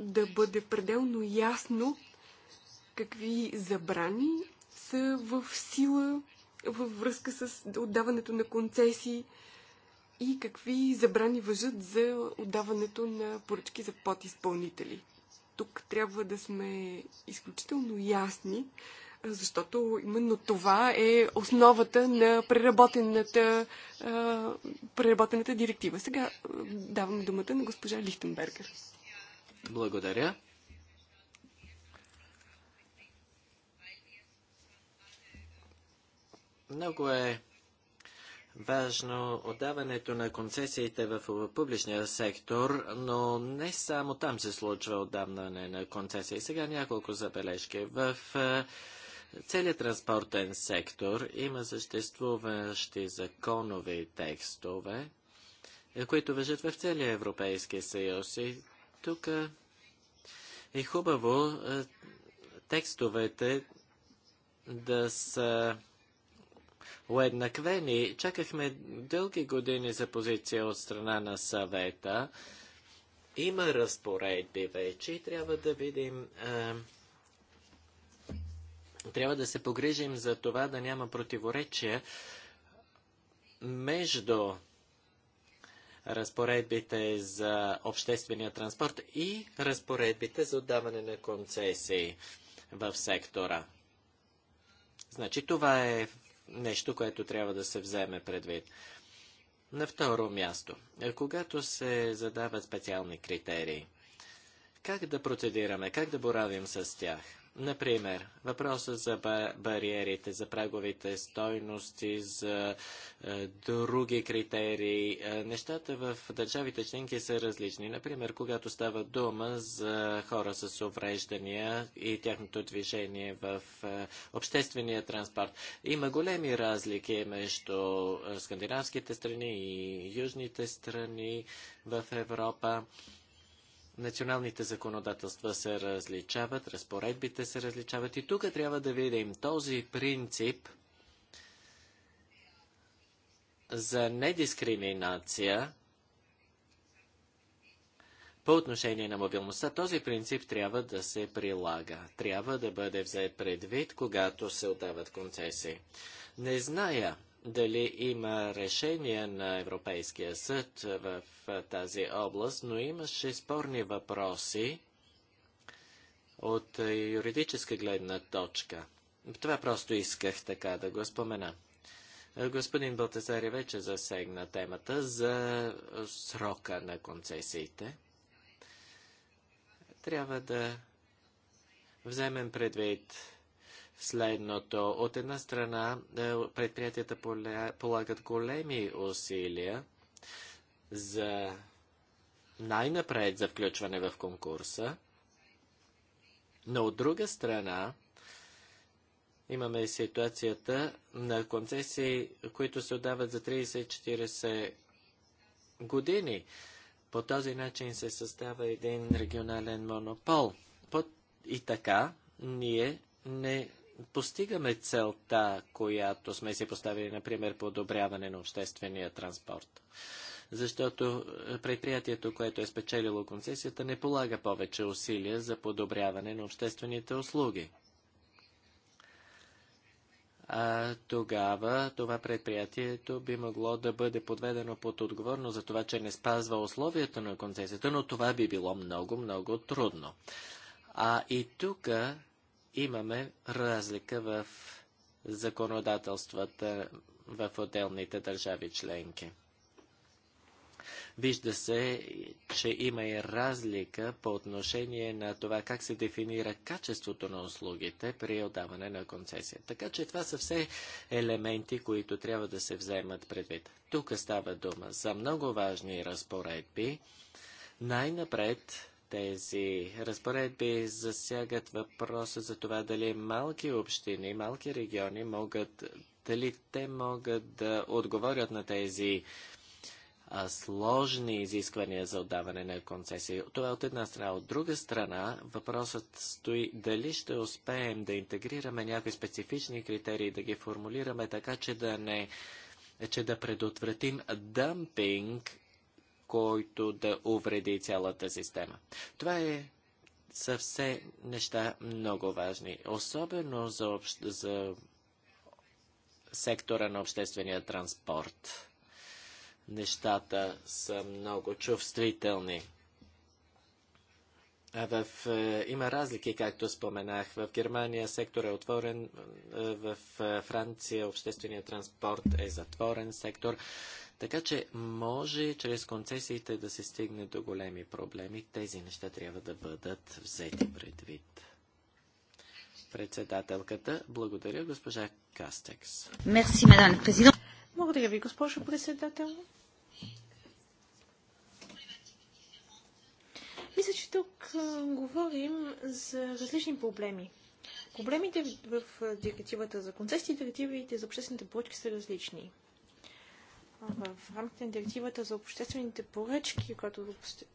да бъде пределно ясно какви забрани са в сила във връзка с отдаването на концесии и какви забрани въжат за отдаването на поръчки за подизпълнители. Тук трябва да сме изключително ясни, защото именно това е основата на преработената, преработената директива. Сега давам думата на госпожа Лихтенбергер.
Благодаря. Много е важно отдаването на концесиите в публичния сектор, но не само там се случва отдаване на концесии. Сега няколко забележки. В е, целият транспортен сектор има съществуващи законови текстове, е, които въжат в целия Европейски съюз. И тук е, е хубаво текстовете да са уеднаквени. Чакахме дълги години за позиция от страна на съвета. Има разпоредби вече и трябва да видим. Е, трябва да се погрижим за това да няма противоречия между разпоредбите за обществения транспорт и разпоредбите за отдаване на концесии в сектора. Значи това е нещо, което трябва да се вземе предвид. На второ място, когато се задават специални критерии, как да процедираме, как да боравим с тях – Например, въпроса за бариерите, за праговите стойности, за е, други критерии. Е, нещата в държавите членки са различни. Например, когато става дума за хора с увреждания и тяхното движение в е, обществения транспорт. Има големи разлики между скандинавските страни и южните страни в Европа националните законодателства се различават, разпоредбите се различават и тук трябва да видим този принцип за недискриминация по отношение на мобилността. Този принцип трябва да се прилага. Трябва да бъде взет предвид, когато се отдават концесии. Не зная дали има решение на Европейския съд в тази област, но имаше спорни въпроси от юридическа гледна точка. Това просто исках така да го спомена. Господин Балтазари вече засегна темата за срока на концесиите. Трябва да вземем предвид следното. От една страна, е, предприятията полагат големи усилия за най-напред за включване в конкурса, но от друга страна, имаме ситуацията на концесии, които се отдават за 30-40 години. По този начин се състава един регионален монопол. И така ние не постигаме целта, която сме си поставили, например, подобряване на обществения транспорт. Защото е, предприятието, което е спечелило концесията, не полага повече усилия за подобряване на обществените услуги. А тогава това предприятието би могло да бъде подведено под отговорно за това, че не спазва условията на концесията, но това би било много, много трудно. А и тук имаме разлика в законодателствата в отделните държави членки. Вижда се, че има и разлика по отношение на това как се дефинира качеството на услугите при отдаване на концесия. Така че това са все елементи, които трябва да се вземат предвид. Тук става дума за много важни разпоредби. Най-напред тези разпоредби засягат въпроса за това дали малки общини, малки региони могат, дали те могат да отговорят на тези а, сложни изисквания за отдаване на концесии. Това е от една страна. От друга страна, въпросът стои дали ще успеем да интегрираме някои специфични критерии, да ги формулираме така, че да не че да предотвратим дъмпинг който да увреди цялата система. Това е са все неща много важни, особено за, общ... за сектора на обществения транспорт. Нещата са много чувствителни. А в, е, има разлики, както споменах. В Германия сектор е отворен, е, в е, Франция общественият транспорт е затворен сектор. Така че може чрез концесиите да се стигне до големи проблеми. Тези неща трябва да бъдат взети предвид. Председателката, благодаря госпожа Кастекс. Мерси, мадам президент.
Благодаря ви, госпожо председател. Мисля, че тук говорим за различни проблеми. Проблемите в, директивата за концесии и директивите за обществените поръчки са различни в рамките на директивата за обществените поръчки, която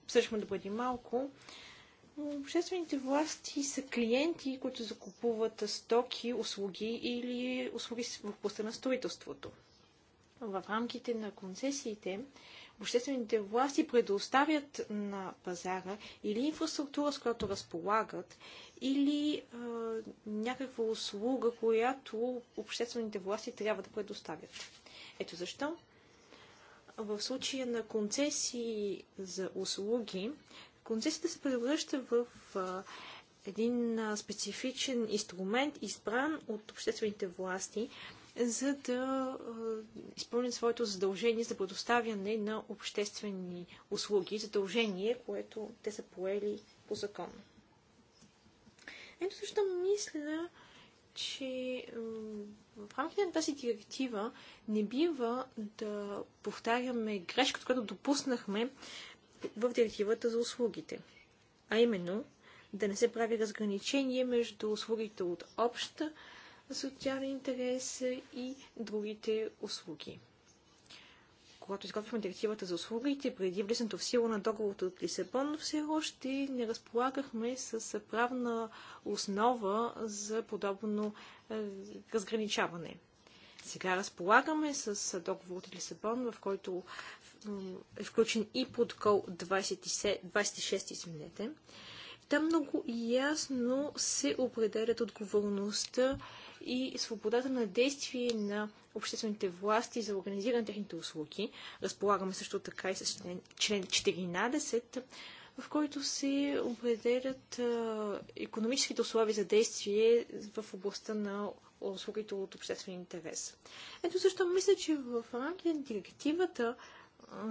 всъщност да преди малко, обществените власти са клиенти, които закупуват стоки, услуги или услуги в областта на строителството. В рамките на концесиите обществените власти предоставят на пазара или инфраструктура, с която разполагат, или а, някаква услуга, която обществените власти трябва да предоставят. Ето защо в случая на концесии за услуги, концесията се превръща в един специфичен инструмент, избран от обществените власти, за да изпълнят своето задължение за предоставяне на обществени услуги, задължение, което те са поели по закон. Ето също мисля, че в рамките на тази директива не бива да повтаряме грешката, която допуснахме в директивата за услугите. А именно да не се прави разграничение между услугите от обща социален интерес и другите услуги когато изготвяхме директивата за услугите, преди влизането в сила на договорите от Лисабон, все още не разполагахме с правна основа за подобно е, разграничаване. Сега разполагаме с договор от Лисабон, в който е включен и протокол 26, 26 извинете. Там много ясно се определят отговорността и свободата на действие на обществените власти за организиране на техните услуги. Разполагаме също така и с член, 14, в който се определят економическите условия за действие в областта на услугите от обществен интерес. Ето защо мисля, че в рамките на директивата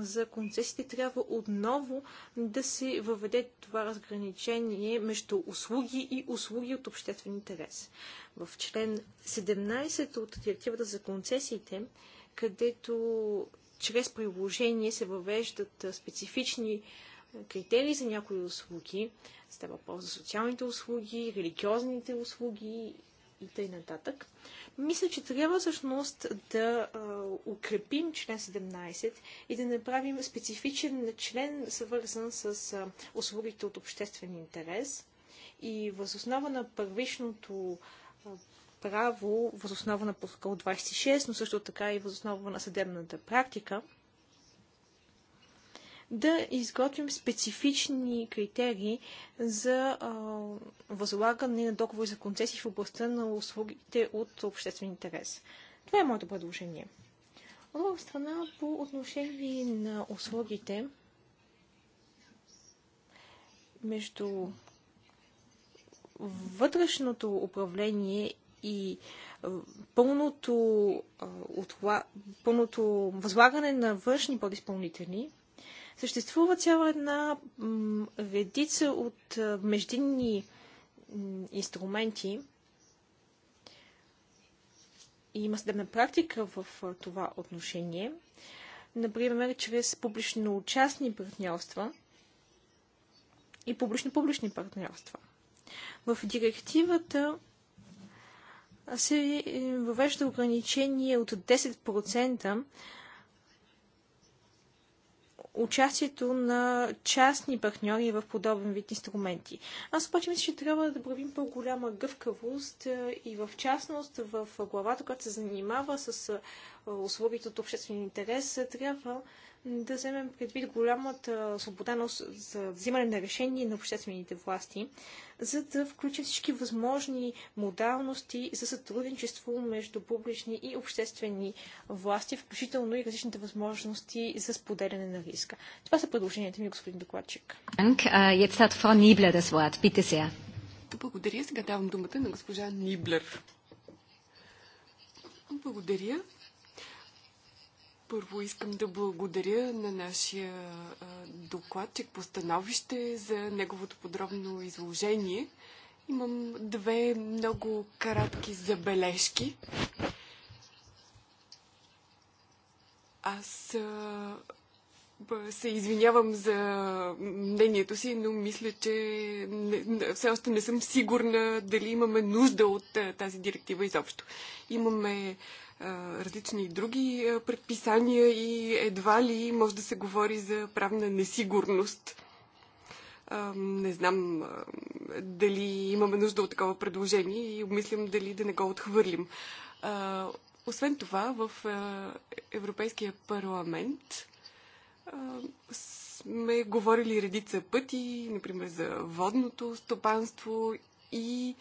за концесиите трябва отново да се въведе това разграничение между услуги и услуги от обществен интерес. В член 17 от директивата за концесиите, където чрез приложение се въвеждат специфични критерии за някои услуги. Става въпрос за социалните услуги, религиозните услуги и тъй нататък. Мисля, че трябва всъщност да а, укрепим член 17 и да направим специфичен член, свързан с а, услугите от обществен интерес и възоснова на първичното а, право, възоснова на протокол 26, но също така и възоснова на съдебната практика – да изготвим специфични критерии за а, възлагане на договори за концесии в областта на услугите от обществен интерес. Това е моето предложение. От друга страна, по отношение на услугите между вътрешното управление и пълното, пълното възлагане на външни подизпълнители – Съществува цяла една редица от междинни инструменти и има съдебна практика в това отношение, например, чрез публично-частни партньорства и публично-публични партньорства. В директивата се е, въвежда ограничение от 10% участието на частни партньори в подобен вид инструменти. Аз обаче мисля, че трябва да правим по-голяма гъвкавост е, и в частност в главата, която се занимава с е, услугите от обществен интерес, е, трябва да вземем предвид голямата свобода за взимане на решение на обществените власти, за да включим всички възможни модалности за сътрудничество между публични и обществени власти, включително и различните възможности за споделяне на риска. Това са предложенията ми, господин докладчик.
Е,
Благодаря. Сега давам думата на госпожа Ниблер. Благодаря. Първо искам да благодаря на нашия докладчик по становище за неговото подробно изложение. Имам две много кратки забележки. Аз се извинявам за мнението си, но мисля, че не, все още не съм сигурна дали имаме нужда от тази директива изобщо. Имаме различни други предписания и едва ли може да се говори за правна несигурност. Не знам дали имаме нужда от такова предложение и обмислям дали да не го отхвърлим. Освен това, в Европейския парламент сме говорили редица пъти, например за водното стопанство и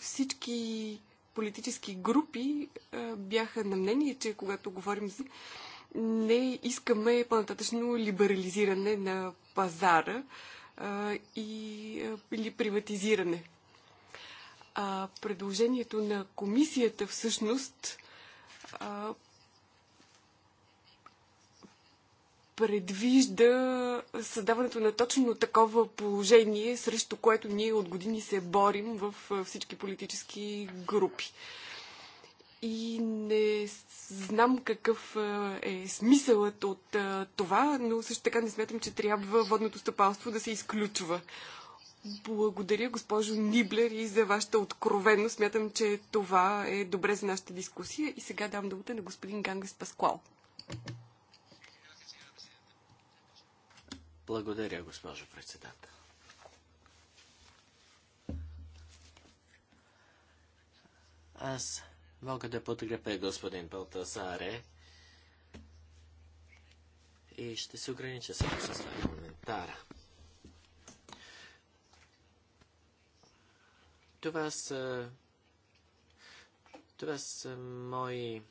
всички политически групи бяха на мнение, че когато говорим за не искаме по-нататъчно либерализиране на пазара а, и, а, или приватизиране. А, предложението на комисията всъщност а, предвижда създаването на точно такова положение, срещу което ние от години се борим в всички политически групи. И не знам какъв е смисълът от това, но също така не смятам, че трябва водното стъпалство да се изключва. Благодаря, госпожо Ниблер, и за вашата откровеност. Смятам, че това е добре за нашата дискусия. И сега дам думата на господин Гангас Паскуал.
Благодаря, госпожо председател. Аз мога да подкрепя господин Балтазаре и ще се огранича само с това коментара. Това са, това са мои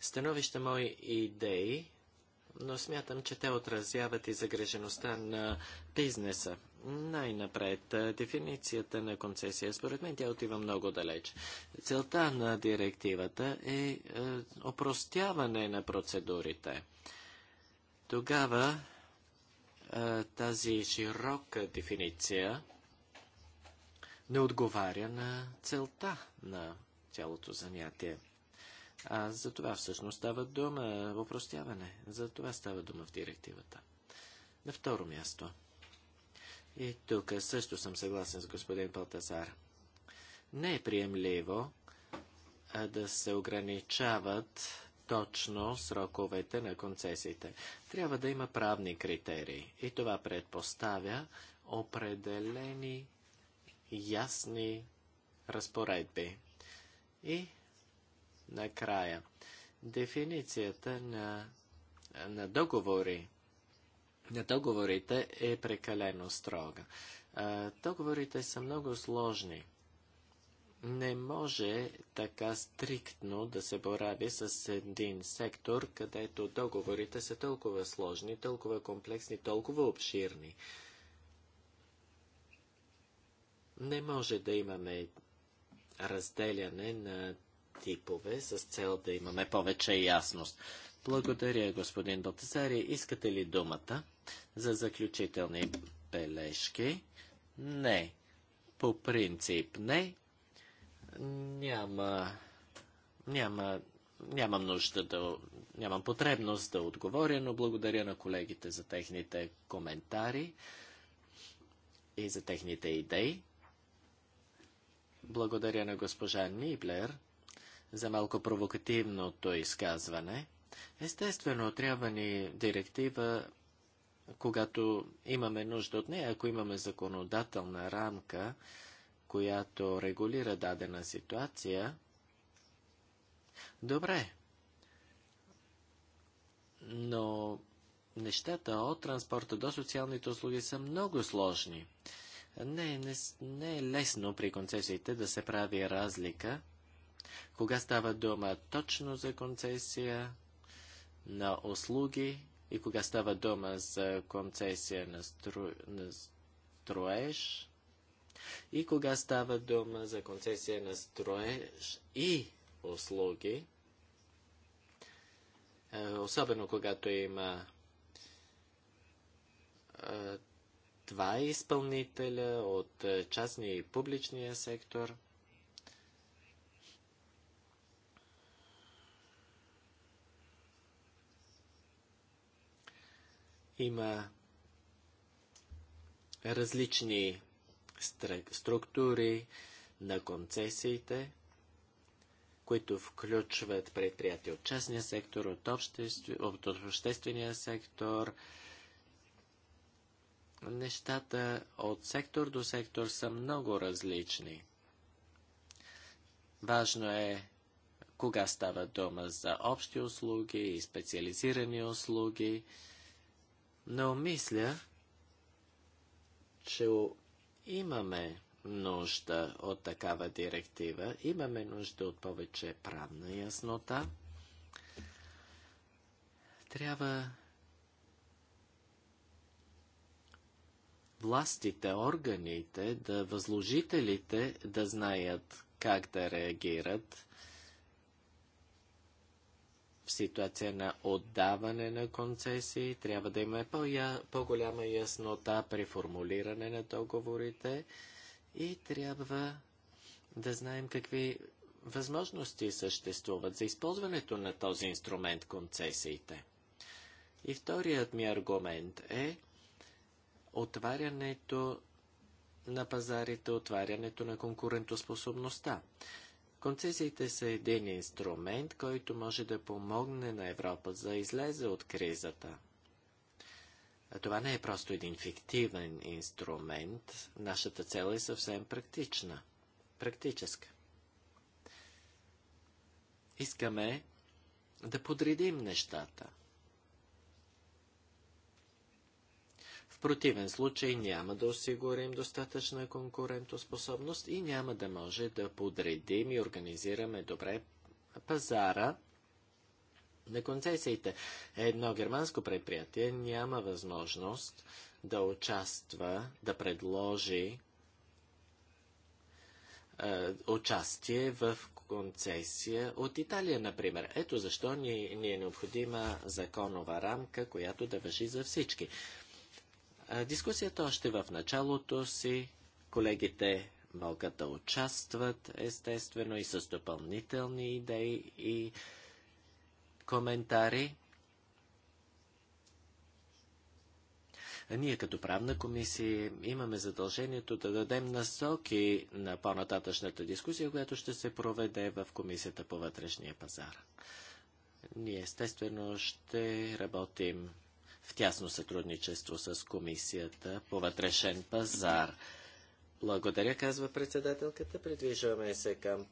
становища, мои идеи но смятам, че те отразяват и загрежеността на бизнеса. Най-напред, дефиницията на концесия, според мен тя отива много далеч. Целта на директивата е, опростяване на процедурите. Тогава тази широка дефиниция не отговаря на целта на цялото занятие. А за това всъщност става дума, опростяване. За това става дума в директивата. На второ място. И тук също съм съгласен с господин Палтазар. Не е приемливо а да се ограничават точно сроковете на концесиите. Трябва да има правни критерии и това предпоставя определени ясни разпоредби. И Накрая. Дефиницията на, на договори на договорите е прекалено строга. А, договорите са много сложни. Не може така стриктно да се борави с един сектор, където договорите са толкова сложни, толкова комплексни, толкова обширни. Не може да имаме разделяне на типове с цел да имаме повече ясност. Благодаря, господин Балтазари. Искате ли думата за заключителни бележки? Не. По принцип не. Няма, няма, нямам нужда да, нямам потребност да отговоря, но благодаря на колегите за техните коментари и за техните идеи. Благодаря на госпожа Ниблер за малко провокативното изказване. Естествено, трябва ни директива, когато имаме нужда от нея, ако имаме законодателна рамка, която регулира дадена ситуация. Добре. Но нещата от транспорта до социалните услуги са много сложни. Не, не, не е лесно при концесиите да се прави разлика кога става дума точно за концесия на услуги и кога става дума за концесия на, стру... на строеж и кога става дума за концесия на строеж и услуги, е, особено когато има е, два изпълнителя от е, частния и публичния сектор. Има различни структури на концесиите, които включват предприятия от частния сектор, от, обществ... от обществения сектор. Нещата от сектор до сектор са много различни. Важно е кога става дома за общи услуги и специализирани услуги. Но мисля, че имаме нужда от такава директива, имаме нужда от повече правна яснота. Трябва властите, органите, да възложителите да знаят как да реагират ситуация на отдаване на концесии. Трябва да има по-голяма яснота при формулиране на договорите и трябва да знаем какви възможности съществуват за използването на този инструмент концесиите. И вторият ми аргумент е отварянето на пазарите, отварянето на конкурентоспособността. Концесиите са един инструмент, който може да помогне на Европа за излезе от кризата. А това не е просто един фиктивен инструмент. Нашата цел е съвсем практична, практическа. Искаме да подредим нещата – противен случай няма да осигурим достатъчна конкурентоспособност и няма да може да подредим и организираме добре пазара на концесиите. Едно германско предприятие няма възможност да участва, да предложи е, участие в концесия от Италия, например. Ето защо ни, ни е необходима законова рамка, която да въжи за всички. Дискусията още в началото си. Колегите могат да участват, естествено, и с допълнителни идеи и коментари. А ние като правна комисия имаме задължението да дадем насоки на по-нататъчната дискусия, която ще се проведе в Комисията по вътрешния пазар. Ние естествено ще работим тясно сътрудничество с Комисията по вътрешен пазар. Благодаря, казва председателката. Предвижваме се към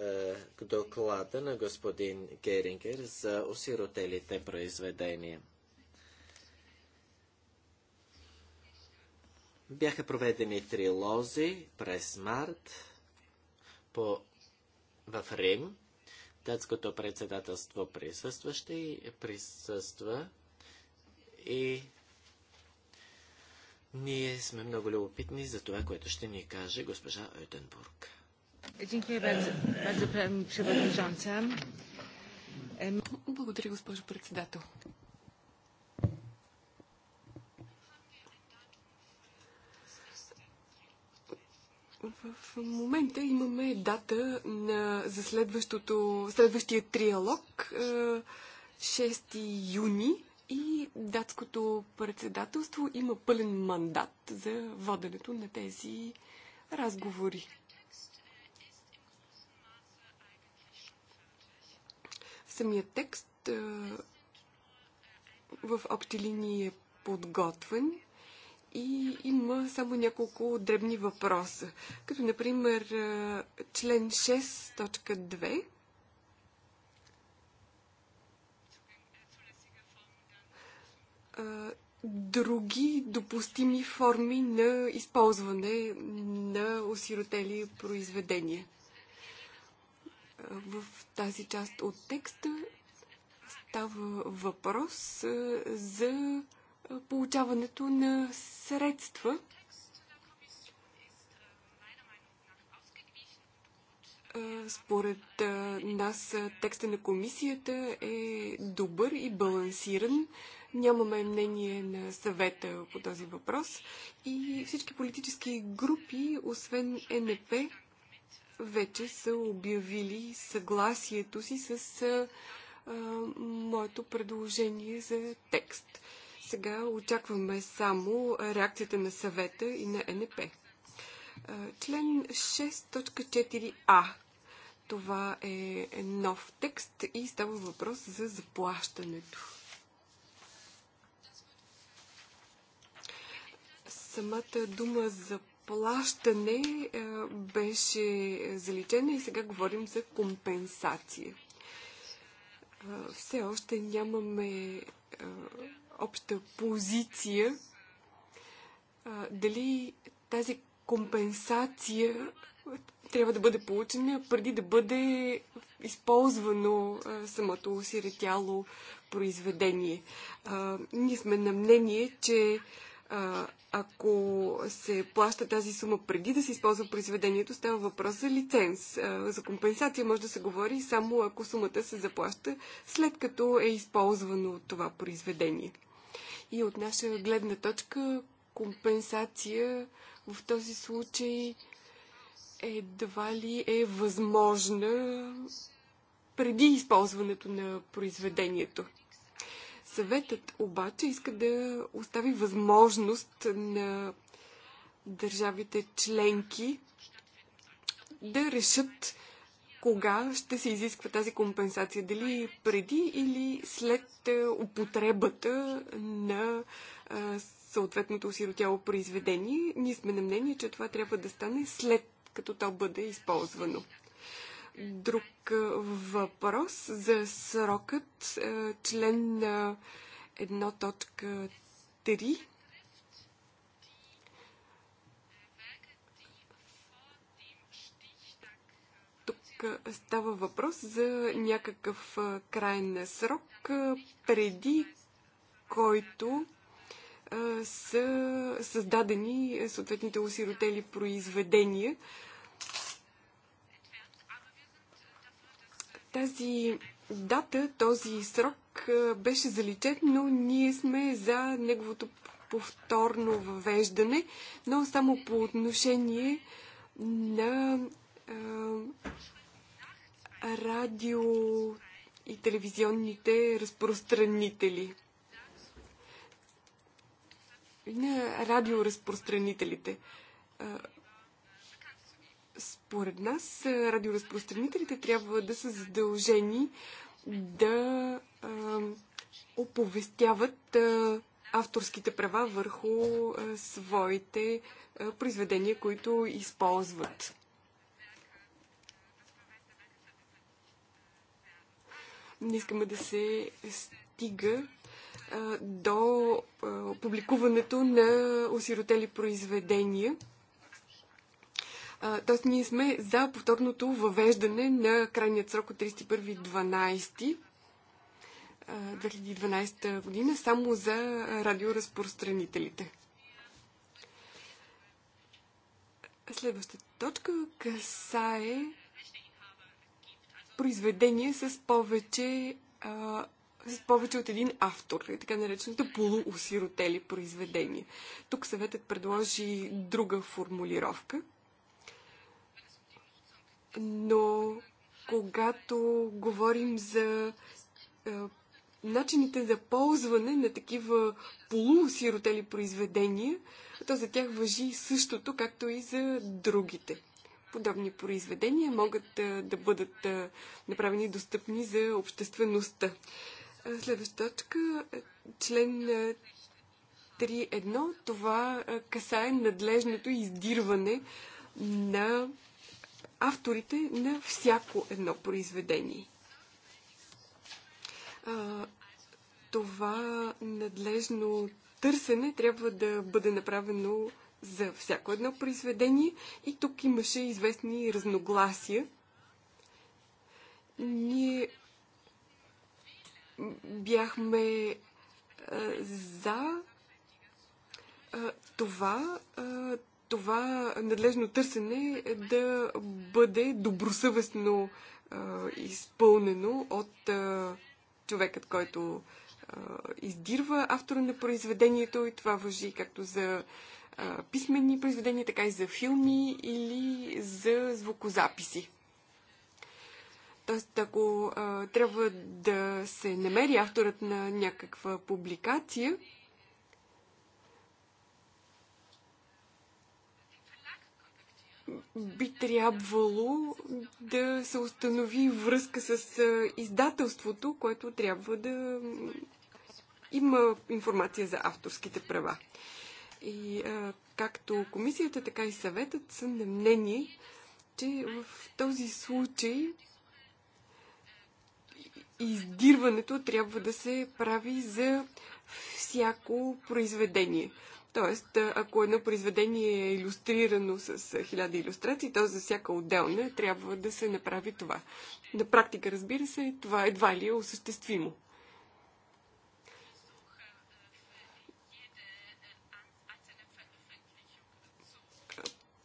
е, доклада на господин Герингер за осиротелите произведения. Бяха проведени три лози през март по, в Рим. Датското председателство присъстваше и присъства и ние сме много любопитни за това, което ще ни каже госпожа Ойтенбург.
Благодаря, госпожо председател. В момента имаме дата на, за следващото, следващия триалог 6 е, юни и датското председателство има пълен мандат за воденето на тези разговори. Самият текст в общи линии е подготвен и има само няколко дребни въпроса. Като, например, член 6.2 други допустими форми на използване на осиротели произведения. В тази част от текста става въпрос за получаването на средства. Според нас текста на комисията е добър и балансиран Нямаме мнение на съвета по този въпрос и всички политически групи, освен НП, вече са обявили съгласието си с а, а, моето предложение за текст. Сега очакваме само реакцията на съвета и на НП. Член 6.4а. Това е нов текст и става въпрос за заплащането. самата дума за плащане е, беше заличена и сега говорим за компенсация. Е, все още нямаме е, обща позиция дали тази компенсация трябва да бъде получена преди да бъде използвано а, самото осиретяло произведение. А, ние сме на мнение, че а, ако се плаща тази сума преди да се използва произведението, става въпрос за лиценз. За компенсация може да се говори само ако сумата се заплаща след като е използвано това произведение. И от наша гледна точка компенсация в този случай едва ли е възможна преди използването на произведението. Съветът обаче иска да остави възможност на държавите членки да решат кога ще се изисква тази компенсация. Дали преди или след е, употребата на е, съответното осиротяло произведение. Ние сме на мнение, че това трябва да стане след като то бъде използвано. Друг въпрос за срокът, член 1.3. става въпрос за някакъв крайен срок, преди който са създадени съответните осиротели произведения Тази дата, този срок беше заличен, но ние сме за неговото повторно въвеждане, но само по отношение на а, радио и телевизионните разпространители. На радиоразпространителите. Според нас радиоразпространителите трябва да са задължени да а, оповестяват а, авторските права върху а, своите а, произведения, които използват. Не искаме да се стига а, до а, публикуването на осиротели произведения. Тоест ние сме за повторното въвеждане на крайният срок от 31.12.2012 2012 година само за радиоразпространителите. Следваща точка касае произведение с повече, а, с повече от един автор, така наречената полуосиротели произведения. Тук съветът предложи друга формулировка. Но когато говорим за е, начините за ползване на такива полусиротели произведения, то за тях въжи същото, както и за другите. Подобни произведения могат е, да бъдат е, направени достъпни за обществеността. Следваща точка, член 3.1, това касае надлежното издирване на авторите на всяко едно произведение. Това надлежно търсене трябва да бъде направено за всяко едно произведение и тук имаше известни разногласия. Ние бяхме за това това надлежно търсене да бъде добросъвестно а, изпълнено от а, човекът, който а, издирва автора на произведението и това въжи както за а, писменни произведения, така и за филми или за звукозаписи. Тоест, ако а, трябва да се намери авторът на някаква публикация, би трябвало да се установи връзка с издателството, което трябва да има информация за авторските права. И а, както комисията, така и съветът са на мнение, че в този случай издирването трябва да се прави за всяко произведение. Тоест, ако едно произведение е иллюстрирано с хиляда иллюстрации, то за всяка отделна трябва да се направи това. На практика, разбира се, това едва ли е осъществимо.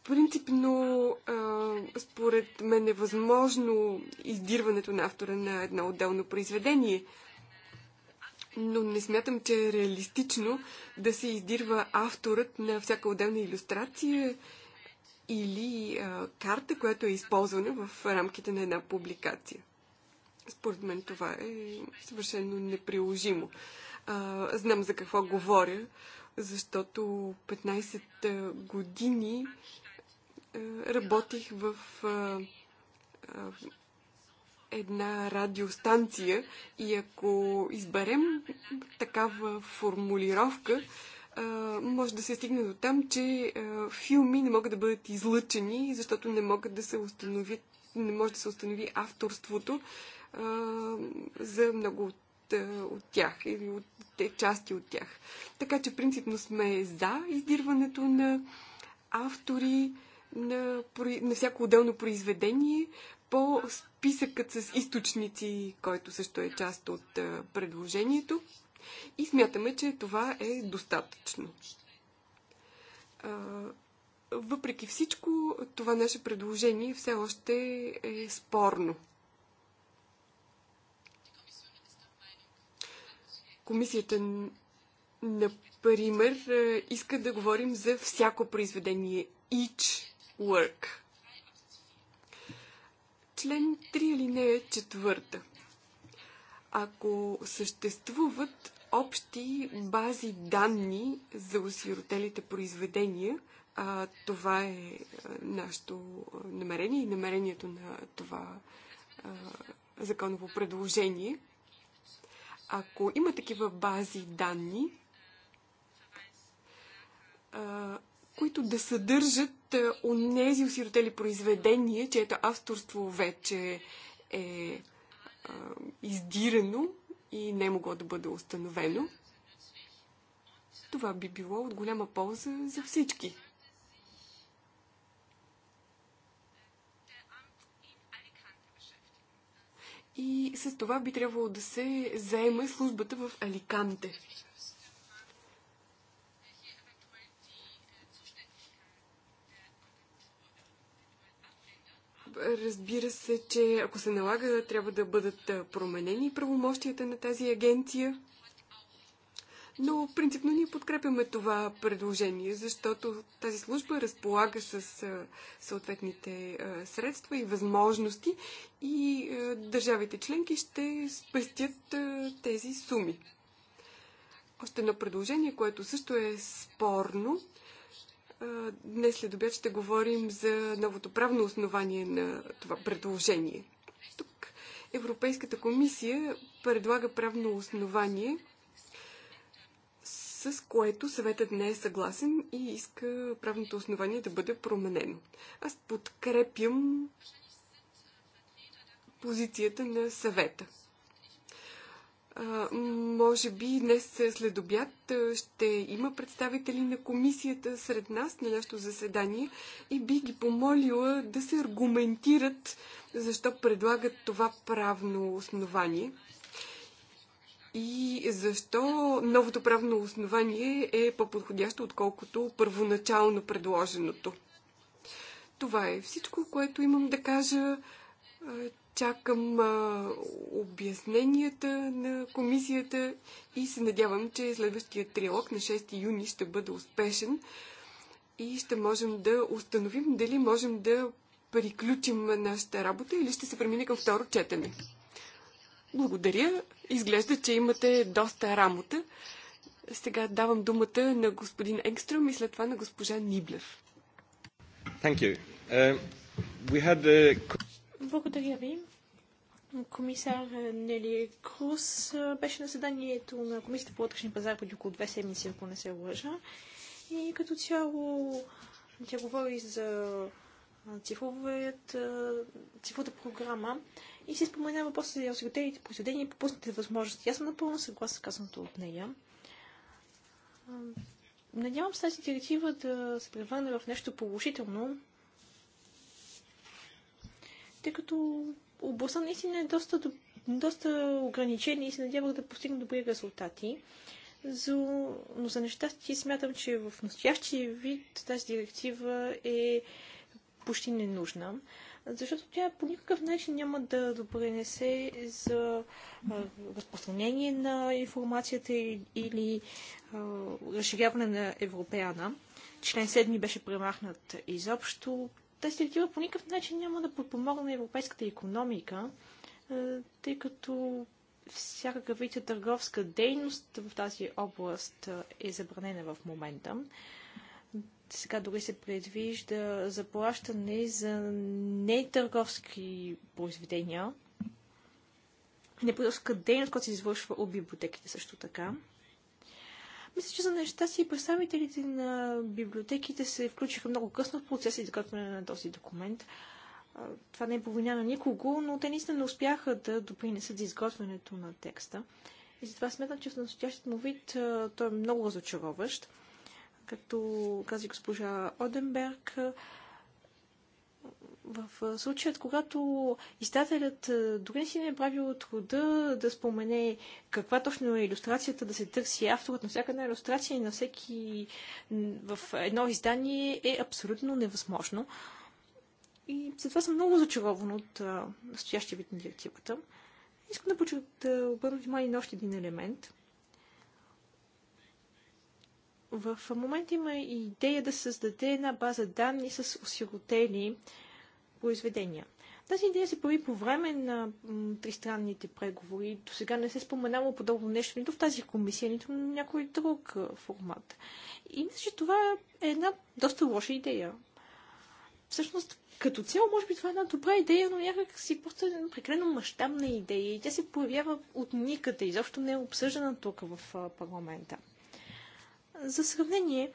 принципно, според мен е възможно издирването на автора на едно отделно произведение, но не смятам, че е реалистично да се издирва авторът на всяка отделна иллюстрация или а, карта, която е използвана в рамките на една публикация. Според мен това е съвършено неприложимо. А, знам за какво говоря, защото 15 години а, работих в а, една радиостанция и ако изберем такава формулировка, може да се стигне до там, че филми не могат да бъдат излъчени, защото не могат да се установи, не може да се установи авторството за много от от тях или от те части от тях. Така че принципно сме за издирването на автори, на, на всяко отделно произведение, по списъкът с източници, който също е част от е, предложението. И смятаме, че това е достатъчно. Въпреки всичко, това наше предложение все още е спорно. Комисията, например, е, иска да говорим за всяко произведение each work – Член 3 алинея 4. Ако съществуват общи бази данни за осиротелите произведения, а, това е нашето намерение и намерението на това а, законово предложение. Ако има такива бази данни, които да съдържат е, онези осиротели произведения, чието авторство вече е а, издирано и не е могло да бъде установено. Това би било от голяма полза за всички. И с това би трябвало да се заеме службата в Аликанте. Разбира се, че ако се налага, трябва да бъдат променени правомощията на тази агенция. Но принципно ние подкрепяме това предложение, защото тази служба разполага с съответните средства и възможности и държавите членки ще спестят тези суми. Още едно предложение, което също е спорно, Днес след обяд ще говорим за новото правно основание на това предложение. Тук Европейската комисия предлага правно основание, с което съветът не е съгласен и иска правното основание да бъде променено. Аз подкрепям позицията на съвета може би днес след обяд ще има представители на комисията сред нас на нашето заседание и би ги помолила да се аргументират защо предлагат това правно основание и защо новото правно основание е по-подходящо, отколкото първоначално предложеното. Това е всичко, което имам да кажа чакам а, обясненията на комисията и се надявам, че следващия триалог на 6 юни ще бъде успешен и ще можем да установим дали можем да приключим нашата работа или ще се премине към второ четене. Благодаря. Изглежда, че имате доста работа. Сега давам думата на господин Енгстрюм и след това на госпожа Ниблев.
Thank you. Uh, we had a... Uh,
благодаря ви. Комисар Нели Круз беше на заданието на Комисията по вътрешния пазар преди около две седмици, ако не се лъжа. И като цяло тя говори за цифровата програма и се спомена въпроса за осигурителите произведения и попуснатите възможности. Аз съм напълно съгласна с казаното от нея. Надявам се тази директива да се превърне в нещо положително, тъй като областта наистина е доста, доста ограничена и се надявах да постигна добри резултати. За... Но за нещастие смятам, че в настоящия вид тази директива е почти ненужна, защото тя по никакъв начин няма да допренесе за разпространение на информацията или а, разширяване на Европеана. Член 7 беше премахнат изобщо, тази директива по никакъв начин няма да подпомогне европейската економика, е, тъй като всякакъв вид търговска дейност в тази област е забранена в момента. Сега дори се предвижда заплащане за нетърговски произведения, неподълска дейност, която се извършва от библиотеките също така. Мисля, че за неща си представителите на библиотеките се включиха много късно в процеса изготвяне на този документ. Това не е повиня на никого, но те наистина не успяха да допринесат за изготвянето на текста. И затова смятам, че в настоящият му вид той е много разочароващ. като каза госпожа Оденберг, в случаят, когато издателят дори не си не е правил труда да спомене каква точно е иллюстрацията, да се търси авторът на всяка една иллюстрация и на всеки в едно издание е абсолютно невъзможно. И затова съм много зачарована от настоящия вид на директивата. Искам да, почу, да обърна внимание на още един елемент. В момента има идея да създаде една база данни с осиротели произведения. Тази идея се появи по време на тристранните преговори. До сега не се е споменало подобно нещо нито в тази комисия, нито в някой друг формат. И мисля, че това е една доста лоша идея. Всъщност, като цяло, може би това е една добра идея, но някак си просто е прекалено мащабна идея и тя се появява от никъде. Изобщо не е обсъждана тук в парламента. За сравнение,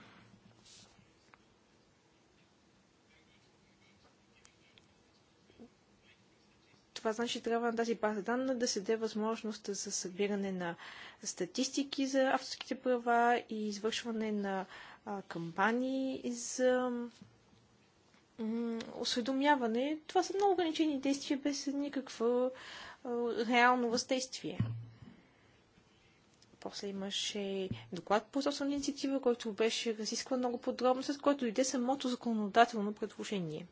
Това значи трябва на тази база данна да се даде възможност за събиране на статистики за авторските права и извършване на а, кампании за осведомяване. Това са много ограничени действия без никакво а, реално въздействие. После имаше доклад по собствена инициатива, който беше разискван много подробно, с който дойде самото законодателно предложение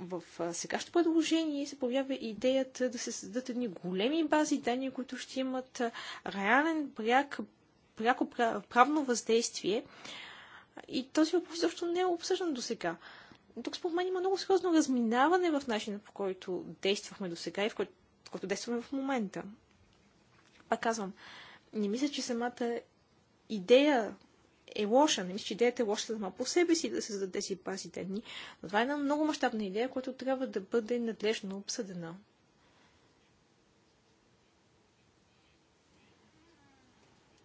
в сегашното предложение се появява идеята да се създадат едни големи бази данни, които ще имат реален пряк, пряко правно въздействие. И този въпрос също не е обсъждан до сега. Тук според мен има много сериозно разминаване в начина по който действахме до сега и в който, който действаме в момента. Пак казвам, не мисля, че самата идея е лоша. Не мисля, че идеята е лоша сама по себе си да се зададе си бази дни. но това е една много мащабна идея, която трябва да бъде надлежно обсъдена.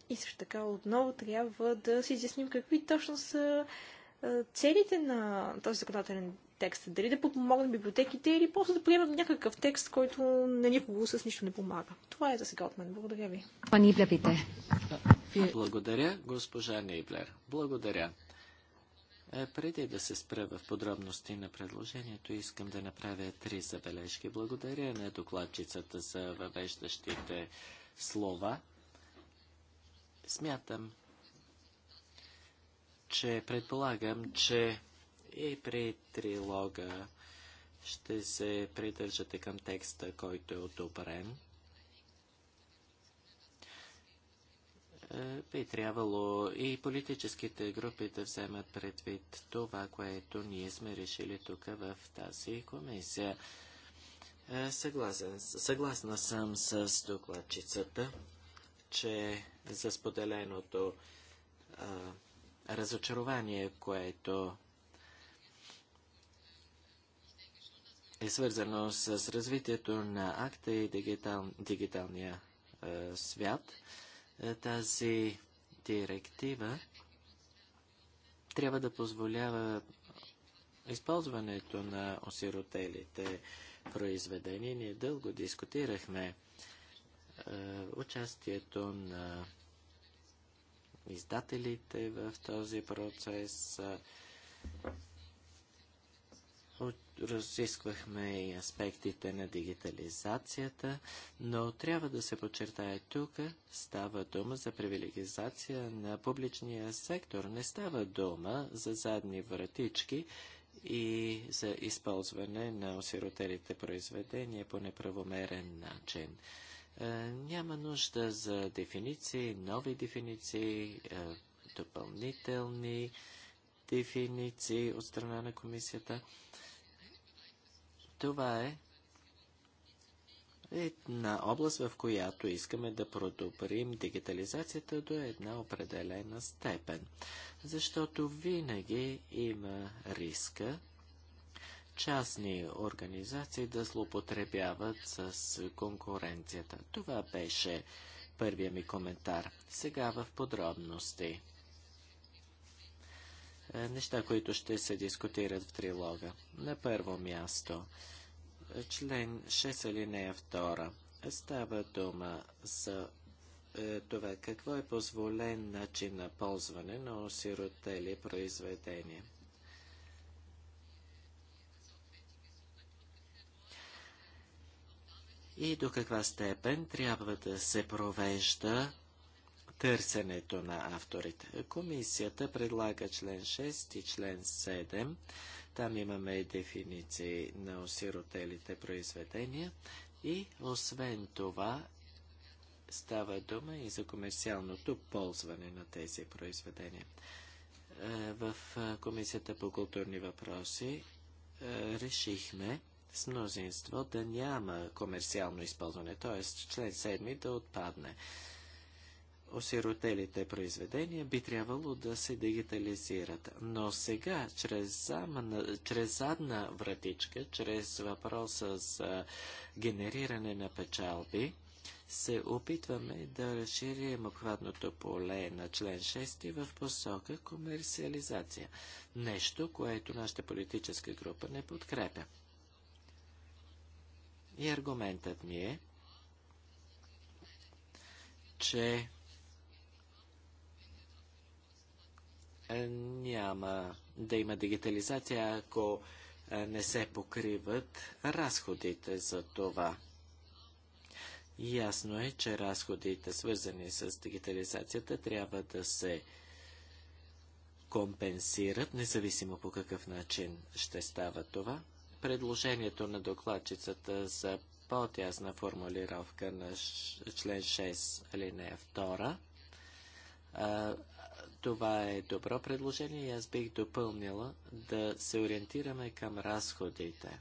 И също така отново трябва да си изясним какви точно са целите на този законодателен текста. Дали да подпомогнат библиотеките или просто да приемат някакъв текст, който на никого с нищо не помага. Това е за сега от мен. Благодаря ви.
Благодаря, госпожа Нейблер. Благодаря. Е, преди да се спра в подробности на предложението, искам да направя три забележки. Благодаря на докладчицата за въвеждащите слова. Смятам, че предполагам, че и при трилога ще се придържате към текста, който е одобрен. Е, би трябвало и политическите групи да вземат предвид това, което ние сме решили тук в тази комисия. Е, съгласен, съгласна съм с докладчицата, че за споделеното а, разочарование, което е свързано с развитието на акта и дигитал, дигиталния е, свят. Тази директива трябва да позволява използването на осиротелите произведения. Ние дълго дискутирахме е, участието на издателите в този процес разисквахме и аспектите на дигитализацията, но трябва да се подчертае тук, става дума за привилегизация на публичния сектор. Не става дума за задни вратички и за използване на осиротелите произведения по неправомерен начин. Е, няма нужда за дефиниции, нови дефиниции, е, допълнителни дефиниции от страна на комисията. Това е една област, в която искаме да продобрим дигитализацията до една определена степен. Защото винаги има риска частни организации да злоупотребяват с конкуренцията. Това беше първия ми коментар. Сега в подробности. Е, неща, които ще се дискутират в трилога. На първо място, е, член 6 алинея 2 става дума за е, това какво е позволен начин на ползване на осиротели произведения. И до каква степен трябва да се провежда търсенето на авторите. Комисията предлага член 6 и член 7. Там имаме дефиниции на осиротелите произведения и освен това става дума и за комерциалното ползване на тези произведения. Е, в е, Комисията по културни въпроси е, решихме с мнозинство да няма комерциално използване, т.е. член 7 да отпадне осиротелите произведения би трябвало да се дигитализират. Но сега, чрез, замна, чрез задна вратичка, чрез въпроса за генериране на печалби, се опитваме да разширим обхватното поле на член 6 в посока комерциализация. Нещо, което нашата политическа група не подкрепя. И аргументът ми е, че Е, няма да има дигитализация, ако е, не се покриват разходите за това. Ясно е, че разходите, свързани с дигитализацията, трябва да се компенсират, независимо по какъв начин ще става това. Предложението на докладчицата за по-тясна формулировка на член 6, алинея 2, това е добро предложение и аз бих допълнила да се ориентираме към разходите.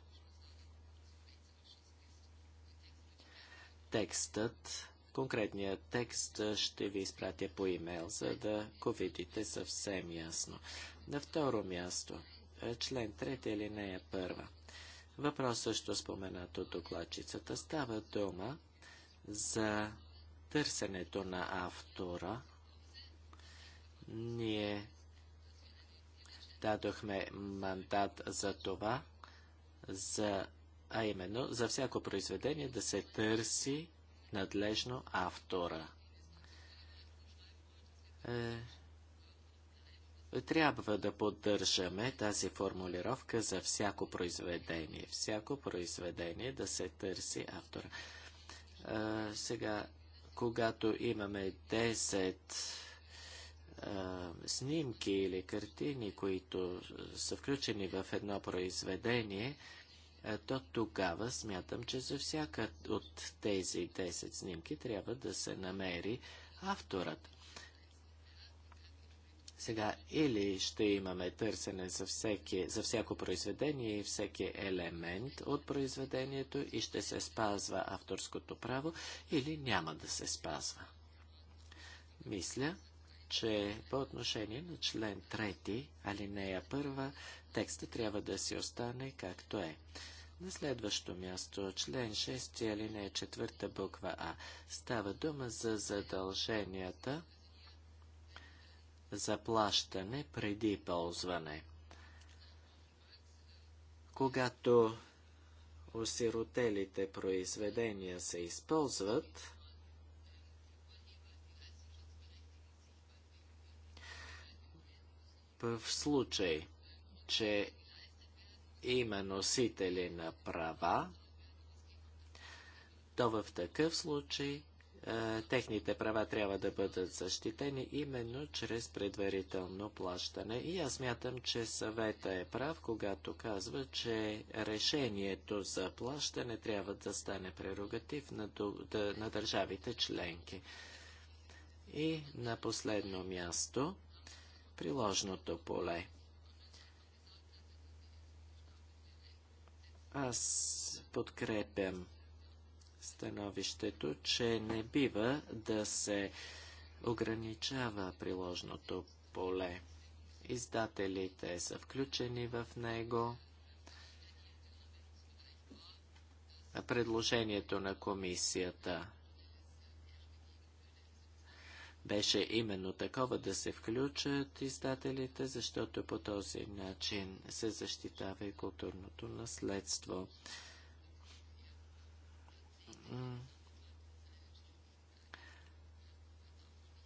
Текстът, конкретният текст ще ви изпратя по имейл, за да го видите съвсем ясно. На второ място, член 3 или не е първа. Въпрос също споменат от докладчицата. Става дума за търсенето на автора, ние дадохме мандат за това, за, а именно за всяко произведение да се търси надлежно автора. Е, трябва да поддържаме тази формулировка за всяко произведение. Всяко произведение да се търси автора. Е, сега, когато имаме 10 снимки или картини, които са включени в едно произведение, то тогава смятам, че за всяка от тези 10 снимки трябва да се намери авторът. Сега или ще имаме търсене за, всеки, за всяко произведение и всеки елемент от произведението и ще се спазва авторското право, или няма да се спазва. Мисля, че по отношение на член 3, алинея 1, текста трябва да си остане както е. На следващо място, член 6, алинея 4, буква А, става дума за задълженията за плащане преди ползване. Когато осиротелите произведения се използват, в случай, че има носители на права, то в такъв случай е, техните права трябва да бъдат защитени именно чрез предварително плащане. И аз мятам, че съвета е прав, когато казва, че решението за плащане трябва да стане прерогатив на, на държавите членки. И на последно място приложното поле. Аз подкрепям становището, че не бива да се ограничава приложното поле. Издателите са включени в него. Предложението на комисията беше именно такова да се включат издателите, защото по този начин се защитава и културното наследство.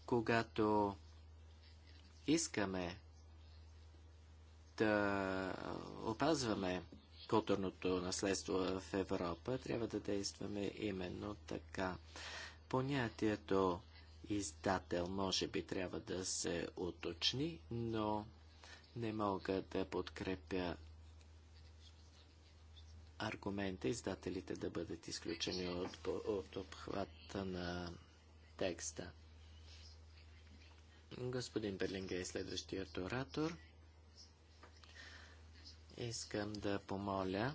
Когато искаме да опазваме културното наследство в Европа, трябва да действаме именно така. Понятието издател може би трябва да се уточни, но не мога да подкрепя аргумента издателите да бъдат изключени от, от обхвата на текста. Господин Берлинге е следващият оратор. Искам да помоля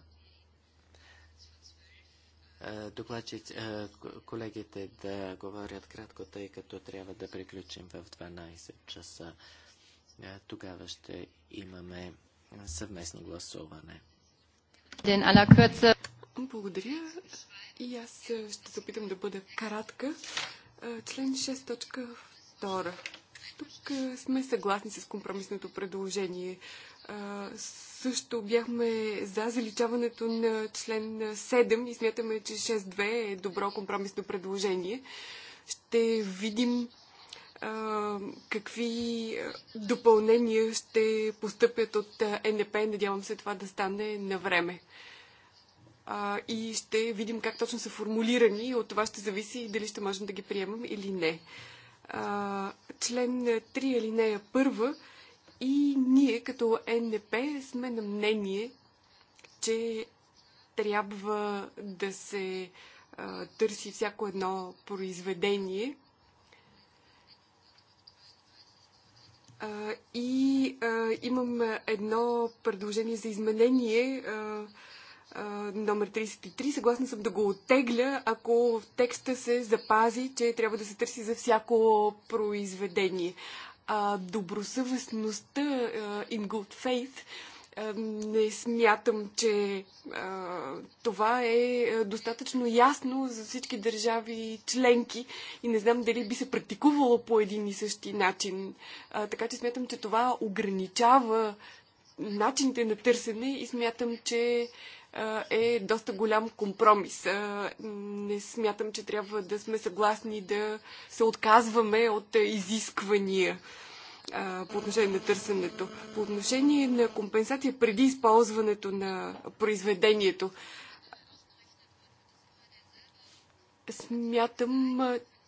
докладчиц, колегите да говорят кратко, тъй като трябва да приключим в 12 часа. Тогава ще имаме съвместно гласуване.
Благодаря. И аз ще се опитам да бъда кратка. Член 6.2. Тук сме съгласни с компромисното предложение също бяхме за заличаването на член 7 и смятаме, че 6.2 е добро компромисно предложение. Ще видим какви допълнения ще постъпят от НП. Надявам се това да стане на време. и ще видим как точно са формулирани. От това ще зависи дали ще можем да ги приемам или не. член 3 алинея 1 и ние като НДП сме на мнение, че трябва да се а, търси всяко едно произведение а, и а, имам едно предложение за изменение а, а, номер 33. Съгласна съм да го оттегля, ако в текста се запази, че трябва да се търси за всяко произведение. А добросъвестността, in good faith, не смятам, че а, това е достатъчно ясно за всички държави членки и не знам дали би се практикувало по един и същи начин. А, така че смятам, че това ограничава начините на търсене и смятам, че е доста голям компромис. Не смятам, че трябва да сме съгласни да се отказваме от изисквания по отношение на търсенето. По отношение на компенсация преди използването на произведението, смятам,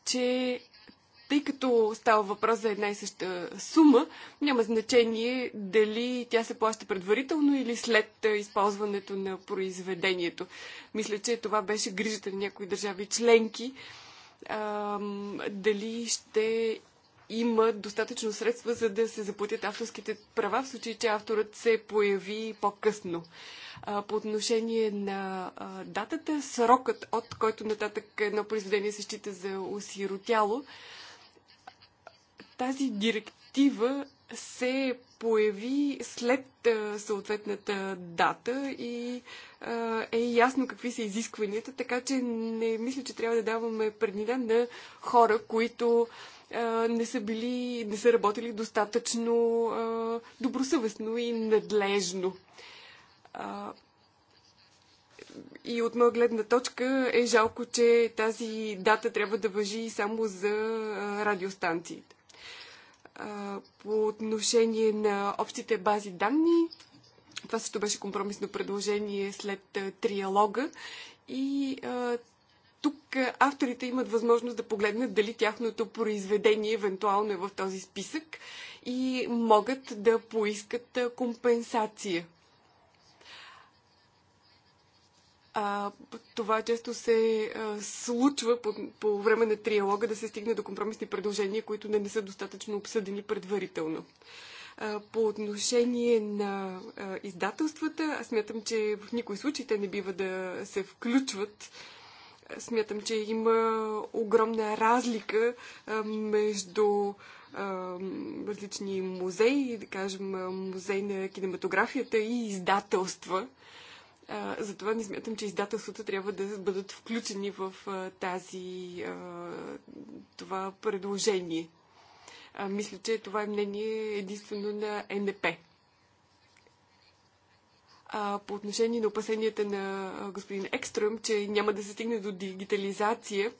че тъй като става въпрос за една и съща сума, няма значение дали тя се плаща предварително или след е, използването на произведението. Мисля, че това беше грижата на някои държави членки. А, дали ще има достатъчно средства, за да се заплатят авторските права, в случай, че авторът се появи по-късно. По отношение на датата, срокът, от който нататък едно произведение се счита за осиротяло, тази директива се появи след съответната дата и е ясно какви са изискванията, така че не мисля, че трябва да даваме преднина на хора, които не са били, не са работили достатъчно добросъвестно и надлежно. И от моя гледна точка е жалко, че тази дата трябва да въжи само за радиостанциите по отношение на общите бази данни. Това също беше компромисно предложение след триалога и а, тук авторите имат възможност да погледнат дали тяхното произведение евентуално е в този списък и могат да поискат компенсация. А, това често се а, случва по, по време на триалога да се стигне до компромисни предложения, които не, не са достатъчно обсъдени предварително. А, по отношение на а, издателствата, аз смятам, че в никой случай те не бива да се включват. Смятам, че има огромна разлика а, между различни музеи, да кажем музей на кинематографията и издателства затова не смятам, че издателствата трябва да бъдат включени в а, тази, а, това предложение. А, мисля, че това е мнение единствено на НП. А, по отношение на опасенията на господин Екстрем, че няма да се стигне до дигитализация,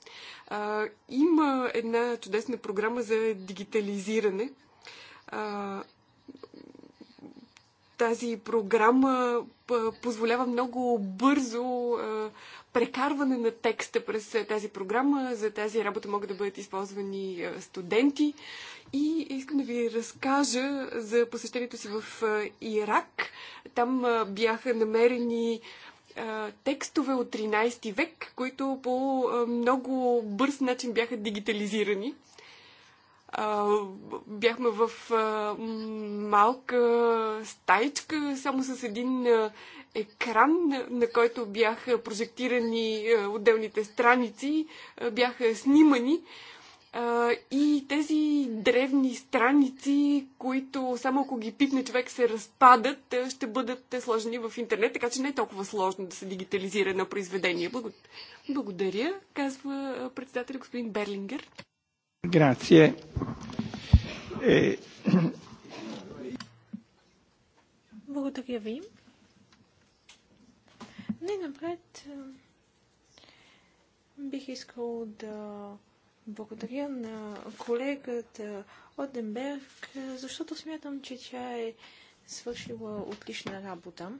а, има една чудесна програма за дигитализиране. А, тази програма позволява много бързо прекарване на текста през тази програма. За тази работа могат да бъдат използвани студенти. И искам да ви разкажа за посещението си в Ирак. Там бяха намерени текстове от 13 век, които по много бърз начин бяха дигитализирани бяхме в малка стайчка, само с един екран, на който бяха прожектирани отделните страници, бяха снимани. И тези древни страници, които само ако ги пипне човек се разпадат, ще бъдат сложени в интернет, така че не е толкова сложно да се дигитализира едно произведение. Благодаря, казва председателя господин Берлингер.
Grazie. E-
благодаря ви. най напред е, бих искал да благодаря на колегата Оденберг, защото смятам, че тя е свършила отлична работа,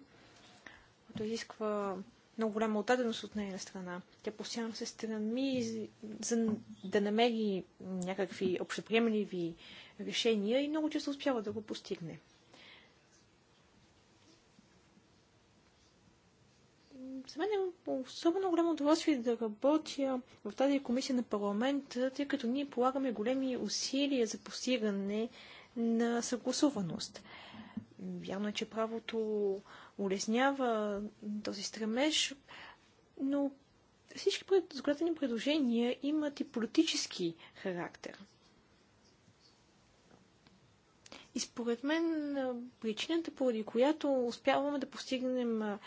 която изисква много голяма отдаденост от нейна страна. Тя постоянно се стреми за да намери някакви общоприемливи решения и много често успява да го постигне. за мен е особено голямо удоволствие да работя в тази комисия на парламента, тъй като ние полагаме големи усилия за постигане на съгласуваност. Вярно е, че правото улеснява този стремеж, но всички законодателни предложения имат и политически характер. И според мен причината, поради която успяваме да постигнем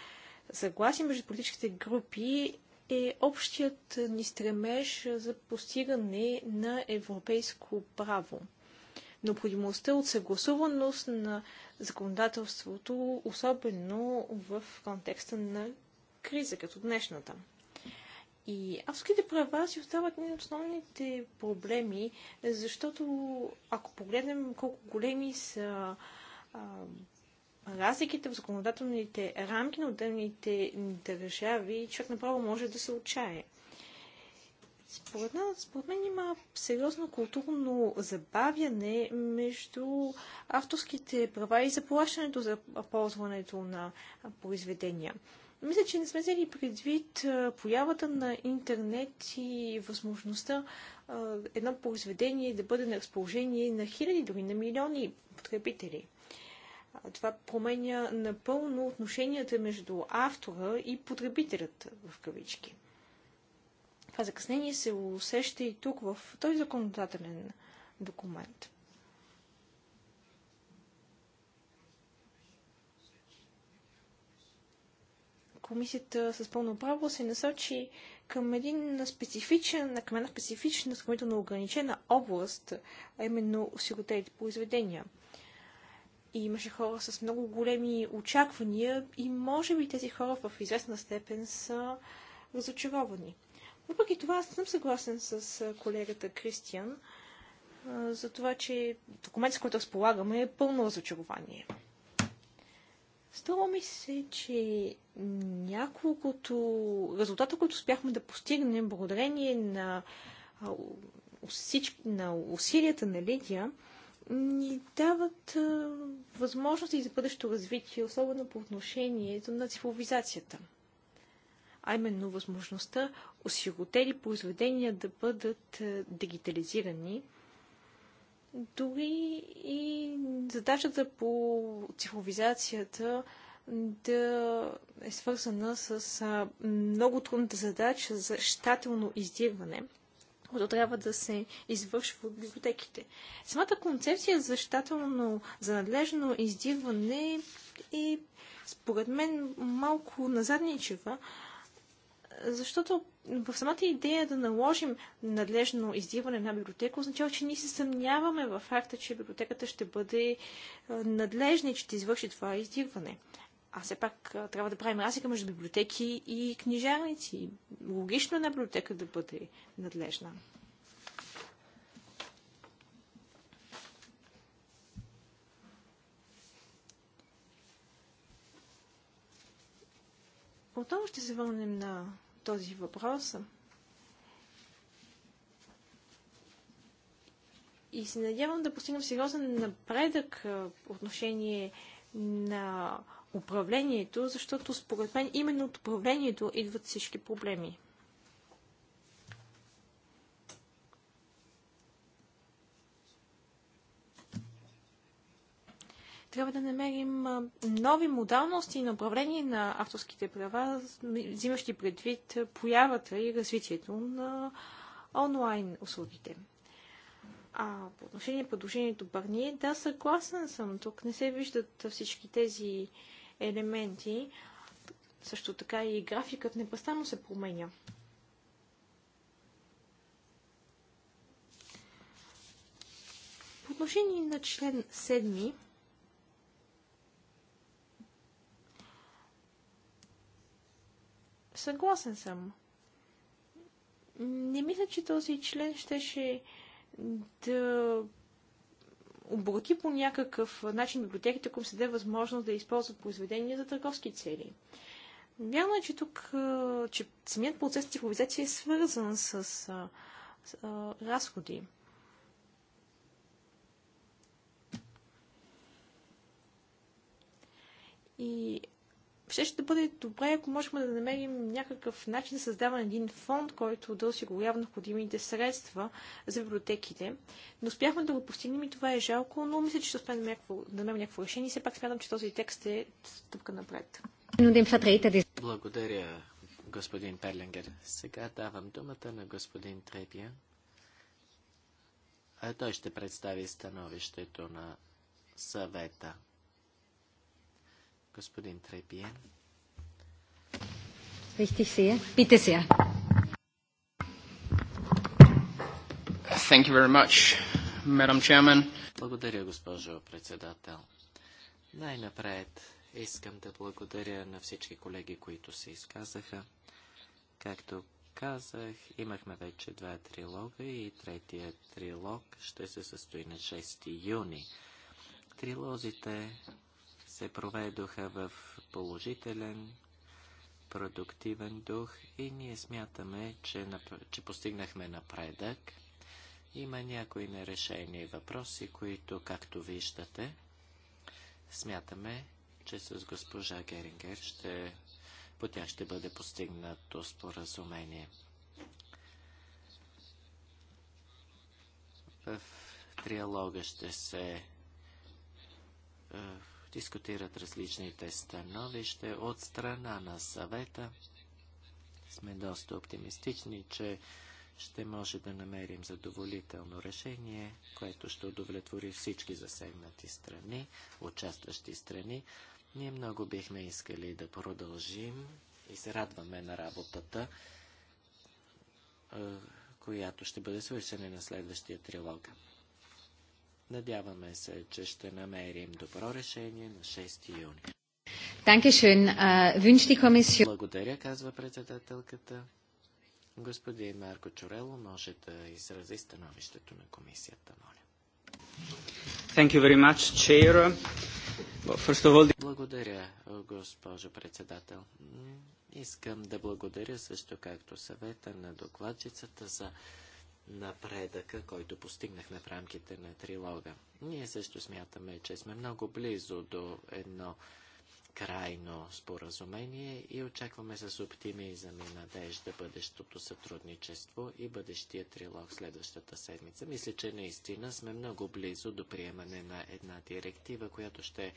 съгласие между политическите групи, е общият ни стремеж за постигане на европейско право необходимостта от съгласуваност на законодателството, особено в контекста на криза, като днешната. И авторските права си остават един от основните проблеми, защото ако погледнем колко големи са а, разликите в законодателните рамки на отделните държави, човек направо може да се отчае. Според, нас, според мен има сериозно културно забавяне между авторските права и заплащането за ползването на произведения. Мисля, че не сме взели предвид появата на интернет и възможността едно произведение да бъде на разположение на хиляди, дори на милиони потребители. Това променя напълно отношенията между автора и потребителят в кавички. Това закъснение се усеща и тук в този законодателен документ. Комисията с пълно право се насочи към един специфичен, към една специфична, сравнително ограничена област, а именно сиротелите произведения. И имаше хора с много големи очаквания и може би тези хора в известна степен са разочаровани. Въпреки това, аз съм съгласен с колегата Кристиан за това, че документ, с който разполагаме, е пълно разочарование. Струва ми се, че няколкото резултата, които успяхме да постигнем благодарение на, усич... на усилията на Лидия, ни дават възможности за бъдещо развитие, особено по отношението на цифровизацията а именно възможността осиротели произведения да бъдат е, дигитализирани. Дори и задачата по цифровизацията да е свързана с много трудната задача за щателно издирване което трябва да се извършва от библиотеките. Самата концепция за щателно, за надлежно издирване е, според мен, малко назадничева, защото в самата идея да наложим надлежно издирване на библиотека означава, че ние се съмняваме в факта, че библиотеката ще бъде е, надлежна и ще извърши това издирване. А все пак е, трябва да правим разлика между библиотеки и книжарници. Логично е на библиотека да бъде надлежна. Отново ще се върнем на този въпрос. И се надявам да постигнем сериозен напредък по отношение на управлението, защото според мен именно от управлението идват всички проблеми. Трябва да намерим нови модалности и направления на авторските права, взимащи предвид появата и развитието на онлайн услугите. А по отношение на предложението Барние, да, съгласен съм. Тук не се виждат всички тези елементи. Също така и графикът непрестанно се променя. По отношение на член Съгласен съм. Не мисля, че този член щеше да обогати по някакъв начин библиотеките, ако им се даде възможност да използват произведения за търговски цели. Вярно е, че тук, че самият процес на цифровизация е свързан с, с, с разходи. И ще ще бъде добре, ако можем да намерим някакъв начин да създаваме един фонд, който да осигурява необходимите средства за библиотеките. Не успяхме да го постигнем и това е жалко, но мисля, че ще успеем да намерим някакво решение. Все пак смятам, че този текст е стъпка напред.
Благодаря, господин Перлингер. Сега давам думата на господин Требия. А той ще представи становището на съвета господин
Richtig sehe. Bitte sehr.
Thank you very much,
Madam Chairman.
Благодаря, госпожо председател. Най-напред искам да благодаря на всички колеги, които се изказаха. Както казах, имахме вече два трилога и третия трилог ще се състои на 6 юни. Трилозите се проведоха в положителен, продуктивен дух и ние смятаме, че, че постигнахме напредък. Има някои нерешени въпроси, които, както виждате, смятаме, че с госпожа Герингер ще, по тях ще бъде постигнато споразумение. В триалога ще се е, дискутират различните становища от страна на съвета. Сме доста оптимистични, че ще може да намерим задоволително решение, което ще удовлетвори всички засегнати страни, участващи страни. Ние много бихме искали да продължим и се радваме на работата, е, която ще бъде свършена на следващия трилог. Надяваме се, че ще намерим добро решение на 6 юни. Э, благодаря, казва председателката. Господин Марко Чорело, може да изрази становището на комисията, моля. Much, all... Благодаря, госпожо председател. Искам да благодаря също както съвета на докладчицата за напредъка, който постигнахме в рамките на трилога. Ние също смятаме, че сме много близо до едно крайно споразумение и очакваме с оптимизъм и надежда бъдещото сътрудничество и бъдещия трилог следващата седмица. Мисля, че наистина сме много близо до приемане на една директива, която ще е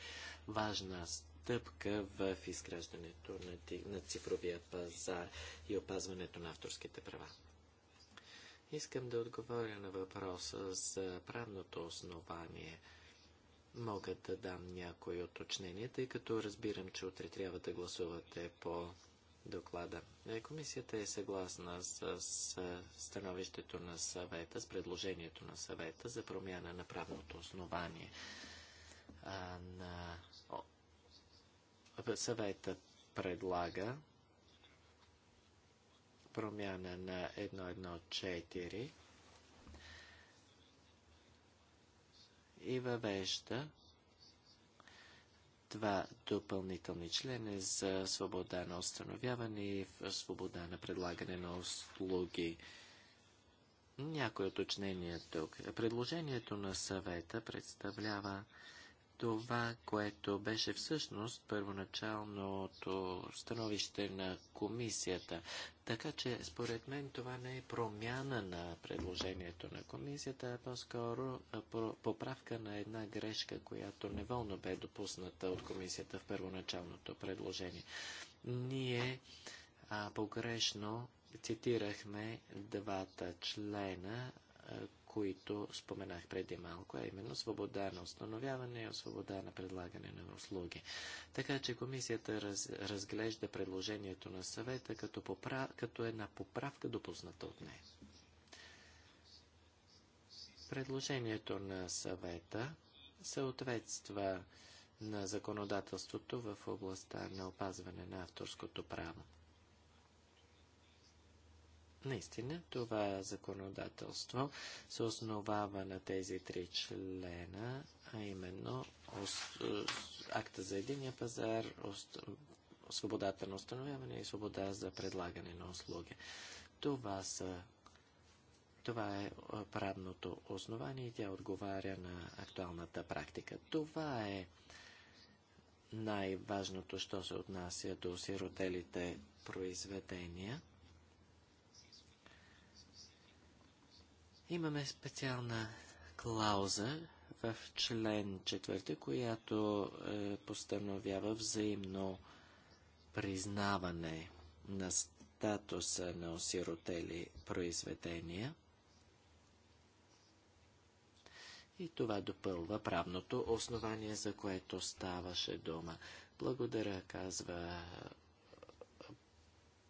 важна стъпка в изграждането на, на цифровия пазар и опазването на авторските права. Искам да отговоря на въпроса за правното основание. Мога да дам някои оточнения, тъй като разбирам, че утре трябва да гласувате по доклада. Е, комисията е съгласна с, становището на съвета, с предложението на съвета за промяна на правното основание на съвета предлага промяна на 1.1.4 и въвежда два допълнителни члена за свобода на установяване и свобода на предлагане на услуги. Някои уточнения тук. Предложението на съвета представлява това, което беше всъщност първоначалното становище на комисията. Така че, според мен, това не е промяна на предложението на комисията, а по-скоро поправка на една грешка, която неволно бе допусната от комисията в първоначалното предложение. Ние а, погрешно цитирахме двата члена, които споменах преди малко, а именно свобода на установяване и свобода на предлагане на услуги. Така че комисията раз, разглежда предложението на съвета като, попра, като една поправка допусната от нея. Предложението на съвета съответства на законодателството в областта на опазване на авторското право. Наистина, това законодателство се основава на тези три члена, а именно е, акта за единия пазар, свободата на установяване и свобода за предлагане на услуги. Това, са, това е, е правното основание и тя отговаря на актуалната практика. Това е най-важното, що се отнася до сиротелите произведения – Имаме специална клауза в член 4, която е, постановява взаимно признаване на статуса на осиротели произведения. И това допълва правното основание, за което ставаше дума. Благодаря, казва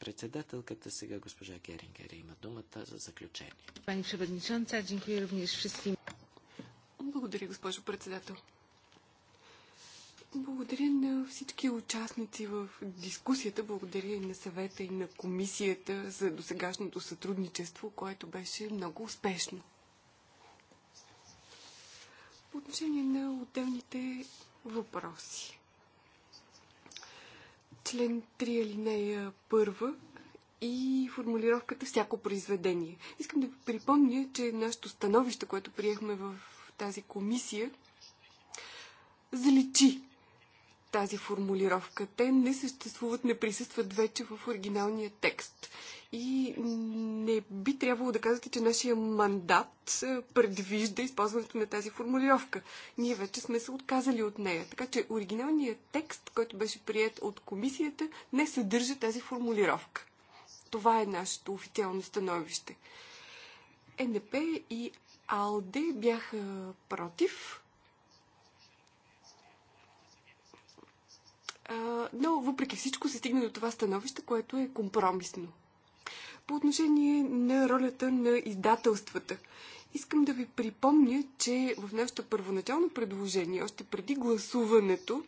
Председателката сега госпожа Герингер има думата за заключение.
Пани Przewodnicząca, dziękuję również wszystkim. Благодаря, госпожо председател. Благодаря на всички участници в дискусията, благодаря и на съвета и на комисията за досегашното сътрудничество, което беше много успешно. По отношение на отделните въпроси. Член 3 алинея 1 и формулировката всяко произведение. Искам да ви припомня, че нашето становище, което приехме в тази комисия, заличи тази формулировка. Те не съществуват, не присъстват вече в оригиналния текст. И не би трябвало да казвате, че нашия мандат е, предвижда използването на тази формулировка. Ние вече сме се отказали от нея. Така че оригиналният текст, който беше прият от комисията, не съдържа тази формулировка. Това е нашето официално становище. НП и АЛДЕ бяха против. но въпреки всичко се стигна до това становище, което е компромисно. По отношение на ролята на издателствата. Искам да ви припомня, че в нашето първоначално предложение, още преди гласуването,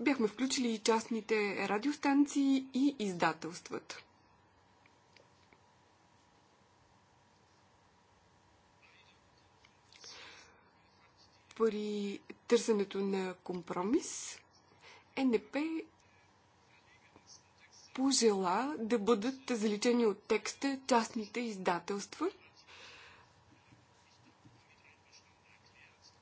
бяхме включили и частните радиостанции и издателствата. При търсенето на компромис, НП пожела да бъдат заличени от текста частните издателства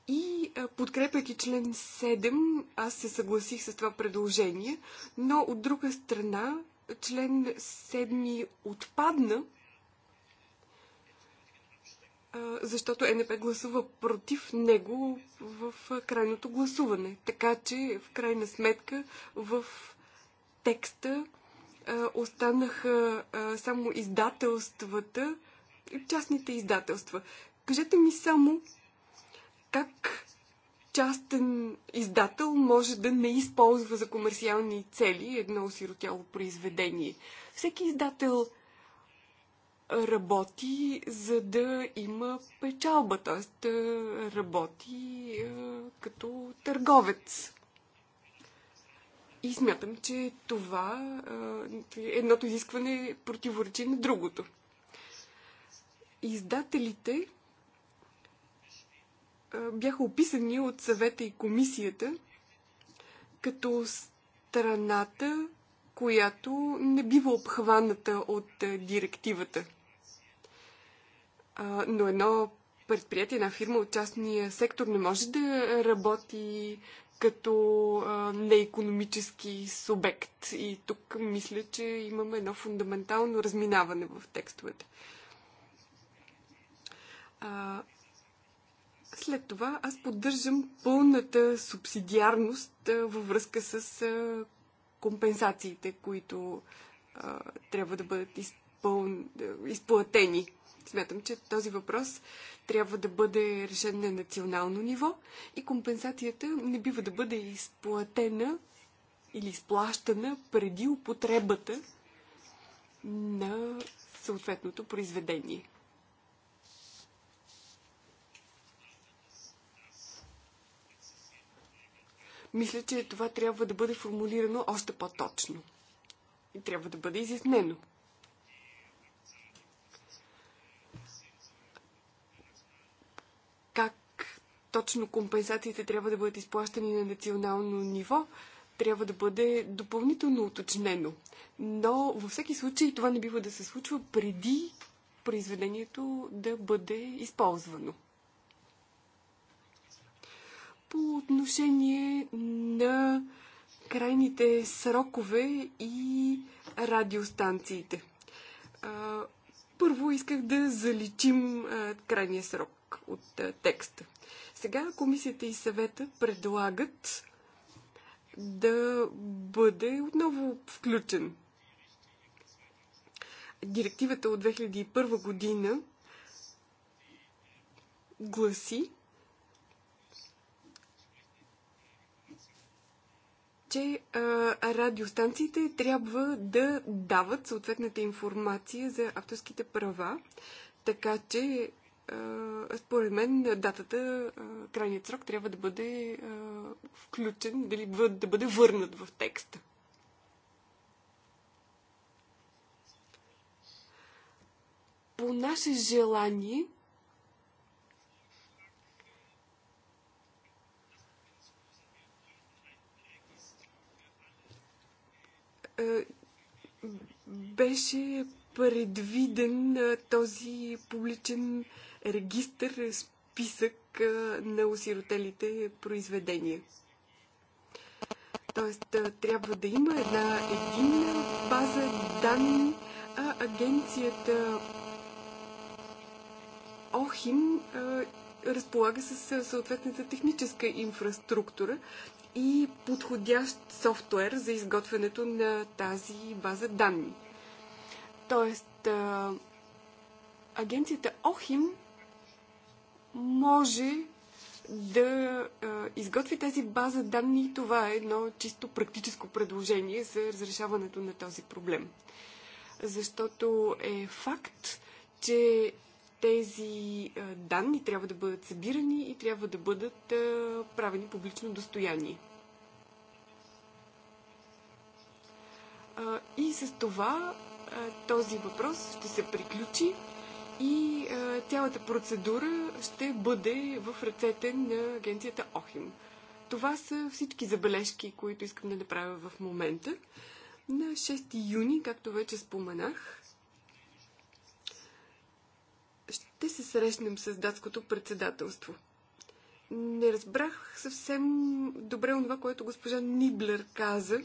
И подкрепяки член 7, аз се съгласих с това предложение, но от друга страна член 7 отпадна, защото НП гласува против него в крайното гласуване. Така че, в крайна сметка, в текста останаха само издателствата, частните издателства. Кажете ми само как частен издател може да не използва за комерциални цели едно сиротяло произведение. Всеки издател работи, за да има печалба, т.е. работи като търговец. И смятам, че това едното изискване противоречи на другото. Издателите бяха описани от съвета и комисията като страната, която не бива обхваната от директивата. Но едно предприятие, една фирма от частния сектор не може да работи като неекономически субект. И тук мисля, че имаме едно фундаментално разминаване в текстовете. А, след това аз поддържам пълната субсидиарност а, във връзка с а, компенсациите, които а, трябва да бъдат изпълн, изплатени Смятам, че този въпрос трябва да бъде решен на национално ниво и компенсацията не бива да бъде изплатена или изплащана преди употребата на съответното произведение. Мисля, че това трябва да бъде формулирано още по-точно. И трябва да бъде изяснено. точно компенсациите трябва да бъдат изплащани на национално ниво, трябва да бъде допълнително уточнено. Но във всеки случай това не бива да се случва преди произведението да бъде използвано. По отношение на крайните срокове и радиостанциите. Първо исках да заличим крайния срок от текста. Сега комисията и съвета предлагат да бъде отново включен. Директивата от 2001 година гласи, че а, радиостанциите трябва да дават съответната информация за авторските права, така че е, според мен датата, е, крайният срок трябва да бъде е, включен, дали да бъде върнат в текста. По наше желание беше предвиден този публичен регистър, списък на осиротелите произведения. Тоест, трябва да има една единна база данни, а агенцията ОХИМ разполага с съответната техническа инфраструктура и подходящ софтуер за изготвянето на тази база данни. Тоест, агенцията ОХИМ може да изготви тази база данни. Това е едно чисто практическо предложение за разрешаването на този проблем. Защото е факт, че тези данни трябва да бъдат събирани и трябва да бъдат правени публично достояние. И с това този въпрос ще се приключи и а, е, цялата процедура ще бъде в ръцете на агенцията ОХИМ. Това са всички забележки, които искам да направя в момента. На 6 юни, както вече споменах, ще се срещнем с датското председателство. Не разбрах съвсем добре това, което госпожа Ниблер каза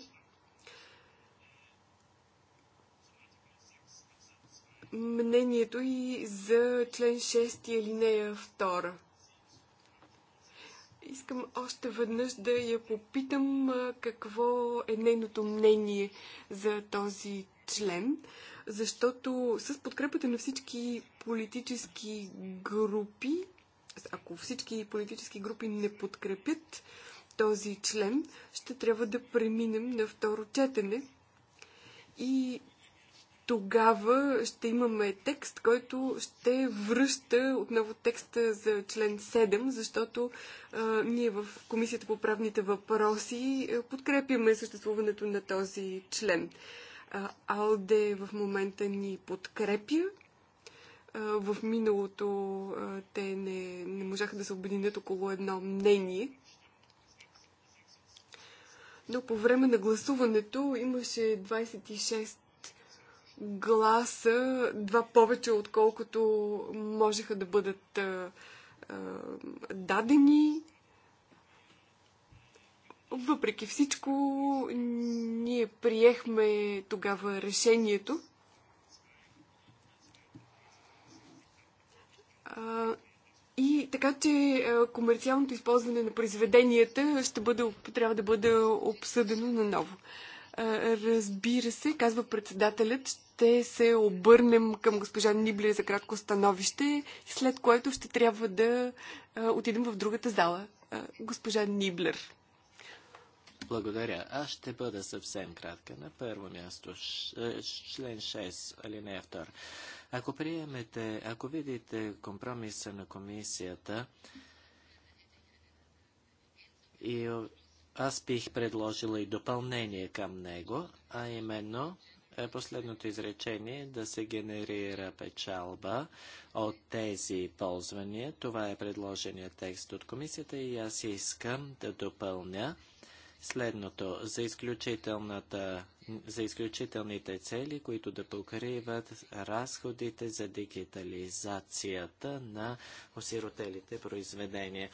мнението и за член 6 алинея 2. Искам още веднъж да я попитам какво е нейното мнение за този член, защото с подкрепата на всички политически групи, ако всички политически групи не подкрепят този член, ще трябва да преминем на второ четене. И тогава ще имаме текст, който ще връща отново текста за член 7, защото а, ние в Комисията по правните въпроси подкрепяме съществуването на този член. А, Алде в момента ни подкрепя. А, в миналото а, те не, не можаха да се объединят около едно мнение, но по време на гласуването имаше 26 гласа, два повече, отколкото можеха да бъдат а, а, дадени. Въпреки всичко, ние приехме тогава решението. А, и така, че комерциалното използване на произведенията ще бъде, трябва да бъде обсъдено наново. Разбира се, казва председателят, ще се обърнем към госпожа Нибли за кратко становище, след което ще трябва да отидем в другата зала. Госпожа Ниблер.
Благодаря. Аз ще бъда съвсем кратка. На първо място, член 6, алинея 2. Ако приемете, ако видите компромиса на комисията и аз бих предложила и допълнение към него, а именно е, последното изречение да се генерира печалба от тези ползвания. Това е предложения текст от комисията и аз искам да допълня следното за, изключителната, за изключителните цели, които да покриват разходите за дигитализацията на осиротелите произведения.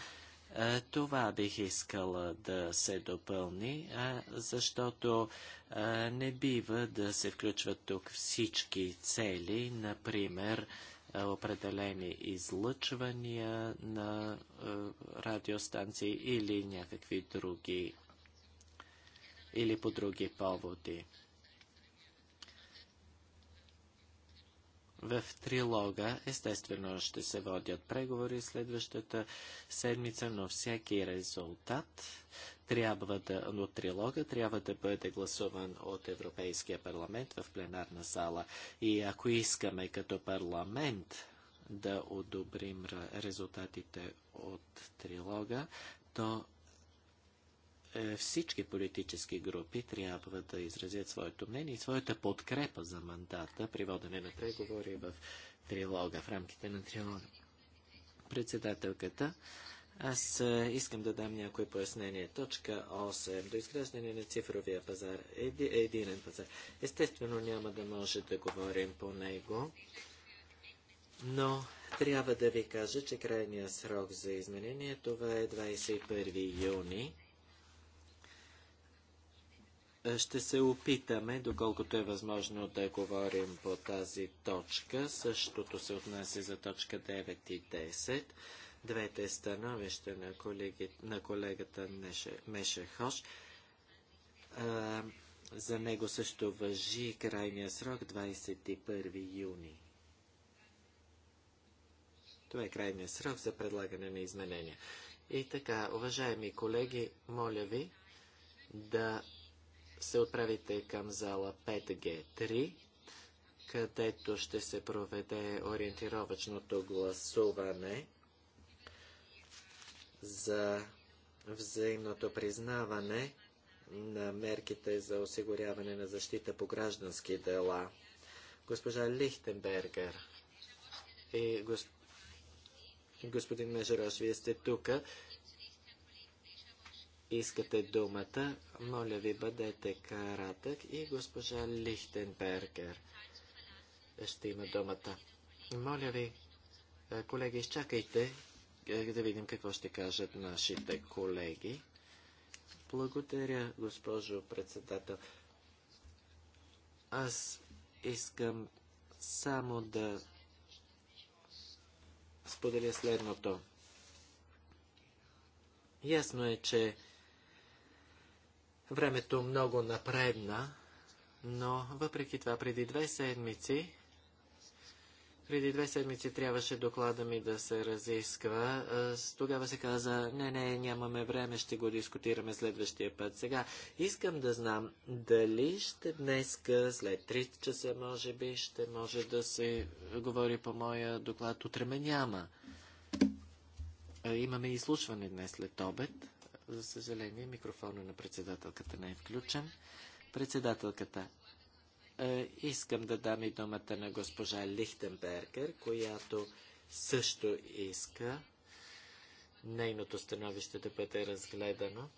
Е, това бих искала да се допълни, е, защото е, не бива да се включват тук всички цели, например определени излъчвания на радиостанции или някакви други или по други поводи. В трилога, естествено, ще се водят преговори следващата седмица, но всеки резултат трябва да, от трилога трябва да бъде гласуван от Европейския парламент в пленарна сала. И ако искаме като парламент да одобрим резултатите от трилога, то е, всички политически групи трябва да изразят своето мнение и своята подкрепа за мандата при водене на преговори в трилога, в рамките на трилога. Председателката, аз е, искам да дам някои пояснения. Точка 8. До изграждане на цифровия пазар. Еди, единен пазар. Естествено няма да може да говорим по него, но трябва да ви кажа, че крайният срок за изменение това е 21 юни ще се опитаме, доколкото е възможно да говорим по тази точка. Същото се отнася за точка 9 и 10. Двете становища на, колеги, на колегата Меше Хош. А, за него също въжи крайния срок 21 юни. Това е крайния срок за предлагане на изменения. И така, уважаеми колеги, моля ви да се отправите към зала 5G3, където ще се проведе ориентировачното гласуване за взаимното признаване на мерките за осигуряване на защита по граждански дела. Госпожа Лихтенбергер и госп... господин Межерош, вие сте тук искате думата, моля ви бъдете кратък и госпожа Лихтенбергер ще има думата. Моля ви, е, колеги, изчакайте е, да видим какво ще кажат нашите колеги. Благодаря, госпожо председател. Аз искам само да споделя следното. Ясно е, че Времето много напредна, но въпреки това преди две седмици преди две седмици трябваше доклада ми да се разисква. Тогава се каза, не, не, нямаме време, ще го дискутираме следващия път. Сега искам да знам дали ще днеска, след 3 часа, може би, ще може да се говори по моя доклад. Утре ме няма. Имаме изслушване днес след обед. За съжаление, микрофона на председателката не е включен. Председателката, е, искам да дам и думата на госпожа Лихтенбергер, която също иска нейното становище да бъде разгледано.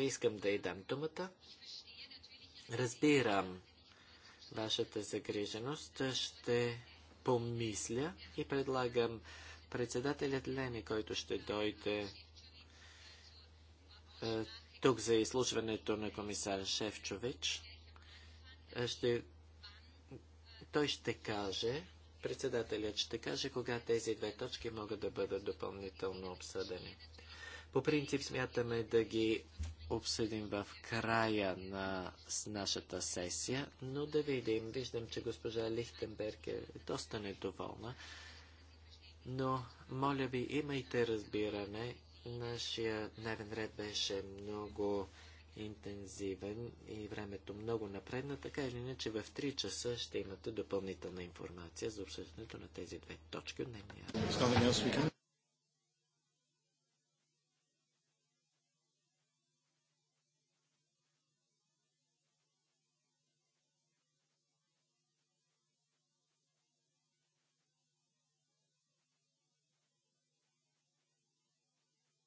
Искам да й дам думата. Разбирам вашата загриженост. Ще помисля и предлагам председателят Лени, който ще дойде е, тук за изслушването на комисар Шефчович. Е, ще... Той ще каже, председателят ще каже, кога тези две точки могат да бъдат допълнително обсъдени. По принцип смятаме да ги обсъдим в края на нашата сесия, но да видим. Виждам, че госпожа Лихтенберг е доста недоволна, но моля ви, имайте разбиране Нашия дневен ред беше много интензивен и времето много напредна, така или иначе в 3 часа ще имате допълнителна информация за обсъждането на тези две точки от дневния.